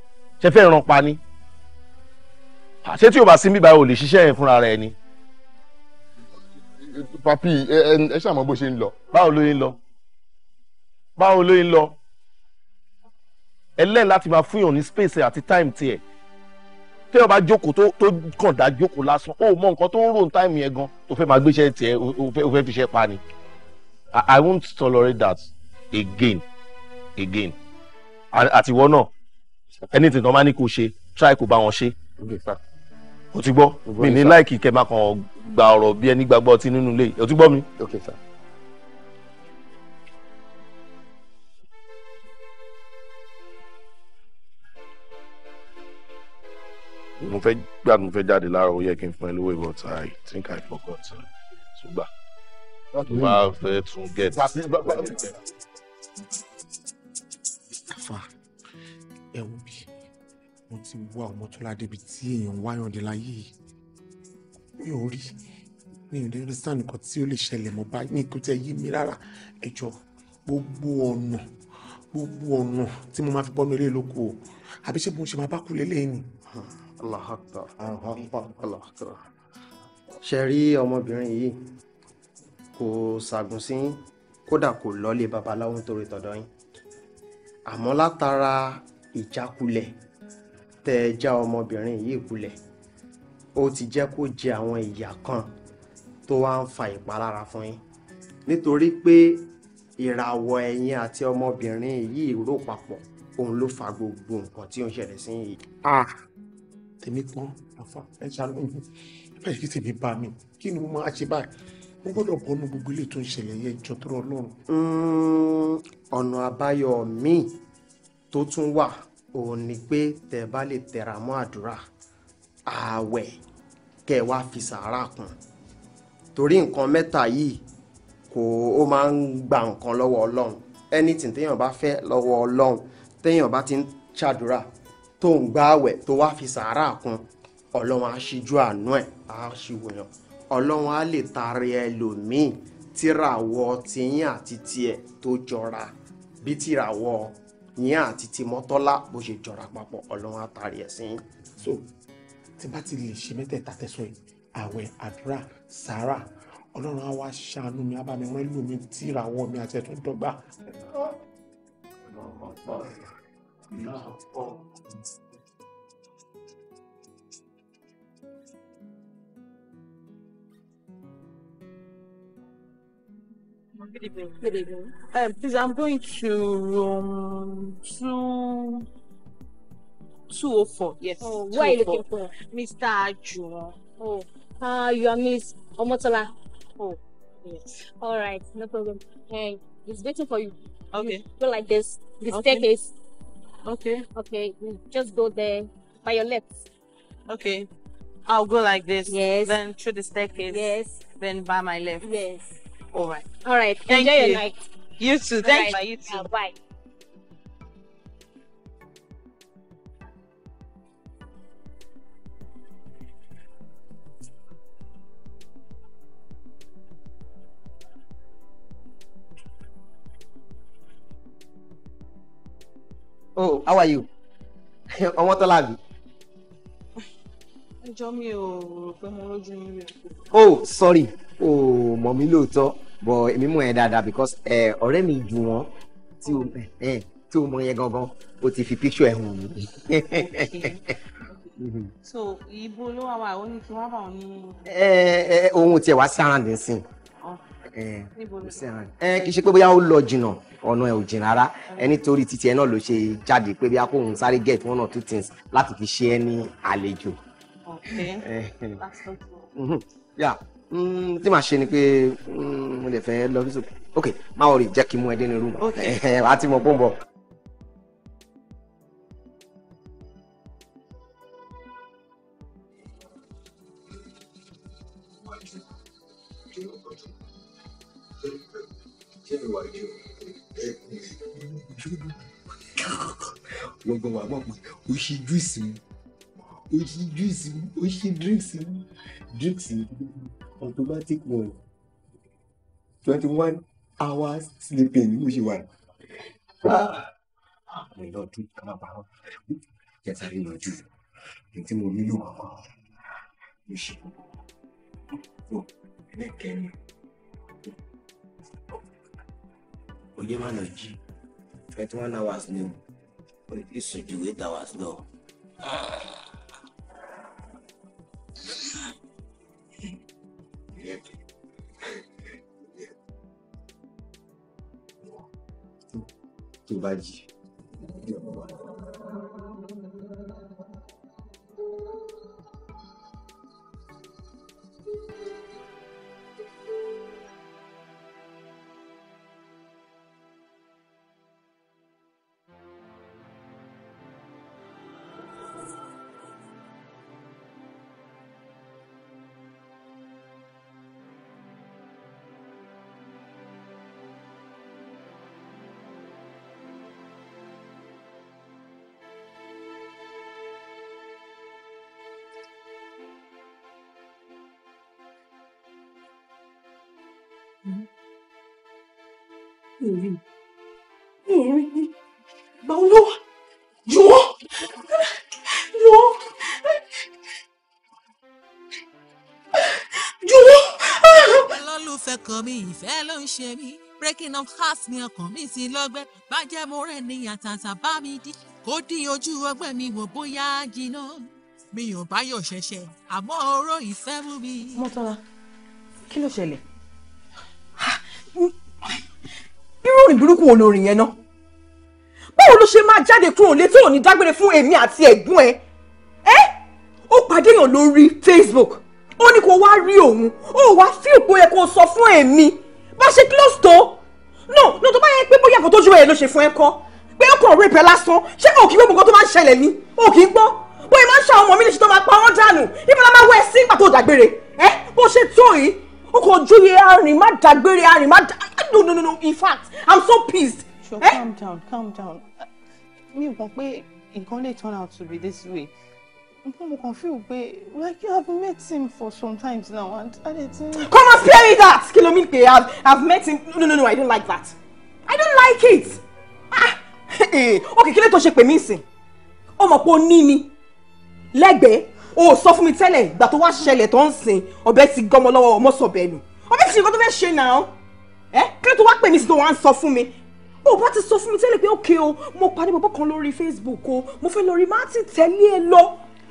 ṣe fẹ́ ran pa ni ṣé tí o bá sinmi báyìí o lè ṣiṣẹ́ yẹn fúnra rẹ ni. papi ẹ ṣàmọ bó ṣe ń lọ. báwo ló ń lọ báwo ló ń lọ ẹlẹ́ẹ̀ láti máa fún yàn ní space àti time tiẹ̀ téèyàn bá jókòó tó kàn dá jókòó lásán ó mọ nǹkan tó ń rò ní time yẹn gan-an o fẹ́ máa gbéṣẹ́ tiẹ̀ o fẹ́ fiṣẹ́ pa ni I won't tolerate that again again àtiwọ́ náà anything tó máa ní ṣe try kó bá wọn ṣe o ti gbọ́ mi ní láìkì kẹ́ máa kàn gba ọ̀rọ̀ bí ẹni gbàgbọ́ ọtí nínú ilé o ti gbọ́ mi. Okay, sir. mo fẹ́ gbà mo jáde láàárọ̀ ó yẹ kí n fún ẹ lówó ìwọ i think i forgot ṣùgbà tó bá fẹ́ tún get. àfà ẹ wo bí mo ti wá ọmọtọ́ládé bíi tí èèyàn wáyọ̀dé láyé yìí mi ò rí mi ò lè understand nǹkan tí ó lè ṣẹlẹ̀ mọ́ báyìí ní ìkútẹ́ yé mi rárá ẹ gbogbo ọ̀nà gbogbo ọ̀nà tí mo máa fi bọ́nu ilé lóko àbí ṣé mo ṣe máa bá kú lélẹ́yìn ni. Allahu Akbar Allahu Akbar ṣe rí ọmọbìnrin yìí kò ṣàgùn sí yín kódà kò lọ́lé babaláwo nítorí tọ̀dọ̀ yín àmọ́ látara ìjákulẹ̀ tẹ já ọmọbìnrin yìí kulẹ̀ ó ti jẹ́ kó jẹ àwọn ìyà kan tó wá ń fa ìpalára fún yín nítorí pé ìràwọ̀ ẹ̀yin àti ọmọbìnrin yìí rò papọ̀ òun ló fa gbogbo nǹkan tí ó ń ṣẹlẹ̀ sí yìí tèmi pọ́n àfa ẹ ṣàlùmí báyìí kí tèmi bá mi kí ni mo máa ṣe báyìí mo gbọ́dọ̀ bọ́nu gbogbo ilé tó ń ṣẹlẹ̀ yẹn jọ tó Ọlọ́run. Hmm, ọ̀nà àbáyọ míì tó tún wà òun ni pé tẹ́ bá lè tẹra mọ́ àdúrà ààwẹ̀ kẹ́ wá fi sàárà kún torí nǹkan mẹ́ta yìí kò ó máa ń gba nǹkan lọ́wọ́ Ọlọ́run anything téèyàn bá fẹ́ lọ́wọ́ Ọlọ́run téèyàn bá ti ń ṣàdúrà tó ń gba àwẹ̀ tó wá fi sàárà kún ọlọ́run á ṣíjú àánú ẹ̀ á ṣíwòyàn ọlọ́run á lè taari ẹlòmíì tíràwọ̀ tiyín àti tiẹ̀ tó jọra bí tíràwọ̀ yín àti ti mọ́tọ́lá bó ṣe jọra papọ̀ ọlọ́run á taari ẹ̀ sí. so tí bá ti lè ṣe mẹ́tẹ̀ẹ̀ta tẹ̀sán yìí àwẹ̀ àdúrà sàárà ọlọ́run á wá ṣàánú mi á bá mi rán lómi tíràwọ̀ mi àti ẹ̀ dọ́gba. No, Good evening. Good evening. Um, please, I'm going to room two. 204, yes. Oh, what are you oh looking for? Mr. Ajuwon. Oh, uh, you are Miss Omotola. Oh, yes. All right, no problem. Hey, he's waiting for you. Okay. You go like this, the okay. staircase. Okay. Okay, just go there by your left. Okay. I'll go like this. Yes. Then through the staircase. Yes. Then by my left. Yes. All right. All right. Thank Enjoy you. your night. You too. Thank right. you. bye. oh how are you ọmọ tọ́lá àbí. ẹjọ́ mi ò rò pé mo rójú mi rẹ̀. oh sorry o oh, mọ̀ mí lóòótọ́ but èmi mọ̀ ẹ́ dáadáa because ọ̀rẹ́ mi jù wọ́n tí o tí o mọ yẹn gangan o ti fi picture ẹ̀ hàn mí. so ibo ló wà wá ó ní kí wọ́n bá wọn ní. ohun tiẹ̀ wá sáà nísìnyí ẹ kì í ṣe pé bóyá ó lọ jìnnà ọ̀nà ẹ̀ ò jìnnà rárá ẹ nítorí títí ẹ náà ló ṣe jáde pé bóyá kóun sáré get one or two things láti fi ṣe ẹ ní àlejò. Mm-hmm. Mm, tí màá ṣe ni pé mm, mo lè fẹ́ lọ sí sùkúl ok má wọrí jẹ́ kí mú ẹ dé ní rúùmù wàá ti mọ̀ pọ́ńbọ̀ ṣé mi wà jù wọ́n gbọ́n wà mọ̀ pé ó ṣe júìsì mu ó ṣe júìsì mu ó ṣe drinks mu drinks automatic one twenty one hours sleeping mo ṣe wà àwọn èèyàn dún ká má parọ́ jẹ́ta rí yanjú ní tí mo nílò mo ṣe lẹ́kẹ̀ẹ́ ni. kò jẹ́ máa lọ jí one hours ni o kò tí ì sùn ju eight hours lọ. tó bá ọkàn mi ìfẹ́ ló ń ṣe mí breaking of hearts ni ọkàn mi ti lọ́gbẹ́ bàjẹ́ mo rẹ̀ ní àtàtà bá mi dí kó dín ojú ọgbẹ́ mi wò bóyá jiná mi ò bá yọ̀ ṣẹ̀ṣẹ̀ àmọ́ oró ìfẹ́ mú mi. mọ́tọ́lá kí ló ṣẹlẹ̀ ah, irú òrìn burúkú wo lórí yẹn náà báwo ló ṣe máa jáde kúrò létí òní dágbére fún èmi àti ẹ̀gbọ́n ẹ ẹ́ ó pàdéyàn lórí Facebook ó ní kó wá rí òun ó wá fí òpó yẹ kó sọ fún èmi bá ṣe close to. no no tó bá yẹ pé bóyá kò tójú ẹ ló ṣe fún ẹ kọ pé ó kàn rape ẹ lásán ṣé o kì í gbogbo nǹkan tó máa ń ṣẹlẹ̀ ni o kì í gbọ́ bóyá máa ń ṣe àwọn ọmọ mi lè ṣe tó máa pa wọ́n dànù ìbọn máa wẹ̀ sí ìgbà tó dàgbére ẹ bó ṣe tó yìí o kò ju iye arìn má dàgbére arìn má ah, no no no no in fact i'm so pissed. sure eh? calm down calm down Me, ò mọ̀ pé nǹkan lè turn out to be this way mo kàn feel like you have met him for some times now and I dey come on spare me that kí ló I've met him no no no i don't like that i don't like it ah eh, okay kí ló tó ṣe pè mí sìn ó mọ̀ pé ó ní mi lẹ́gbẹ̀ẹ́ o sọ fún mi tẹ́lẹ̀ don't tó Or ṣẹlẹ̀ tó ń sìn ọ̀bẹ ti gọmọ lọ́wọ́ ọmọ sọ̀bẹ̀ nù ọbẹ̀ ti ṣe nǹkan tó fẹ́ ṣe náà ẹ eh? kí ló tó wá pè mí sí me tell ń okay Oh, mo pàdé bàbá kan lórí Facebook Oh, mo fẹ́ lọ rí má ti tẹ̀lé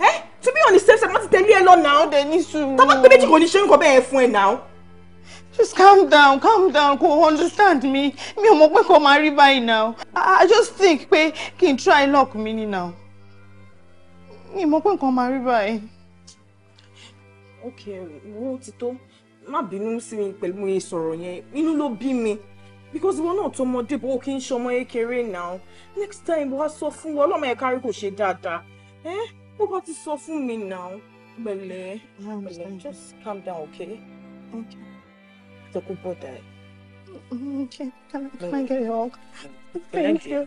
ẹ ti bí òní ṣe ṣe má ti tẹ̀lé ẹ lọ náà. ó dẹ ní sùúrù. tọ́pọ̀ pé méjì kò ní ṣe ń Just calm down, calm down, go understand me. Me, ò mọ̀ pé kò máa now. I just think we can try luck mi now. Mi ò mọ̀ pé nǹkan máa Okay, ìwọ ti tó. Má bínú sí mi pẹ̀lú mi sọ̀rọ̀ yẹn. Inú ló bí mi. Because ìwọ náà tó ọmọdé bó kí n ṣe ọmọ kékeré now. Next time wàá sọ fún wa ọlọ́mọ ẹ̀ka rí kò ṣe dáadáa. Eh? bó bá ti sọ fún mi náà pẹ̀lẹ́ pẹ̀lẹ́ just calm down okay. okay. It's a good body. Okay, can, can I get a hug? Thank you.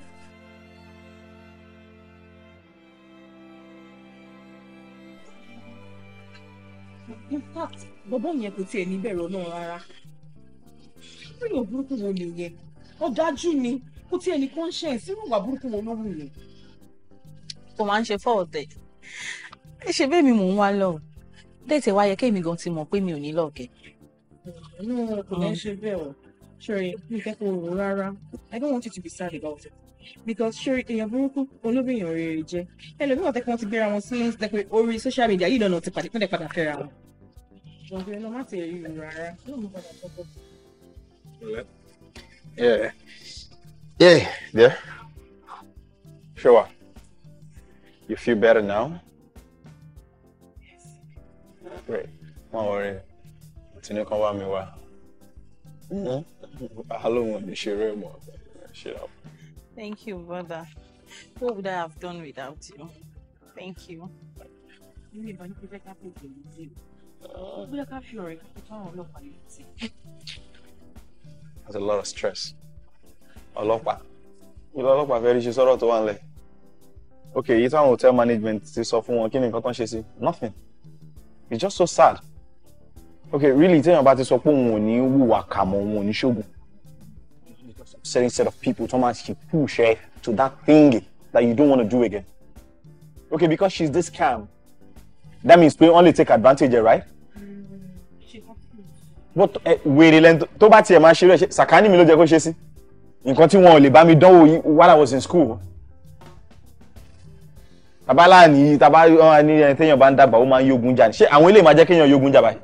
in fact bọ́bọ́ yẹn kò tiẹ̀ ní bẹ̀rẹ̀ ọlọ́run rárá fíyàn burúkú wo lè yẹ ọ̀dájú ni kò tiẹ̀ ní conscience irú ìwà burúkú wo ló wù yẹn. kò máa ń ṣe fọ́ọ̀tẹ̀ ẹ ṣe bẹ́ẹ̀ mi mò ń wá lọ́ọ̀ dẹ́tẹ̀ wá yẹ kémi gan ti mọ̀ pé mi ò ní lọ́ọ̀kẹ́. inú wọn kò ní mm. ṣe bẹ́ẹ̀ o ṣòrí mi kẹ́kọ̀ọ́ rò rárá I don't want you to be sad about it because ṣòrí èèyàn burúkú olóbìyàn rere jẹ́ ẹlòmíràn tẹ́kọ̀ wọn ti gbéra wọn sílé ní pé orí social media yìí lọ́nà ti pàdé pẹ́ẹ́dẹ́ padà fẹ́ra wọn. ìjọba ẹ̀rọ má ti rí ìrù rárá yóò mú padà tọ́kọ̀. Yeah. Yeah. Yeah. Sure. You feel better now? Yes. Great. Don't worry. Continue come with me. Well. How long will she remember? Shut up. Thank you, brother. What would I have done without you? Thank you. That's a lot of stress. Ọlọ́pàá. Ìlú ọlọ́pàá fẹ́ rí ṣe sọ́rọ̀ tó wà nílẹ̀ ok èyí táwọn hotel management ti sọ fún wọn kí ni nǹkan tó ń ṣe sí nothing it's just so sad ok really téèyàn bá ti sọ pé òun ò ní wùwà kàmọ́ òun ò ní ṣògùn certain set of people tó máa ṣe push ẹ to that thing that you don't want to do again ok because she's this calm that means pé only take advantage right but wèrè lẹ́nu tó bá tiẹ̀ máa ṣe rẹ̀ ṣe sàkání mi ló jẹ́ kó ṣe sí nǹkan tí wọn ò lè bá mi dánwò while I was in school tabala ni taba ni ẹni téèyàn bá ń dàgbà ó máa ń yógun jà ní ṣé àwọn eléyìí máa jẹ́ kéèyàn yógun jà báyìí.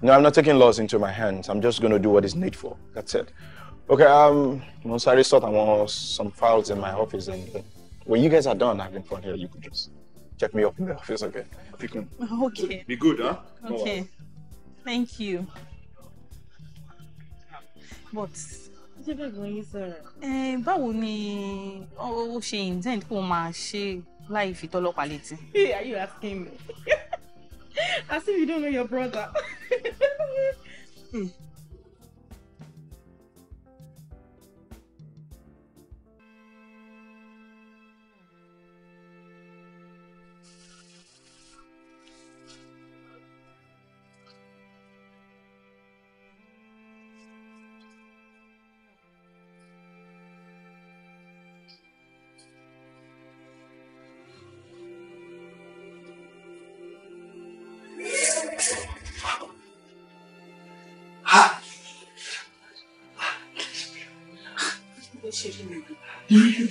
No, I'm not taking laws into my hands. I'm just gonna do what is needful. That's it. Okay, um, Monsari sort want some files in my office, and uh, when you guys are done having fun here, you could just check me up in the office, okay? If you can. Okay. Be good, huh? Okay. Thank you but ṣé bẹ́ẹ̀ gan yín sọ̀rọ̀. Eh, báwo ni ó ṣe intend kó máa ṣe láì fi tọ́lọ́pàá létí. are you asking me as if you don't know your brother. mm.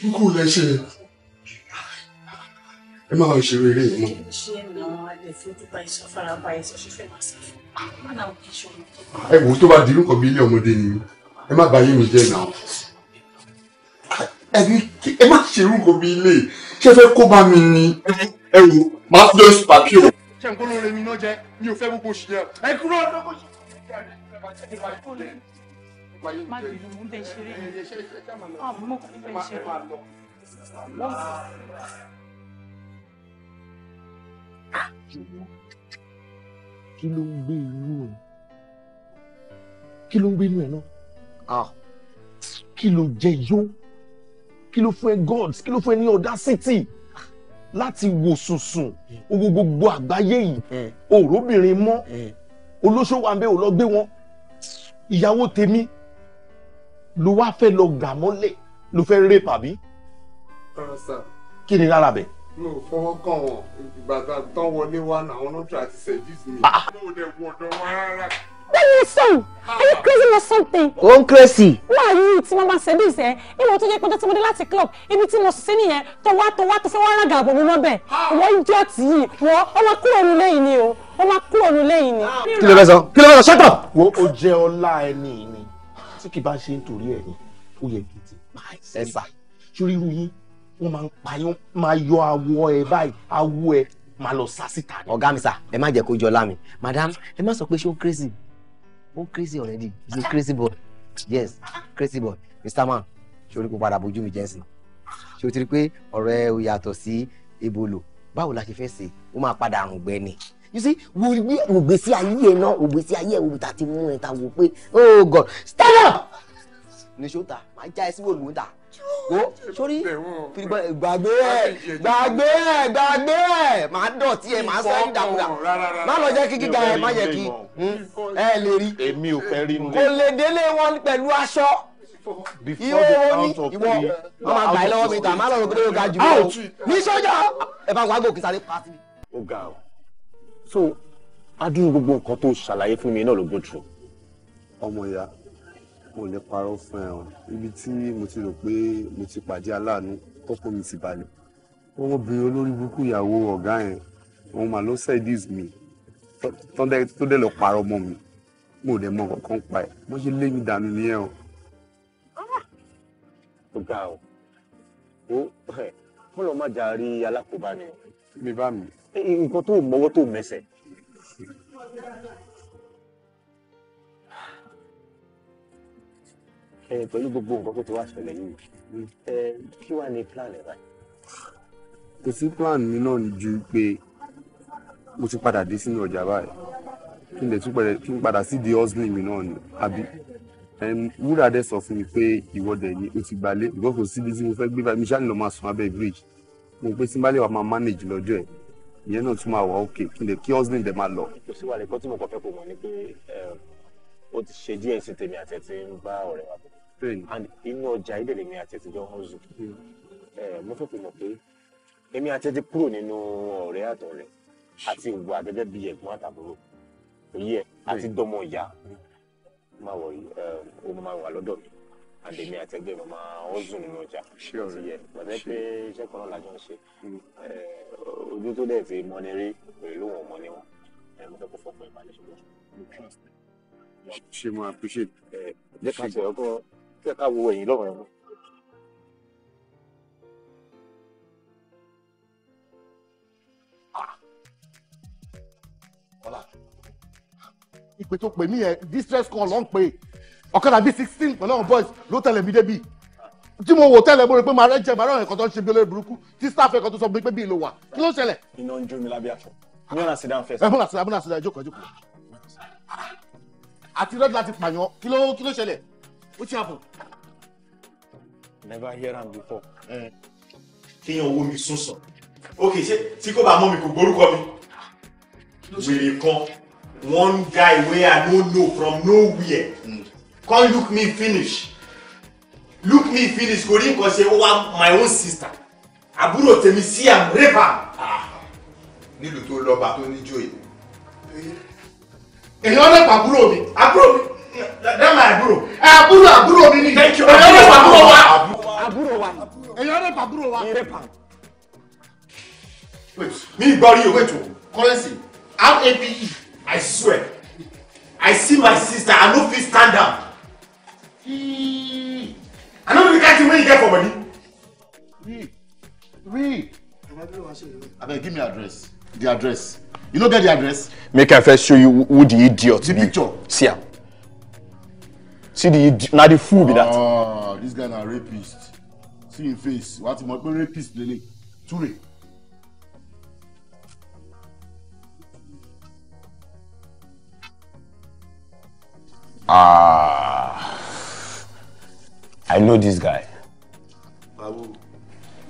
ikú lẹ ṣe ẹ máa ń ṣeré eré yìí mọ. ẹ wò tó bá dirú kan bí ilé ọmọdé ni ẹ má bà yé mi jẹ́ náà ẹ má ṣerú kan bí ilé ṣe fẹ́ kó bá mi ni ẹ wò máa fi lọ pàpí o. ṣé n kó ló ń re mi náà jẹ mi ò fẹ́ gbogbo òṣìyẹ ẹ kúrò lọ́kọ̀ọ́ṣẹ́ má bínú mo ń bẹ ṣeré ni àmọ́ ah, mo kàn ń bẹ ṣeré. kí ló ń gbé inú ẹ kí ló ń gbé inú ẹ náà ah, kí ló jẹ yó kí ló fún ẹ gods kí ló fún ẹ ní audacity láti wò sùnsùn gbogbo àgbáyé yìí òróbìnrin mọ́ olóṣòwò àbẹ ò lọ gbé wọn ìyàwó tèmi ló wá fẹ́ lọ gà mọ́lẹ̀ ló fẹ́ rape àbí. Ah, kí ni lára bẹ̀. mo fọwọ́ kàn wọ́n ìgbàgbà tán wọlé wá làwọn náà try to seduce me. Ah, ah. mo lè wọ̀dọ̀ wá rárá. What are you saying? Are you crazy or something? Ó ń crazy. Wọ́n àyè tí wọ́n máa seduce ẹ̀, ìwọ tó jẹ́ pé ọjọ́ tí mo dé láti club, ibi tí mo sì sí nìyẹn, tó wá tó wá tó fẹ́ wá rán gàbọ̀ mi lọ́bẹ̀. Wọ́n jẹ́ ọ̀tí yìí, wọ́n ọmọ kúrò nílé yìí ni o, ọmọ kúrò nílé yìí ni. Kí ló fẹ́ sọ? Kí ló fẹ́ sọ? Shut up! Wo o jẹ ọlá ẹni ni tí kì bá ṣe ń torí ẹ̀ ni ó yẹ kí n ti pa ẹ̀ sà sórí irú yín wọ́n máa ń pa yín máa yọ awọ ẹ̀ báyìí awọ ẹ̀ máa lọ sá síta ni. ọ̀gá mi sà ẹ má jẹ́ kó jọ lámì madam ẹ má sọ pé ṣé ó crazy ó crazy already he's a crazy boy yes crazy boy mr man sori kò padà bójú mi jẹ́sìn ṣé o ti rí i pé ọ̀rọ̀ ẹ ò yàtọ̀ sí ebolo báwo la ṣe fẹ́ ṣe ó máa padà àrùn gbẹ ni you see wo bí ògbésí ayé ẹ náà ògbésí ayé ẹ òbí ta ti mú ẹ ta wò pé oh god stand up nìṣó ta máa já ẹ sí wòlúù ta wo sórí gbàgbé ẹ gbàgbé ẹ gbàgbé ẹ máa dọ̀tí ẹ máa sáré dàkúdà má lọ jẹ́ kí gíga ẹ má yẹ kí hmm, ẹ lè rí èmi ò fẹ́ rí nù. kò lè délé wọn pẹ̀lú aṣọ ìwọ omi ìwọ wọn máa gbà ẹ lọ́wọ́ mi ta má lọ rògbòdò ga jù lọ ní sọ́jà ẹ bá wàá gòkè sáré pàṣẹ. ó so adúrú gbogbo nǹkan tó ṣàlàyé fún mi náà ló go through. ọmọ ìyá mo lè parọ́ fún ẹ o ibi tí mo ti rò pé mo ti pàdé aláàánú tọ́kọ mi ti balẹ̀ obìnrin olórí burúkú ìyàwó ọ̀gá yẹn òun mà ló sẹ́díìs mi tó dẹ̀ lọ parọ́ mọ́ mi mo dẹ̀ mọ kankan pa ẹ̀ mo ṣe lé mi dànù nìyẹn o. ó ah! ga o ó kọ́lọ́ má jà rí alákòóbá ni. mi bá mi nǹkan tó mọ́wọ́ tó mẹsẹ̀. ẹ pẹ̀lú gbogbo nǹkan tó ti wá ṣẹlẹ̀ yìí ẹ kí wàá ní plan ẹ̀ báyìí. kò sí plan mi náà ju pé mo ti padà dé sínú ọjà báyìí kí n lè tún pẹ̀lẹ́ kí n padà sí di hustling mi náà ni àbí o ti gbalẹ̀ ìgbọ́kọ̀ síbi tí mo fẹ́ gbé báyìí mi ṣáà ní lọ́ọ́ máa sùn abẹ́ bridge mo pé manage lọ́jọ́ ìyẹn náà tún máa wà òkè kí lè kí husband dẹ̀ máa lọ. kò sí wàhálà ẹ̀kọ́ tí mo kàn fẹ́ kó mọ̀ ni pé eh, ó ti ṣe díẹ̀ sí tèmi àti ẹ̀ ti ń bá ọ̀rẹ́ wa bọ̀ and inú ọjà ìdèlè mi àti ẹ̀ ti jọ hustle hmm. eh, mo fẹ́ fi mọ̀ pé èmi àti ẹ̀ ti kúrò nínú ọ̀rẹ́ àtọ̀rẹ́ àti ìwà gẹ́gẹ́ bí ẹ̀gbọ́n àtàbúrò òye àti dọmọ ìyá máa wọ̀ yìí eh, ó máa wà lọ́dọ̀ mi àtẹ̀mí àtẹ̀gbẹ́ mi máa ń zùn nínú ọjà ti yẹ pàtẹ́ pé iṣẹ́ kan náà lájọ ń ṣe hmm. ojú tó dẹ̀ fi mọ́ni rí pẹ̀lú wọn mọ́ni wọn mo fẹ́ kó fọkàn ìbàlẹ̀ ṣùgbọ́n. ṣe mo appreciate. jẹ́ ká tẹ̀ ọkọ jẹ́ ká wo ẹ̀yìn lọ́rùn ẹ̀mú. Ah! ìpè tó pè mí ẹ distress call ló ń pè é ọ̀kadà bíi sixteen pẹ̀lú àwọn boys ló tẹ̀lé mi débi tí mo wò tẹ́lẹ̀ mo rò pé màá rẹ́ jẹ màá rán ẹ̀kọ́ tó ń ṣe bí olórí burúkú tí staff ẹ̀kọ́ tó sọ pé bí ìlú wà kí ló ṣẹlẹ̀. iná ń jó mi lábẹ́ aṣọ múnà sí dáhùn fẹ́ẹ́. múnà sí dáhùn múnà sí dáhùn jókòó jókòó. àti rẹ́dí láti pààyàn kí ló kí ló ṣẹlẹ̀ ó ti àbò. never hear am before. kíyan owó mi sún sọ ok ṣé tí kò bá mọ mi kò gbórúkọ mi wèrè kan one guy wey i no know from nowhere. Mm come look me finish look me finish Go rí nǹkan say, ó wá my own sister àbúrò tèmi sí am rape am. Ah. nílùú tó lọ́ba tó níjó yìí. èyí ọlọ́pàá àbúrò mi àbúrò mi dama àbúrò eh, àbúrò àbúrò mi ni èyí ọlọ́pàá àbúrò wa àbúrò wa èyí ọlọ́pàá àbúrò wa. mi gbọ́ rí owó ètò currency rape I swear I see my sister I no fit stand am. I know the kind where you get for money. We. We. I Abeg, give me address. The address. You no get the address? Make I first show you who the idiot the be. picture. See him. See the idiot. Na the fool be that. Ah, this guy na rapist. See him face. What him pe rapist lele. Ture. Ah. I know this guy. Babu.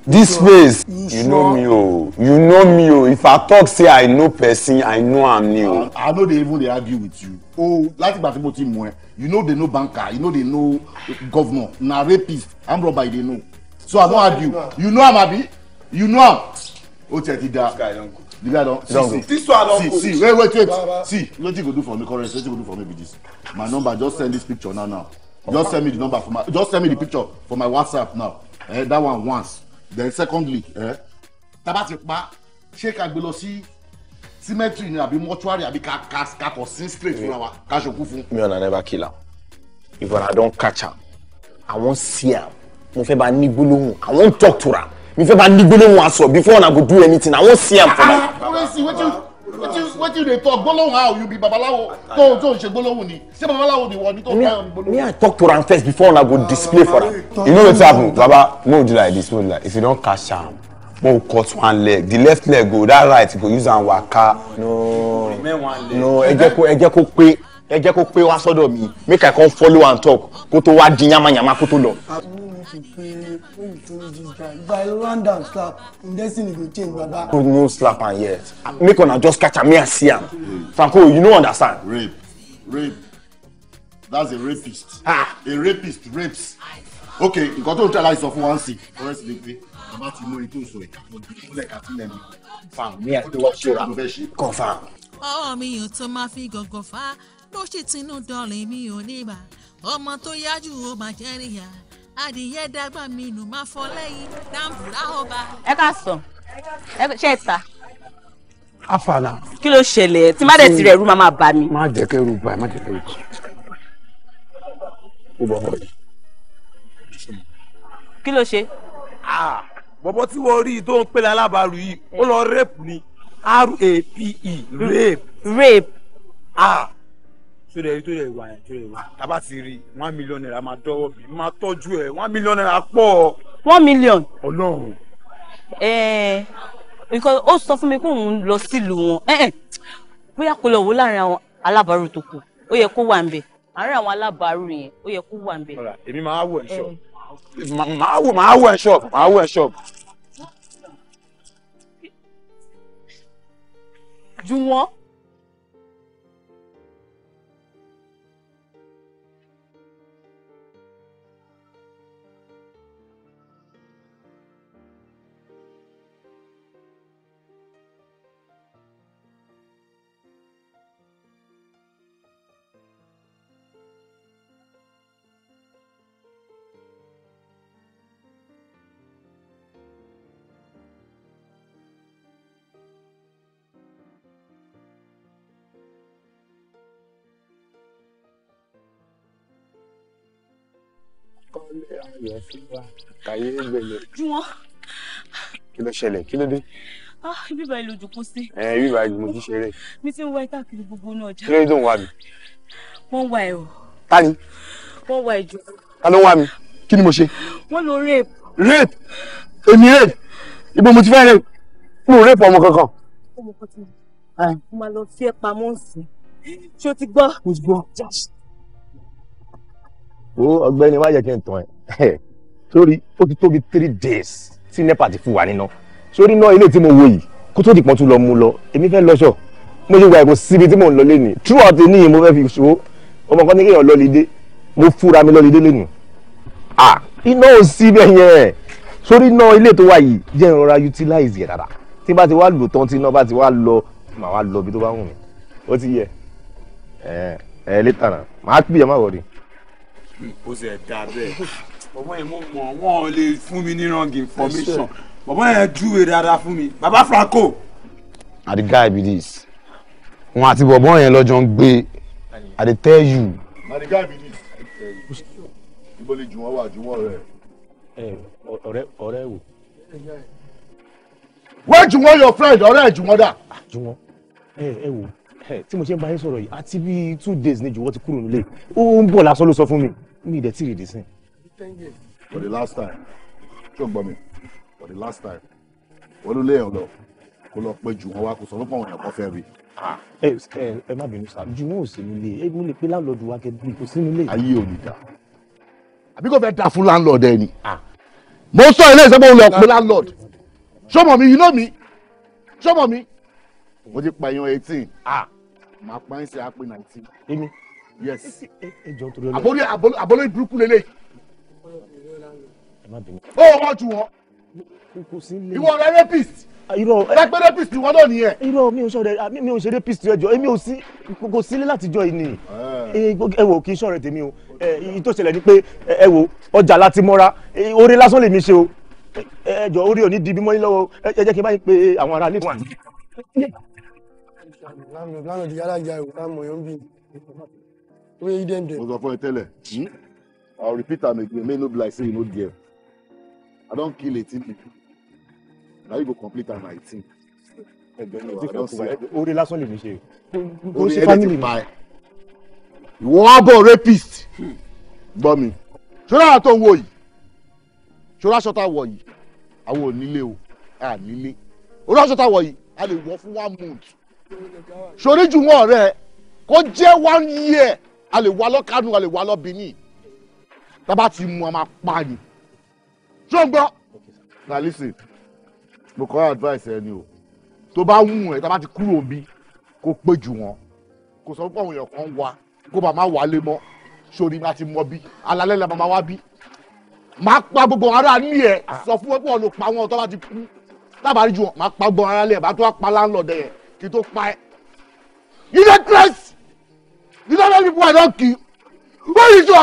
This sure? face, you, you sure? know me oh. You know me oh. If I talk say I know person, I know I'm new. I, I know they even dey argue with you. Oh, like gbà tí mo you know they know banker, you know they know governor, na rapist, armed robber they know. So I don't argue. You know I'm happy. You know am? O tiẹ̀ ti da. The guy don see see. This one don See see wait wait wait. See wetin you go do for me current wetin you go do for me with this. My number just send this picture now now just send me the number for my just send me the picture for my whatsapp now eh, that one once then secondly eh, tábà ti pa ṣé ká gbé lọ sí cemetery ni àbí mortuary àbí ká cast, cast or sin straight fúnra wa ká ṣòkú fún. mi ò na never kill am if I don't catch her, i won't see her. mo fẹ́ bá i won't talk to her. mi fẹ́ bá ní before I go do anything i won't see her. ah ọ̀rẹ́ sí ah, ah, wetin you dey talk gbólóhùn how you be babaláwo tó tó ṣe gbólóhùn ni ṣé babaláwo ni wọ ni tó fẹ́ ni gbólóhùn. me i talk to am first before una go ah, display for am you know wetin happen baba no do like this no do like if you don catch am mo we'll cut one leg the left leg go oh, that right go use am waka no no ẹ jẹ́ kó ẹ jẹ́ ẹ jẹ́ kó pé wá sọ́dọ̀ mi make I come follow and talk kó tó wá di yamayama kó tó lọ. by land and slap destiny go change baba. no no slap am yet make una just catch am here see am Franco you no understand. rape rape that's a rapist ah. a rapist rapes okay nǹkan tó ń tẹ́lá sọ fún wa ń sìn ọ̀rẹ́ sì lè pe bàbá ti mú ètò ìsòrè kàkúnlẹ̀ kàkúnlẹ̀ mi. confam mi àti wọ́n ṣe ra confam. ọwọ́ mi ò tó máa fi gọ̀gọ̀ fa ló sì tinú dọ̀rìn mi ò níbà ọmọ tó yájú ó máa jẹ́ ríya adìyẹ dàgbà mi nù máa fọ lẹ́yìn dáńbùrà ọba. ẹ ká sọ ẹ ṣe ta. àfàlà. kí ló ṣẹlẹ̀ tí má dẹ̀ tirẹ̀ ẹ̀rú máa bá mi. má jẹ́ kẹ́rù bá má jẹ́ kẹ́rù bá ó bọ̀ bọ̀ yìí. kí ló ṣe. bọ̀bọ̀ tí wọ́n rí i tó ń pèlè alábàárù yìí ó lọ rẹ́pù ni e, r-a-p-e rape. rape. Ah tó rẹ̀ tó rẹ̀ wà yẹn tó rẹ̀ wà. Ah, tábà ti rí one million naira máa dọ́wọ́ bí máa tọ́jú ẹ̀ one million naira pọ̀. one million. ọlọ́run. ẹẹ nǹkan ó sọ fún mi pé òun lọ sílùú wọn bóyá kó lọ wò láàrin àwọn alábàárù tó kù ó yẹ kó wà ń bẹ àárín àwọn alábàárù yẹn ó yẹ kó wà ń èmi máa wọ ẹ̀ máa wọ máa wọ ẹ̀ máa wọ ẹ̀ ṣọ́ọ̀bù. jùwọ́n. ìyẹn fi wá àtàyè gbẹlẹ. jùwọ́n. kí ló ṣẹlẹ̀ kí ló dé. ah ibi ìbàyìí ló jù kó sí. ẹ ibi ìbàyìí mo ti ṣeré. mi ti ń wá ìta kiri gbogbo inú ọjà. kí ló dé tó ń wá mi. wọ́n wá ẹ o. ta ni. wọ́n wá ẹ ta ló ń wá mi kí ni mo ṣe. wọ́n lọ rape. rape èmi rape ibo mo ti fẹ́ rape mo rape ọmọ kankan. ọmọ kan ti mọ. mo máa lọ fi ẹ pamọ́ sí i ṣé o ti gbọ́. mo ti gbọ́ ó ọ̀gbẹ́ni má jẹ́ kí n tàn ẹ sórí ó ti tóbi three days tí nepa ti fún wa níná sórí náà ilé tí mo wo yìí kó tó di pọ́n tún lọ mú lọ èmi fẹ́ lọ́ṣọ̀ mo ṣe gba ìbò síbi tí mò ń lọ lẹ́nu throughout ní yìí mo fẹ́ fi ṣòwò ọmọ kan ní kéèyàn lọ́lídé mo fúra mi lọ́lídé lẹ́nu ah iná ò síbẹ̀ yẹn sórí náà ilé tó wà yìí jẹ́ ìrora utilize yẹ dáadáa tí bá ti wá lò tán tí iná bá ti wá lọ màá wá lọ ibi tó bá wù mí ó ti yẹ ẹ ẹ létà náà màá pè é má wọrí ó sì ẹ̀ dá bẹ́ẹ̀ bàbá yẹn mo mọ̀ wọ́n lè fún mi ní wrong information bàbá yẹn júwe dáadáa fún mi bàbá Franco. na the guy be this wọn àti bọ̀bọ̀ yẹn lọ́jọ́ ń gbé i dey tell you. na the guy be this ibo le jù wọ́n wà jù wọ́n rẹ̀. ọ̀rẹ́ ọ̀rẹ́ wò. wẹ́ẹ̀ jù wọ́n your friend ọ̀rẹ́ ẹ̀ jù wọ́n dà. jù wọ́n ẹ ẹ wò tí mo ṣe ń bá yín sọ̀rọ̀ yìí àti bíi two days ní jùwọ́ ti kúrò nílé ó ń bọ̀ lásán ló sọ fún mi mi ì dẹ̀ tí ì rèdí sí. for the last time ṣé o gbọ́ mi for the last time olúlé ẹ̀ lọ kó lọ pé jùwọ́ wa kó sọ fún àwọn ẹ̀kọ́ fẹ́ rí. Ah. ẹ ẹ ẹ má bínú sáà jùwọ́ ò sí nílé ẹ mo lè pe láńlọ́ọ̀dù wa kẹ bí kò sí nílé. ayé ò ní da àbí kò fẹ́ da fún láńlọ́ọ̀dù ẹ ni ah. mo sọ ilé ìsọ́gbọ́n lọ pé láńlọ́ọ̀dù ṣọmọ mi yìí náà mi ṣọmọ mi mo ti pààyàn eighteen ah máa pa ẹ́ sí àpè nàìjíríà. èmi. yes. ẹjọ torí ọlọ. àbólé àbólé burúkú lélẹ̀. ẹ má bínú. ó wọ́n ju wọn. kò sí lè. ìwọ rẹ rapist. Ah, irọ́ ẹ lápẹ́ rapist ìwọ náà nìyẹn. irọ́ mi ò ṣe ah, mi ò ṣe rapist ẹjọ èmi ò sí kò sí lé látijọ́ yìí ni. Eh. Eh, ẹ wò kí iṣọ́ rẹ tèmi o eh, èyí tó ṣẹlẹ̀ ni pé ẹ wò ọjà láti mọ́ra oore lásán lèmi ṣe o ẹjọ orí ò ní di bímọ yín lọ́wọ́ ẹ jẹ́ kí n bá yín pé àwọn ará ilé fún àná lánàá lánàá di yàrá ìyá ìwò táwọn èèyàn ń bì wọ́n yé dem dem. mo sọ fún ẹ tẹ́lẹ̀ i hmm? will repeat am again make no be like say you no get i don kill eighteen people na you go complete am nineteen. orí lásán lè mi ṣe. orí ẹni ti pa ẹ. ìwọ bọ̀ rapist gbọ́ mi ṣọ́ra àtọ̀ wo yìí ṣọ́ra ṣọ́ta wọ̀ yìí àwọn ò nílé o à nílé orí aṣọ tá a wọ̀ yìí a lè wọ̀ fún one month sori jù wọn rẹ kó jẹ́ one year a lè wá lọ Kánò a lè wá lọ Benin tábà ti mu a máa pa ni ṣó ń gbọ́ na listen mo kọ́ advice ẹ ni o tó bá wù ẹ tábà ti kúrò bí kó pé jù wọn kò sọ pé àwọn èèyàn kan wá kó bàa má wálé mọ́ sori má ti mọ bí alalẹ́ la máa wá bí máa pa gbogbo ara ní ẹ sọ fún wọn pé wọn ló pa wọn tó bá ti kú tábà rí wọn máa pa gbogbo ara lẹ bá tó wá pa láńlọ́ọ̀dẹ yẹn kí tó pa ẹ́ you dey craze you don know people I don kill where you go.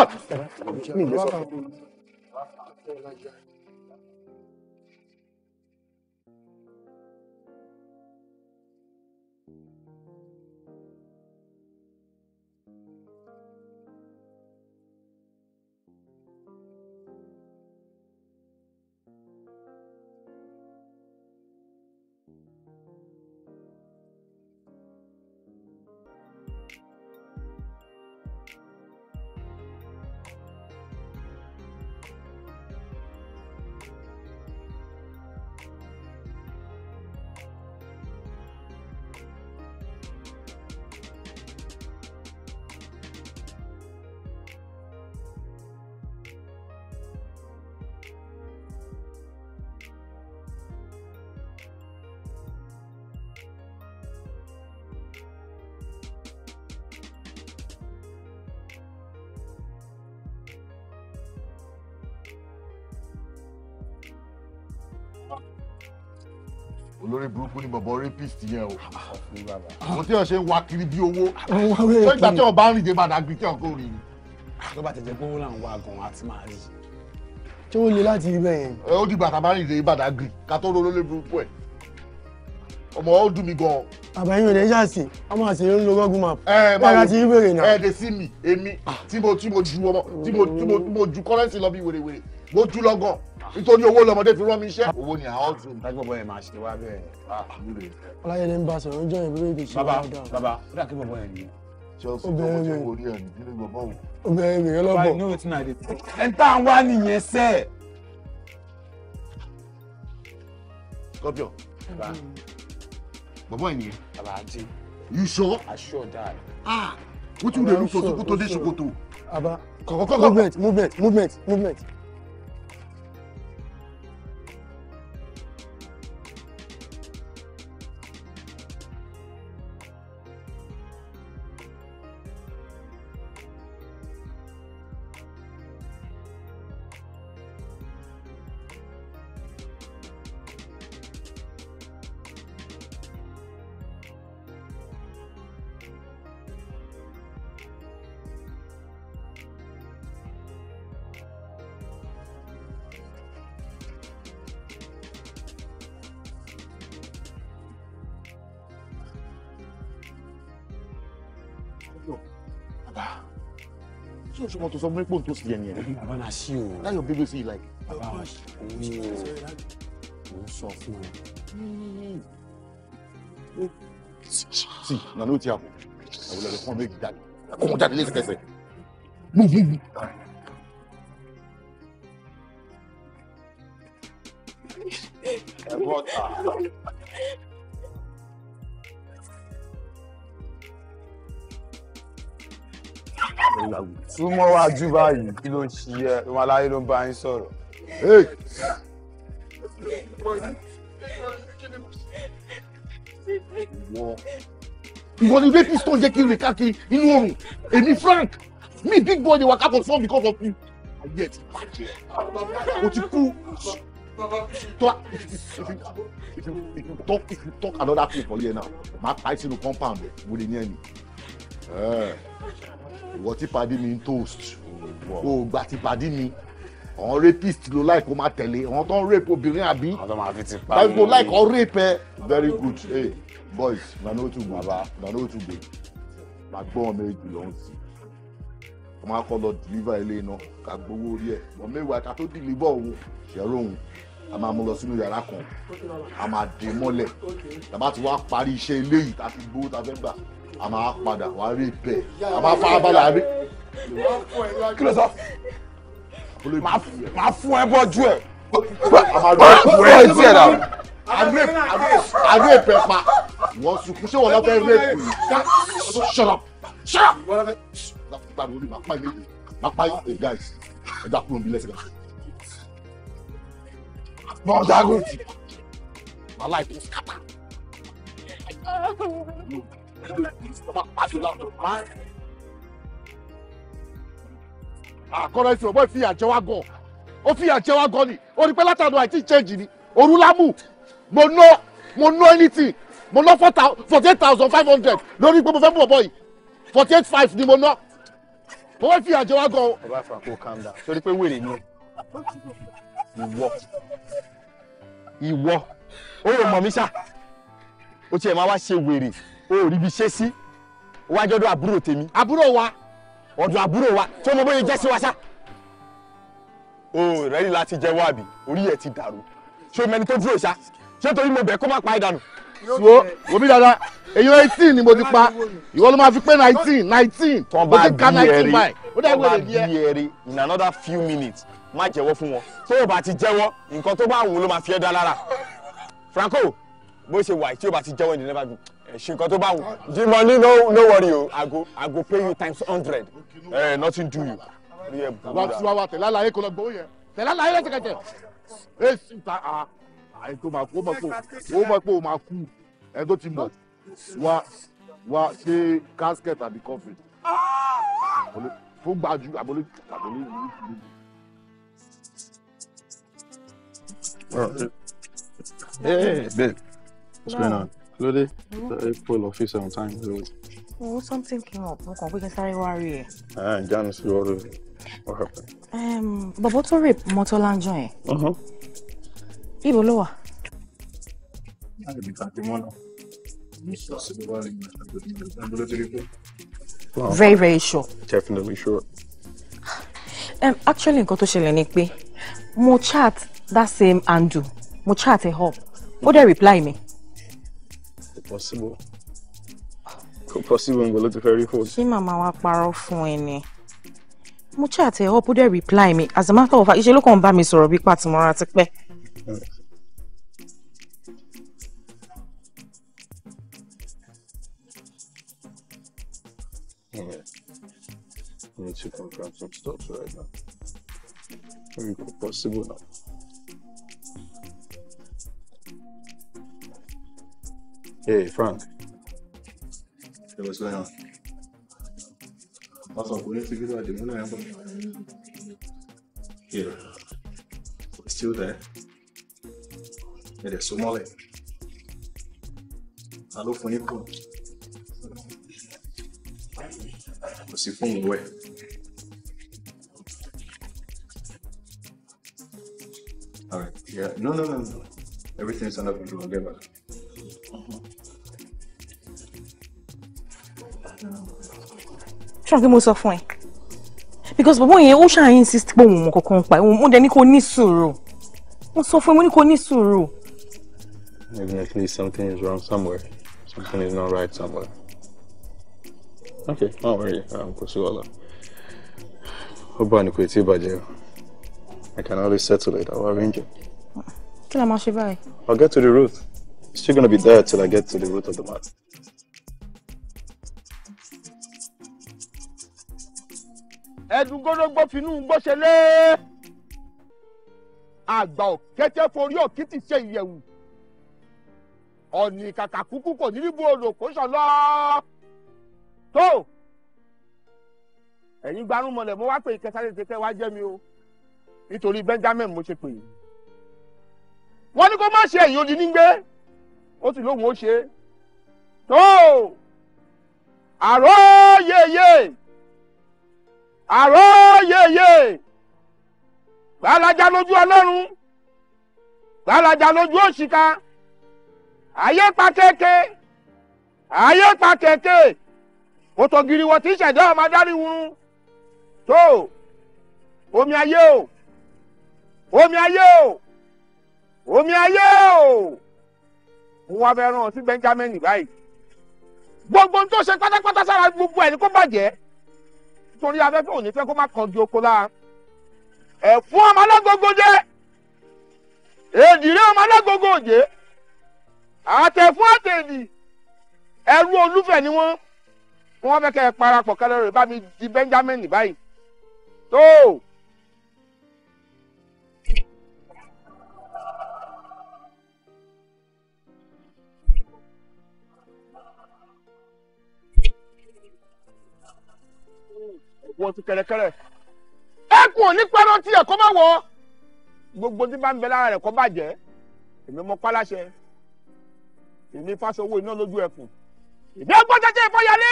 bọ̀bọ̀ rapist yẹn o. mo ah, ah, ah, tí wọn ṣe ń wá kiri bí owó. ṣé ìgbà tí wọn bá ń rìn dé padà gbé tí wọn kò rìn ni. bá tẹ̀jẹ̀ pé owó là ń wá gan-an àti máa rí. ṣé wọ́n lè láti rí bẹ́ẹ̀ yẹn. ó di bàtà bá rìn dé Ìbàdàn gírì ká tó rólé burúkú ẹ̀. ọmọ ó dùn mí gan-an. àbáyé rẹ̀ yá sí a máa ṣe ń lo Google map. ẹ máa wo ẹ ẹ sí mi èmi tí mo ju kọ́rẹ́ǹsì lọ bí wèrèwèrè mo ju lọ́gàn nítorí owó lọmọdé fi rán mi iṣẹ́. owó ni àwọn ọ̀tún. dájú bọ̀bọ̀ yẹn máa ṣe wá bẹ́ẹ̀. Ah, ọláyẹlẹ ń bá sọ̀rọ̀ ń yẹn bíbélì kì ṣe wá dáa. bàbá bàbá ó dà kí bọ̀bọ̀ yẹn nìyẹn. Chelsea tọmọ tí kò rí ẹ̀ nínú bọ̀bọ̀ wò. obìnrin mi yẹn lọ́bọ̀. báyìí ní òtún àdé. ẹ̀ ń tà ń wá nìyẹn sẹ́ẹ̀. scorpion. Baba. Baba in here. Baba Aji. You sure? I sure die. Ah, what you dey look for Sokoto dey Sokoto? Baba. Movement, movement, movement, movement. tó sọ fún mi pò ń tó sí ẹni yẹn. bàbá na ṣí o. that your baby say you like. Oh, wa ṣí o ò ń sọ fún ẹ. see na no ti happen i will let you come make you die come on jáde lẹ́sẹ̀kẹsẹ̀ move move. súnmọ́ wá jù báyìí kí ló ń ṣiyẹ ìwọ̀n aláyé ló ń bá yín sọ̀rọ̀. ìwọ ni rapist tó ń jẹ́ kí n rìn káàkiri inú oòrùn èmi Frank me big boy dey waka for sun because of you and yet o ti kú if you if if you talk if you talk another thing for here now ma pa sínú compound we dey near me ìwọ tí padì mi ń toast o gba ti padì mi àwọn rapist ló láì kó máa tẹ̀lé àwọn tó ń rape obìnrin àbí báyìí tó láì kó rape ẹ. very good hey boys na no too good na no too good na gbọ́ ọmọ èjì lọ́hùn sí i máa kọ́ lọ deliver ilé iná ká gbowó orí ẹ̀ wọ́n mẹ́wàá ká tó deliver òun ṣẹ̀rọ òun a máa mú lọ sínú yàrá kan a máa dè mọ́lẹ̀ tàbá ti wá parí iṣẹ́ ilé yìí tá gbowó tá a máa padà wá rí bẹ́ẹ̀ a máa fara balẹ̀ àbí. kí ló sọ. máa fún ẹ bọ́jú ẹ. àmàlùmọ́ ẹ tiẹ̀ dà. àdúrà ìpẹ́ pa wọ́n sunkún ṣé wọ́n lọ́ fẹ́ rẹ́ pè é. shut up shut up. gbàdúrà mi máa pa ilé yìí máa pa ilé guys ẹ dá kúrò mi lẹ́sẹ̀ náà. bọ́ọ̀ dágùn tì. màá láì tó kàtà àkọ́rọ́ ìsìn ọ̀bọ̀ fi jẹ wá gan ó fi jẹ wá gan ni ó ní pẹ́ látàdún àìtí ìchẹ́ǹjì ni òru lámù mo ná mo ná anything mo ná forty eight thousand five hundred lórí pé mo fẹ́ bọ̀ forty eight five ni mo ná mo fẹ́ fìyà jẹ wá gan o. ọba àfàkó calm down sórí pé wèrè ni ìwọ ìwọ ó yẹ mọ̀ mí sá o tiẹ̀ máa wá ṣe wèrè o ò rí ibi ṣe sí wájú ọ̀dọ̀ àbúrò tèmi. àbúrò wa. ọ̀dọ̀ àbúrò wa tí ọmọ bóyá jẹ́ sí wa ṣá. o rẹ́rì láti jẹ́ wáàbí orí ẹ̀ ti dàrú ṣé o mẹni tó dúró ṣá ṣé torí mo bẹ̀ kó má pa ẹ̀ dànù. wo wo mi dada èyí eighteen ni mo ti pa ìwọ ló máa fi pé nineteen nineteen mo ti ka nineteen báyìí ó dà wẹ̀rẹ̀ díẹ̀. in another few minutes má jẹ́wọ́ fún wọn tó o bá ti jẹ́wọ́ nǹkan tó bá wù ló máa fi ẹ́ dá lára Franco bó ṣe wà tí o bá ti jẹ́wọ́ in the never ṣe nǹkan tó bá wù jí money no no worry o i go i go pay you times hundred eh nothing do you. wá tí wá wá tẹ̀lé àlàyé kò lọ gbowó yẹn tẹ̀lé àlàyé lẹ́sẹ̀kẹsẹ̀ ẹ eh, sì ta a àyè tó máa kú ó mọ̀ pé ó mọ̀ pé ó máa kú ẹ tó ti mọ̀ wá wá ṣe casket àbí coffin fún gbájú àbólé àbólé ìlú. Hey, babe, what's going on? lóde april office on time ló. Oh, something came up mo kàn pé kí n sáré wá rí ẹ. ẹ jáde sí wọ́ọ̀rọ̀ what happened. bàbá tó rape mọ́tò láńjọ yẹn. Uh-huh. ibo ló wà. láti ibi tá a very very sure. definitely sure. Um, actually nǹkan tó ṣẹlẹ̀ ni pé mo chat that same handle mo chat ẹ̀ up ó dẹ̀ reply me possible kò possible ngbọ ló ti fẹ́ rí fold. ṣé màmá wa parọ́ fún ẹ ni mo ṣe àtẹ ọ́ bódẹ́ reply mi as a matter of fact iṣẹ́ ló kàn ń bá mi sọ̀rọ̀ bí pàtìmọ́ra ti pẹ́. Need to confirm some stuff right now. Very possible now. Hey, Frank. Hey, what's going on? What's up? We need to get out Yeah. We're still there. Yeah, there's so much. I look for you. Kò sí fún ìwẹ̀. All right. Yeah. No, no, no, no. Everything's under control. I'll get back. Uh-huh. ṣé àgbẹ̀ mo sọ fún because bàbá yẹn ó ṣàyìn insist pé òun mọ̀ kankan pa òun ó dẹ ní kó ní mo sọ fún mo ní kó ní sùúrù. Definitely something is wrong somewhere. Something is not right somewhere. Okay, don't worry. I'm Um, Kosuola. Obani Kweti Baje. I can always settle it. I'll arrange it. Kí la máa ṣe báyìí? I'll get to the root. It's still gonna be there till I get to the root of the matter. ẹ̀dùn gódógbó finú gbóṣelé àgbà òkété forí òkìtì ṣe ìyẹ̀wù ọ̀nì kàkà kúkú kò ní níbo odò kó sọ̀lọ́ tó ẹ̀yin gbanú mọ̀lẹ̀ mo wá pé ìkẹsàlẹ̀ tẹ́tẹ́ wá jẹ́ mi o nítorí Benjamin mo ṣe pè é wọ́n ní kó má ṣe èyí odi nígbé ó sì lóhùn ó ṣe tó àròyé yé àrọ́ yèyè gbàlájà lójú ọlọ́run gbàlájà lójú òṣìkà ayé pa kéèké ayé pa kéèké kòtò giriwọ tí ìṣẹ̀dá ọmọ adarí wurun tó omi ayé o omi ayé o omi ayé o mo wá fẹ́ ràn ọ́ sí Benjamin báyìí gbogbo ohun tó ṣe pátápátá sára gbogbo ẹ̀ ni kó bàjẹ́ torí afẹ́fẹ́ ò ní fẹ́ kó má kàn di oko lára ẹ̀fún ọmọ alágogo jẹ́ èdìrí ọmọ alágogo òjé àtẹ̀fún àtẹ̀dì ẹrú olúfẹ̀ ni wọ́n wọ́n fẹ́ kẹ́ ẹ parapọ̀ kẹ́lẹ́ rẹ̀ bá mi di Benjamin báyìí tó. So, wọ́n ti kẹ̀rẹ̀kẹ̀rẹ̀ ẹkùn òní pẹ́rán tiẹ̀ kó má wọ̀ gbogbo tí bá ń bẹ lára rẹ̀ kó bàjẹ́ èmi mọ páláṣẹ èmi fásowó iná lójú ẹkùn èmi agbọ́ jẹ́jẹ́ ìfọ́yálé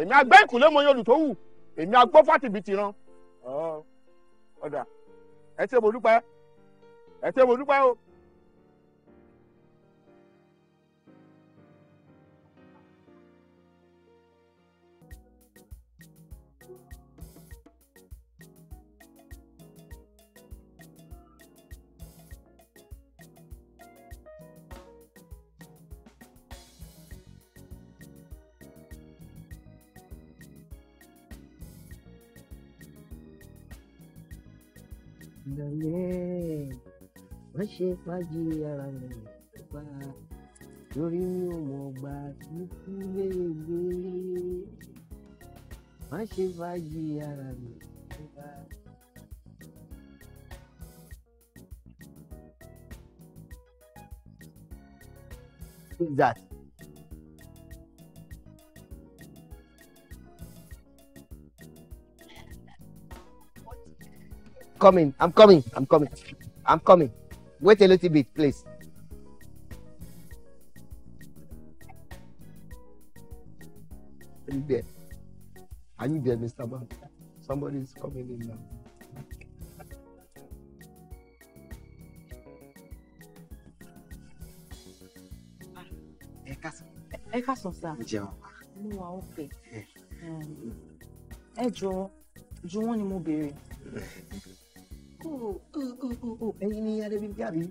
èmi agbẹ́ ìkùlé mọ yọlù tó wù èmi agbọ́ fàtìbí ti ran ọ̀dà ẹ ṣé mo dúpẹ́ ẹ ṣé mo dúpẹ́ o. lẹ́yìn wọ́n ṣe fàájì ara rẹ̀ pa lórí mi ò mọ̀ gbà títí léègbé wọ́n ṣe fàájì ara rẹ̀ pa. That coming. I'm coming. I'm coming. I'm coming. Wait a little bit, please. Are you there? Are you there, Mr. Man? Somebody's coming in now. Ẹ káàsán. Ẹ káàsán sá. Ǹjẹ́ wọn wà? Mo wà òkè. Ẹ jọ ju wọn ni mo béèrè ẹ̀yin ni adébíyí àbí.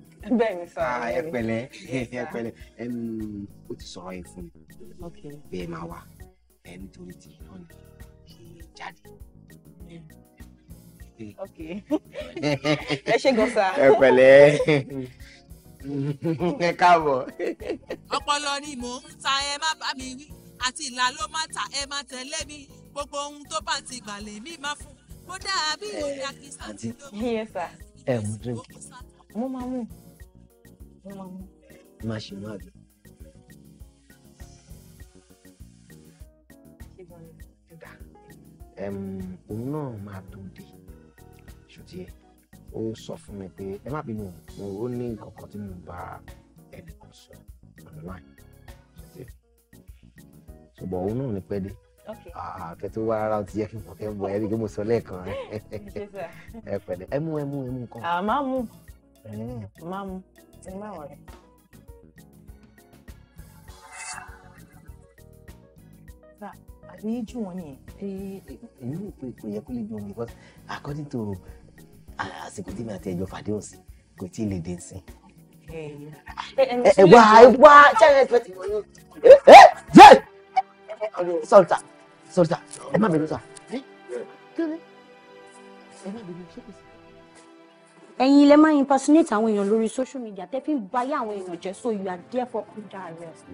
sọ ah, ẹ pẹ̀lẹ́ ẹ pẹ̀lẹ́ o ti sọ̀rọ̀ yẹn fún mi bẹ́ẹ̀ máa wà ẹ nítorí ti náà ni jáde. ẹ ṣe gan sa. ẹ káàbọ̀. ọpọlọ ni mò ń ta ẹ má bá mi wí àti ìlà ló má ta ẹ má tẹ̀lé mi gbogbo ohun tó bá ti gbà lèmi má fún mo dàbí ìròyìn àkíyèsí àti ìjọba. ẹ mú drink. mo máa mú mo máa mú. má ṣe máa dùn. òun náà máa tó dé ṣùtì ẹ ó sọ fún mi pé ẹ má bínú mo ó ní nǹkan kan tí mo bá ẹnìkan sọ online ṣùtì ẹ ṣùgbọ́n òun náà ní pẹ́ dé àfẹ tó wá ara ti yẹ kí mo fẹ́ mọ ẹ rí kí mo sọ lẹ́ẹ̀kan rẹ ẹ pẹ̀lẹ́ ẹ mú ẹ mú ẹ mú nǹkan. àmà mú àmà mú ti má wọlé. àbí jù wọn nìyẹn. èyí ò pé yẹ kó lè jù wọn because according to àsìkò tí mi àti ẹjọ fàdé òsì kò tí ì lè dé sí. ẹ wá ẹ wá ṣáà ẹ fẹ́ ti wọ́n yóò. ẹ ẹ jẹ́ sọ̀tà sọrí sà ẹ má bẹ̀rù sà ẹ máa impersonate àwọn èèyàn lórí social media tẹ́ fi ń bayé àwọn èèyàn jẹ́ so you are therefore under arrest.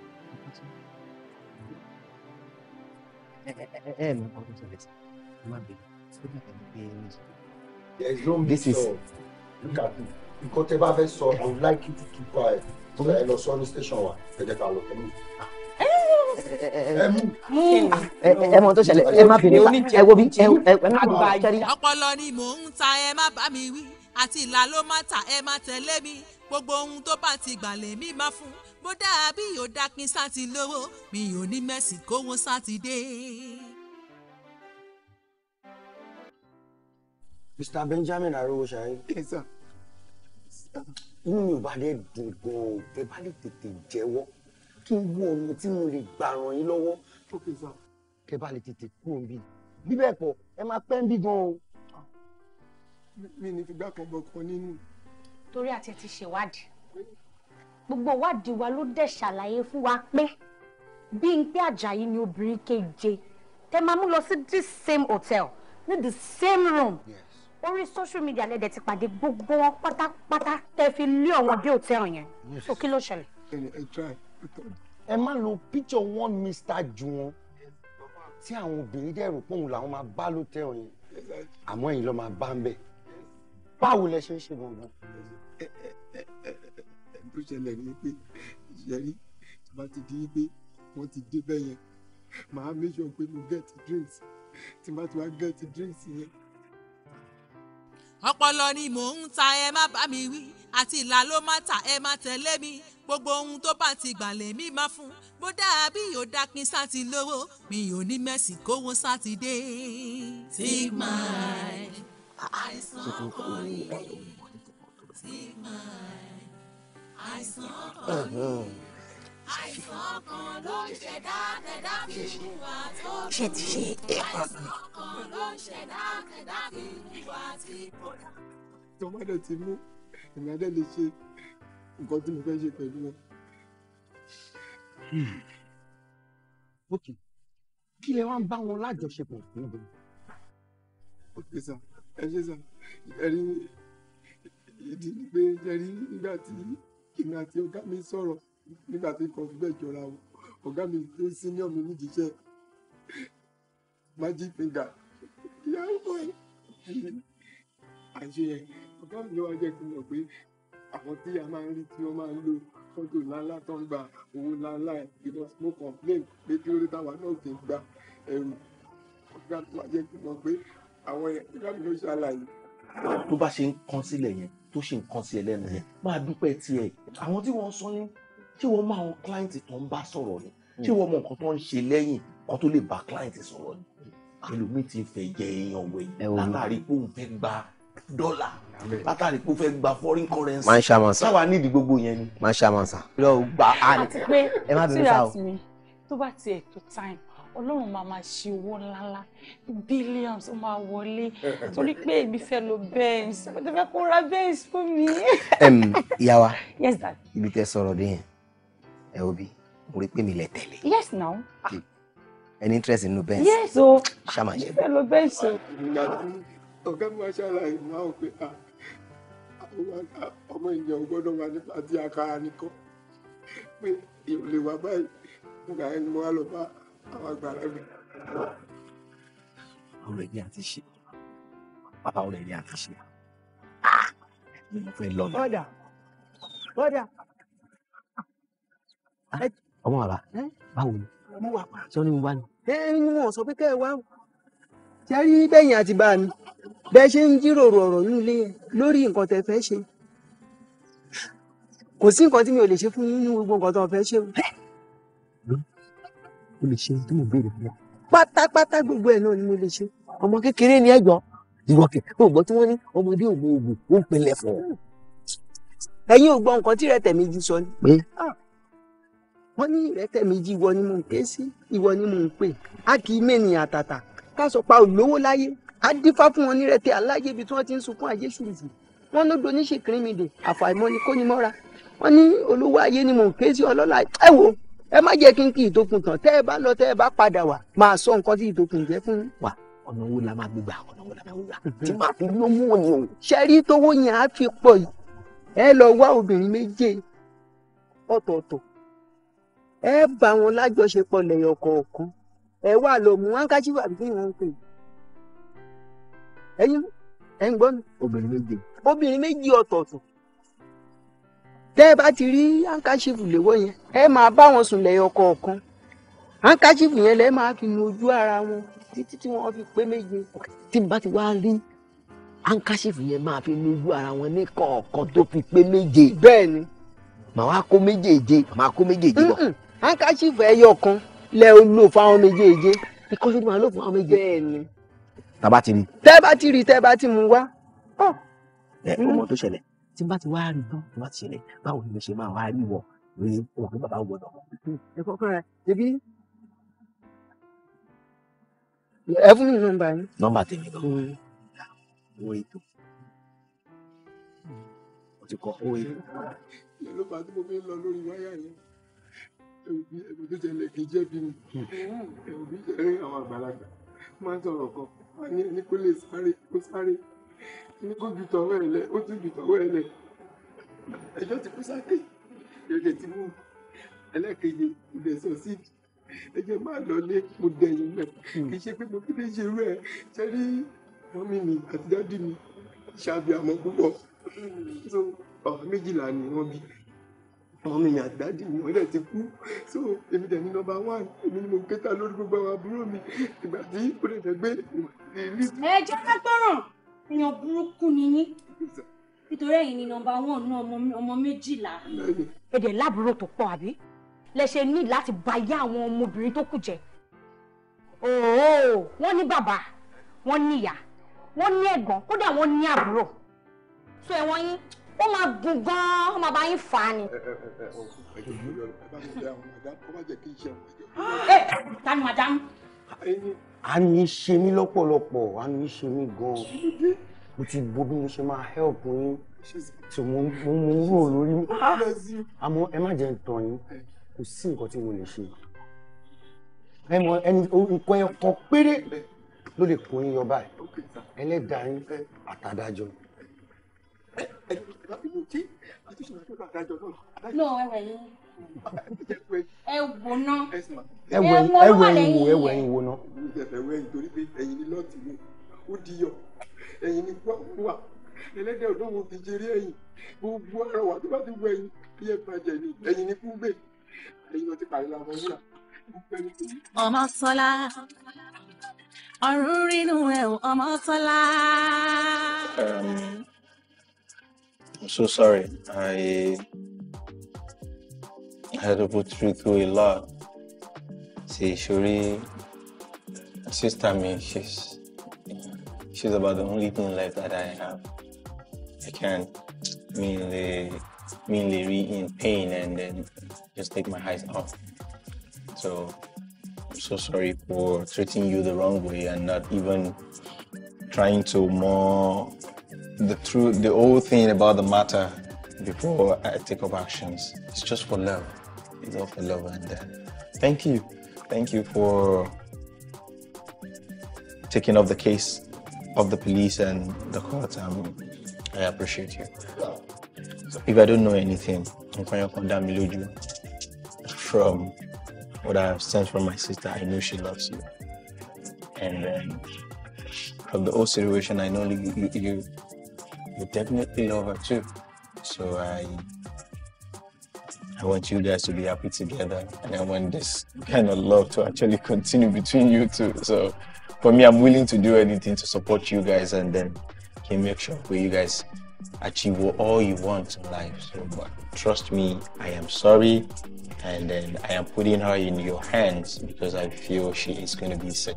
ẹ ẹ mọ ọdún tó lè ẹ má bẹ̀rù sódà ẹ ní ẹ ní sọ. is look at me nǹkan tẹ́ bá fẹ́ sọ i would like you to keep quiet so ẹ lọ sọ ní station wa ẹ jẹ́ ká lọ ẹ mọ tó ṣẹlẹ̀ ẹ má bínú ẹ wo bí ẹ má bínú kẹrí. ọpọlọ ni mò ń ta ẹ má bá mi wí àti ìlà ló má ta ẹ má tẹ̀lé mi gbogbo ohun tó bá ti gbàlẹ̀ mi má fún bó dáa bí yóò dákin sáti lówó mi ò ní mẹ́sì kówó sátidé. Mr. Benjamin arowo ṣayé. inú mi ò bá dé dùn gan-an ẹ bá lè tètè jẹ́wọ́ kí n wo ọ̀nà tí mo lè gbà ràn yín lọ́wọ́ sókè sá kẹ bá lè tètè kú òun bí bí bẹ́ẹ̀ pọ̀ ẹ máa pẹ́ ń bí gan o. Ah, mi ní fìgbà kan nínú. torí àti ti ṣèwádìí gbogbo ìwádìí wa ló dẹ̀ ṣàlàyé fún wa pé Bímpé Àjàyí ni obìnrin keje tẹ máa mú lọ sí this same hotel ní the same room orí social media lẹ́dẹ̀ ti pàdé gbogbo wọn pátápátá tẹ fi lé ọ̀wọ́n dé hotel yẹn so kí ló ṣẹlẹ̀ ẹ má lo picture one Mr. Juwon tí àwọn obìnrin dẹ̀ rò pòun làwọn máa bá lótẹ́ ọ̀yẹn àmọ́ ẹ̀yin ló máa bá ń bẹ̀ báwo lẹ ṣe ń ṣe gbọ̀ngàn. ẹ ẹ ẹ ẹ ṣẹlẹ̀ ni pé ìṣẹ́rí tó bá ti di pé wọ́n ti dé bẹ́ẹ̀ yẹn màá make pé mo get drinks tí bá ti wá get drinks yẹn ọpọlọ ni mò ń ta ẹ má bá mi wí àti ìlà ló má ta ẹ má tẹ̀lé mi gbogbo ohun tó bá ti gbàlẹ̀ mi máa fún bó dáa yóò dákin sáti lówó mi ò ní mẹ́sì kówó sátidé. take my àìsàn kan ní take my àìsàn kan ní àìsàn kan ló ń ṣẹ̀dá kẹ̀dá fi wà tó ṣe ti ṣe àìsàn kan ló ń ṣẹ̀dá kẹ̀dá fi wà tí kò dá. tòmádọ̀ ti mú ìmọ̀lẹ́ lè ṣe nǹkan tí mo fẹ́ ṣe pẹ̀lú wọn. ókè kí lè wá ń bá wọn lájọṣepọ̀ níbo. ókè sà ẹ ṣe sà ẹ rí ìdí ni pé ẹ rí nígbà tí ìgbà tí ọ̀gá mi sọ̀rọ̀ nígbà tí nǹkan fi bẹ́ẹ̀ jọra o ọ̀gá mi tó ń senior mi níjíṣẹ́ magic finger ìyàwó ẹ̀ àṣeyẹ ọ̀gá mi ló wá jẹ́ kí n mọ̀ pé àwọn tí a máa ń rí tí wọ́n máa ń lo fọ́tò ńláńlá tó ń gba owó ńláńlá ẹ̀ because mo complain pé kí lórí táwa náà kì í gba ẹ̀rù ọ̀gá mi wá jẹ́ kí n mọ̀ pé àwọn ẹ̀ ọ̀gá mi ló ṣàlàyé. tó bá ṣe ń kan sílẹ̀ yẹn tó ṣe ń kan sí ẹ yẹn máa dúpẹ́ tiẹ̀ àwọn tí wọ́n sọ yẹn ṣé wọ́n mọ àwọn client tó ń bá sọ̀rọ̀ ni hmm. ṣé wọ́n mọ nǹkan tó ń ṣe lẹ́yìn kan tó lè bá client sọ̀rọ̀ ni hmm. ẹlòmíì ti fẹ́ jẹ èèyàn wẹ̀ látàrí pé òun fẹ́ gba dọ́là látàrí pé ó fẹ́ gba foreign currency. máa ń ṣàmọ̀sà sáwa nídìí gbogbo yẹn ni. máa ń ṣàmọ̀sà. lọ gba àná ẹ má bínú sáà o. àti pé tó bá ti ètò time ọlọ́run máa máa ṣe owó ńláńlá billions ó máa wọlé torí pé èmi fẹ́ lo benz mo ti fẹ́ kó ra benz fún mi. ìyá wa ibi tẹ sọ̀rọ̀ dé yẹn ẹ obi mo rí pé mi lẹ tẹ̀lé. yes now. Ah. Any interest nínú bẹ́ẹ̀. yes o ṣàmà ṣe. ìfẹ́ ló bẹ́ẹ̀ ṣe. ọ̀gá mi wá ṣàlàyé máa ń pè á ọmọ ìyẹn ò gbọ́dọ̀ wà nípa tí a kára nìkan pé ìròlé wa báyìí nígbà yẹn ni mo wá lọ bá àwọn àgbàlagbà. ọ̀rọ̀ ẹni àti ṣe bàbá ọ̀rọ̀ ẹni àti ṣe. Ah! bọ́dà bọ́dà ọmọ bàbá báwo ni ọmọ wa pa sọ ni mo bá ní. ẹ ẹ ní wọn sọ pé kẹ ẹ wá ṣe rí bẹyìn àti bá mi bẹ ṣe ń jíròrò ọ̀rọ̀ nínú ilé lórí nǹkan tẹ fẹ́ ṣe kò sí nǹkan tí mi ò lè ṣe fún yín nínú gbogbo nǹkan tó fẹ́ ṣe o. mo lè ṣe tí mo béèrè fún wa. pátápátá gbogbo ẹ̀ náà ni mo lè ṣe ọmọ kékeré ni ẹ̀gbọ́n ìwọ kẹ ògbọ́n tí wọ́n ní ọmọdé ògbó ògbó ó ń pinlẹ̀ fún ọ. ẹ̀yin ò gbọ́ nǹkan tí rẹ̀ tẹ̀mí ju sọ ni. pé ah wọ́n ní ìrẹ́tẹ̀ méjì ìwọ ni mò ń ké sí ìwọ ni mò ń pè á kì í mẹ́nìyàn àtàtà ká sọ pa olówó láyé á dífá fún wọn nírẹ́tẹ̀ aláyé ibi tí wọ́n ti ń sunkún ayé ṣùrùtì wọ́n ló do níṣe kìrìmìdè àfàìmọ́ ni kò ní mọ́ra wọ́n ní olówó ayé ni mò ń ké sí ọlọ́lá ẹ wo ẹ má jẹ́ kí n kí ìtòkùn tán tẹ́ ẹ bá lọ tẹ́ ẹ bá padà wá máa sọ nǹkan tí ìtòkùn jẹ́ fún wa ọ̀nà wo la máa gbégbà ọ̀nà wo la máa gbégbà tí màá fi ni o. ṣẹ́rí tówó yẹn á fi ẹ bá wọn lájọṣepọ̀ lẹ́yọ̀ kọ̀ọ̀kan ẹ wà lọ mú hankachi wà bí wọ́n ń pè ẹ̀yin ẹ ń gbọ́ mi. obìnrin méjì. obìnrin méjì ọ̀tọ̀ọ̀tọ̀ tẹ́ ẹ bá ti rí hankachi lẹ́wọ́ yẹn ẹ máa bá wọn sùn lẹ́yọ̀ kọ̀ọ̀kan hankachi yẹn lẹ́ máa fi nu ojú ara wọn títí tí wọ́n fi pé méje. tí n bá ti wá rí hankachifu yẹn máa fi lójú ara wọn ní kọ̀ọ̀kan tó fi pé méje. bẹ́ẹ̀ màá wá kó méjèèje màá kó méjèèje bọ̀ hankachifu ẹyọ kan lẹ lò fáwọn méjèèjì ikọ́ ṣe ni màá lò fún àwọn méjèèjì. bẹ́ẹ̀ni. tàbá ti rí. tẹ́ bá ti rí tẹ́ bá ti mú wá. ẹ ọmọ tó ṣẹlẹ̀ tí n bá ti wá rí tán tí n bá ti ṣẹlẹ̀ báwo ni mo ṣe máa wá rí wọ rí wọn pé bàbá wọ náà. ẹ kọ́kọ́ rẹ ṣebí ẹ fún mi nọ́mbà yín. nọ́mbà tèmi kan hmm. owó ètò o ti kọ owó ètò. ìlú bàtí mo fi ń lọ lórí wáyà yẹn òbí ṣẹlẹ̀ kì í jẹ́ bí mi òbí ṣẹlẹ̀ àwọn àgbàlagbà máa ń sọ̀rọ̀ kan wọ́n ní ẹni kó lè sáré kó sáré ní kó ju tọwọ́ ẹ̀ lẹ̀ ó tún ju tọwọ́ ẹ̀ lẹ̀ ẹjọ́ ti kú sáké ẹ̀jẹ̀ ti mú ẹlẹ́kẹ̀yẹ ìdẹ̀sọ̀ sí ẹjẹ̀ máa lọ lé mo dẹ̀yìn mẹ́ kì í ṣe pé mo kéde ṣe irú ẹ̀ ṣe rí mọ́mí mi àti dádì mi ṣàbíàmọ́ púpọ̀ so ọ̀rọ̀ méjìlá ni wọ́n bí wọn mi yàn dáàdì wọn dẹ ti kú so èmi dẹ ní nọ́mbà one èmi ni mo kẹta lórí gbogbo àwọn àbúrò mi ìgbà tí ó lè fẹ́ gbé ìlú. ẹ jẹ́ ká gbọ́ràn èèyàn burúkú ni yín nítorí ẹ̀yin ni nọ́mbà one náà ọmọ méjìlá èdè láàbúrò tó pọ̀ àbí lẹ ṣe ní láti ba ayé àwọn ọmọbìnrin tó kù jẹ́ ooo wọ́n ní bàbá wọ́n ní ìyá wọ́n ní ẹ̀gbọ́n kódà wọ́n ní àbúrò so ẹ̀wọ̀n yín ó máa gùn gan-an ó máa bá yín fà á ni. ẹ ta ni madam. àánú yín ṣe mí lọ́pọ̀lọpọ̀ àánú yín ṣe mí gan-an mo ti bo bí mo ṣe máa help yín tí mo mo mo ń rò lórí àmọ́ ẹ má jẹ́ ń tàn yín kò sí nǹkan tí mo lè ṣe ẹ mọ ẹni nǹkan ẹ kọ péré ló lè kún yín yọ báyìí ẹlẹ́dàá yín àtàdájọ́ yín ẹ wò ná ẹ ẹwẹ nítorí pé ẹyin ni lọ́ọ̀tì mi ó di yọ ẹyin ni wà ẹlẹ́dẹ̀ ọ̀dọ́wọ̀ fi jẹrí ẹyin gbogbo ara wà tó bá ti wọ ẹyin bí ẹ bàjẹ́ ni ẹyin ni kú gbé ẹyin ló ti parí làwọn wúrà. ọmọ sọlá ọrùn rínú ẹ ọmọ sọlá. I'm so sorry. I had to put you through a lot. See, Shuri, sister me, she's she's about the only thing left that I have. I can't mainly mainly read in pain and then just take my eyes off. So I'm so sorry for treating you the wrong way and not even trying to more the true, the whole thing about the matter before I take up actions. It's just for love. It's all for love, and then uh, thank you, thank you for taking up the case of the police and the court. Um, I appreciate you. If I don't know anything, I'm going to condemn from what I have sent from my sister. I know she loves you, and. Um, from the old situation, I know you you, you definitely love her too. So I I want you guys to be happy together, and I want this kind of love to actually continue between you two. So for me, I'm willing to do anything to support you guys, and then can make sure where you guys achieve all you want in life. So, but trust me, I am sorry, and then I am putting her in your hands because I feel she is going to be safe.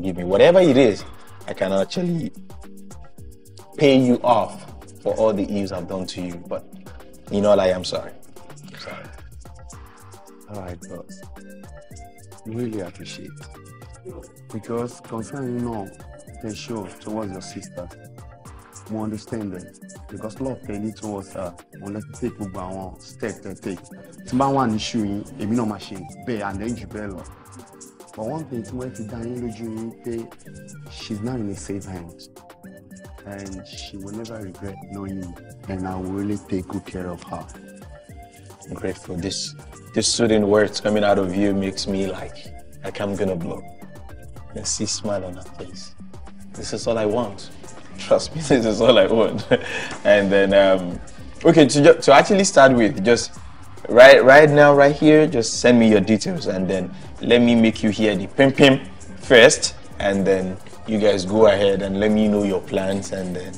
give me whatever it is, I can actually pay you off for all the eves I've done to you. But you know, I am sorry. I'm sorry. All right, boss. Really appreciate because concerning know, they show towards your sister We understand that because love can lead towards her mo let take gbogbo step they take tí n bá wà ní ṣu yín èmi and then you bẹ́ẹ̀ lọ. But one thing Timothy Daniel Junipe, she's now in a safe hands. And she will never regret knowing me. And I will really take good care of her. I'm grateful. This this soothing words coming out of you makes me like like I'm gonna blow. And see smile on her face. This is all I want. Trust me, this is all I want. and then um, okay, to, to actually start with, just right right now right here just send me your details and then let me make you hear the pim pim first and then you guys go ahead and let me know your plans and then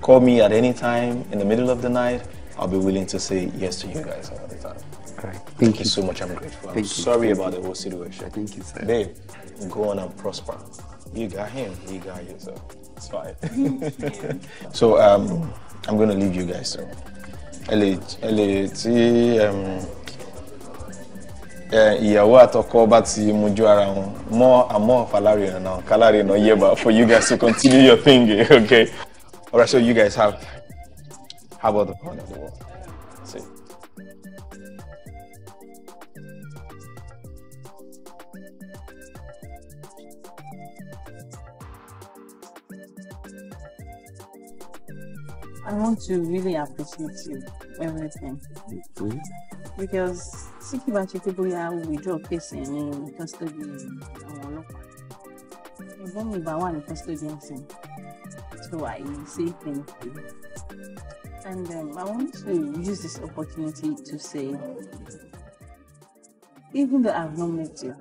call me at any time in the middle of the night i'll be willing to say yes to you guys all the time Right. Thank, Thank you. you so much. I'm grateful. I'm sorry about the whole situation. Thank you, sir. Babe, go on and prosper. You got him. You got yourself. It's fine. so um, I'm going to leave you guys. So. ẹ lè ẹ lè tí ìyàwó àtọkọ bá ti mojú ara wọn more and more falari na now kalari na yeba for you guys to continue your thing okay alright so you guys have how about the corner of the world. I want to really appreciate you everything. Okay. Because tí you bá ṣe pé bóyá withdraw case ẹ̀ ní custody àwọn ọlọ́pàá. Ẹ̀gbọ́n mi bá wà ní custody ẹ̀sìn. So I say thank you. And um, I want to use this opportunity to say, even though I've not met you,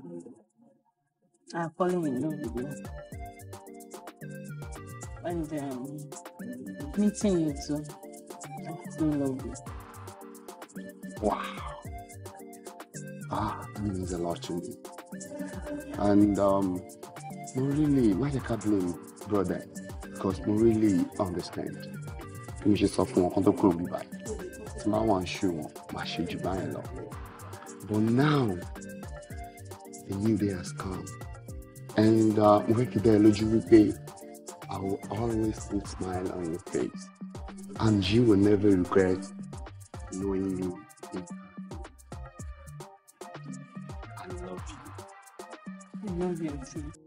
I'm falling in love with you. And um, meeting you too. It's so lovely. Wow. Ah, that means a lot to me. And um, mo really, má jẹ́ blame brother because mo really understand. Bí mo ṣe sọ fún wọn kan tó kúrò bí báyìí, tí máa wà ń ṣe wọn, But now, the new day has come. And we're going to bẹ́ẹ̀ lójú wípé I will always see smile on your face, and you will never regret knowing me. I love you. I love you too.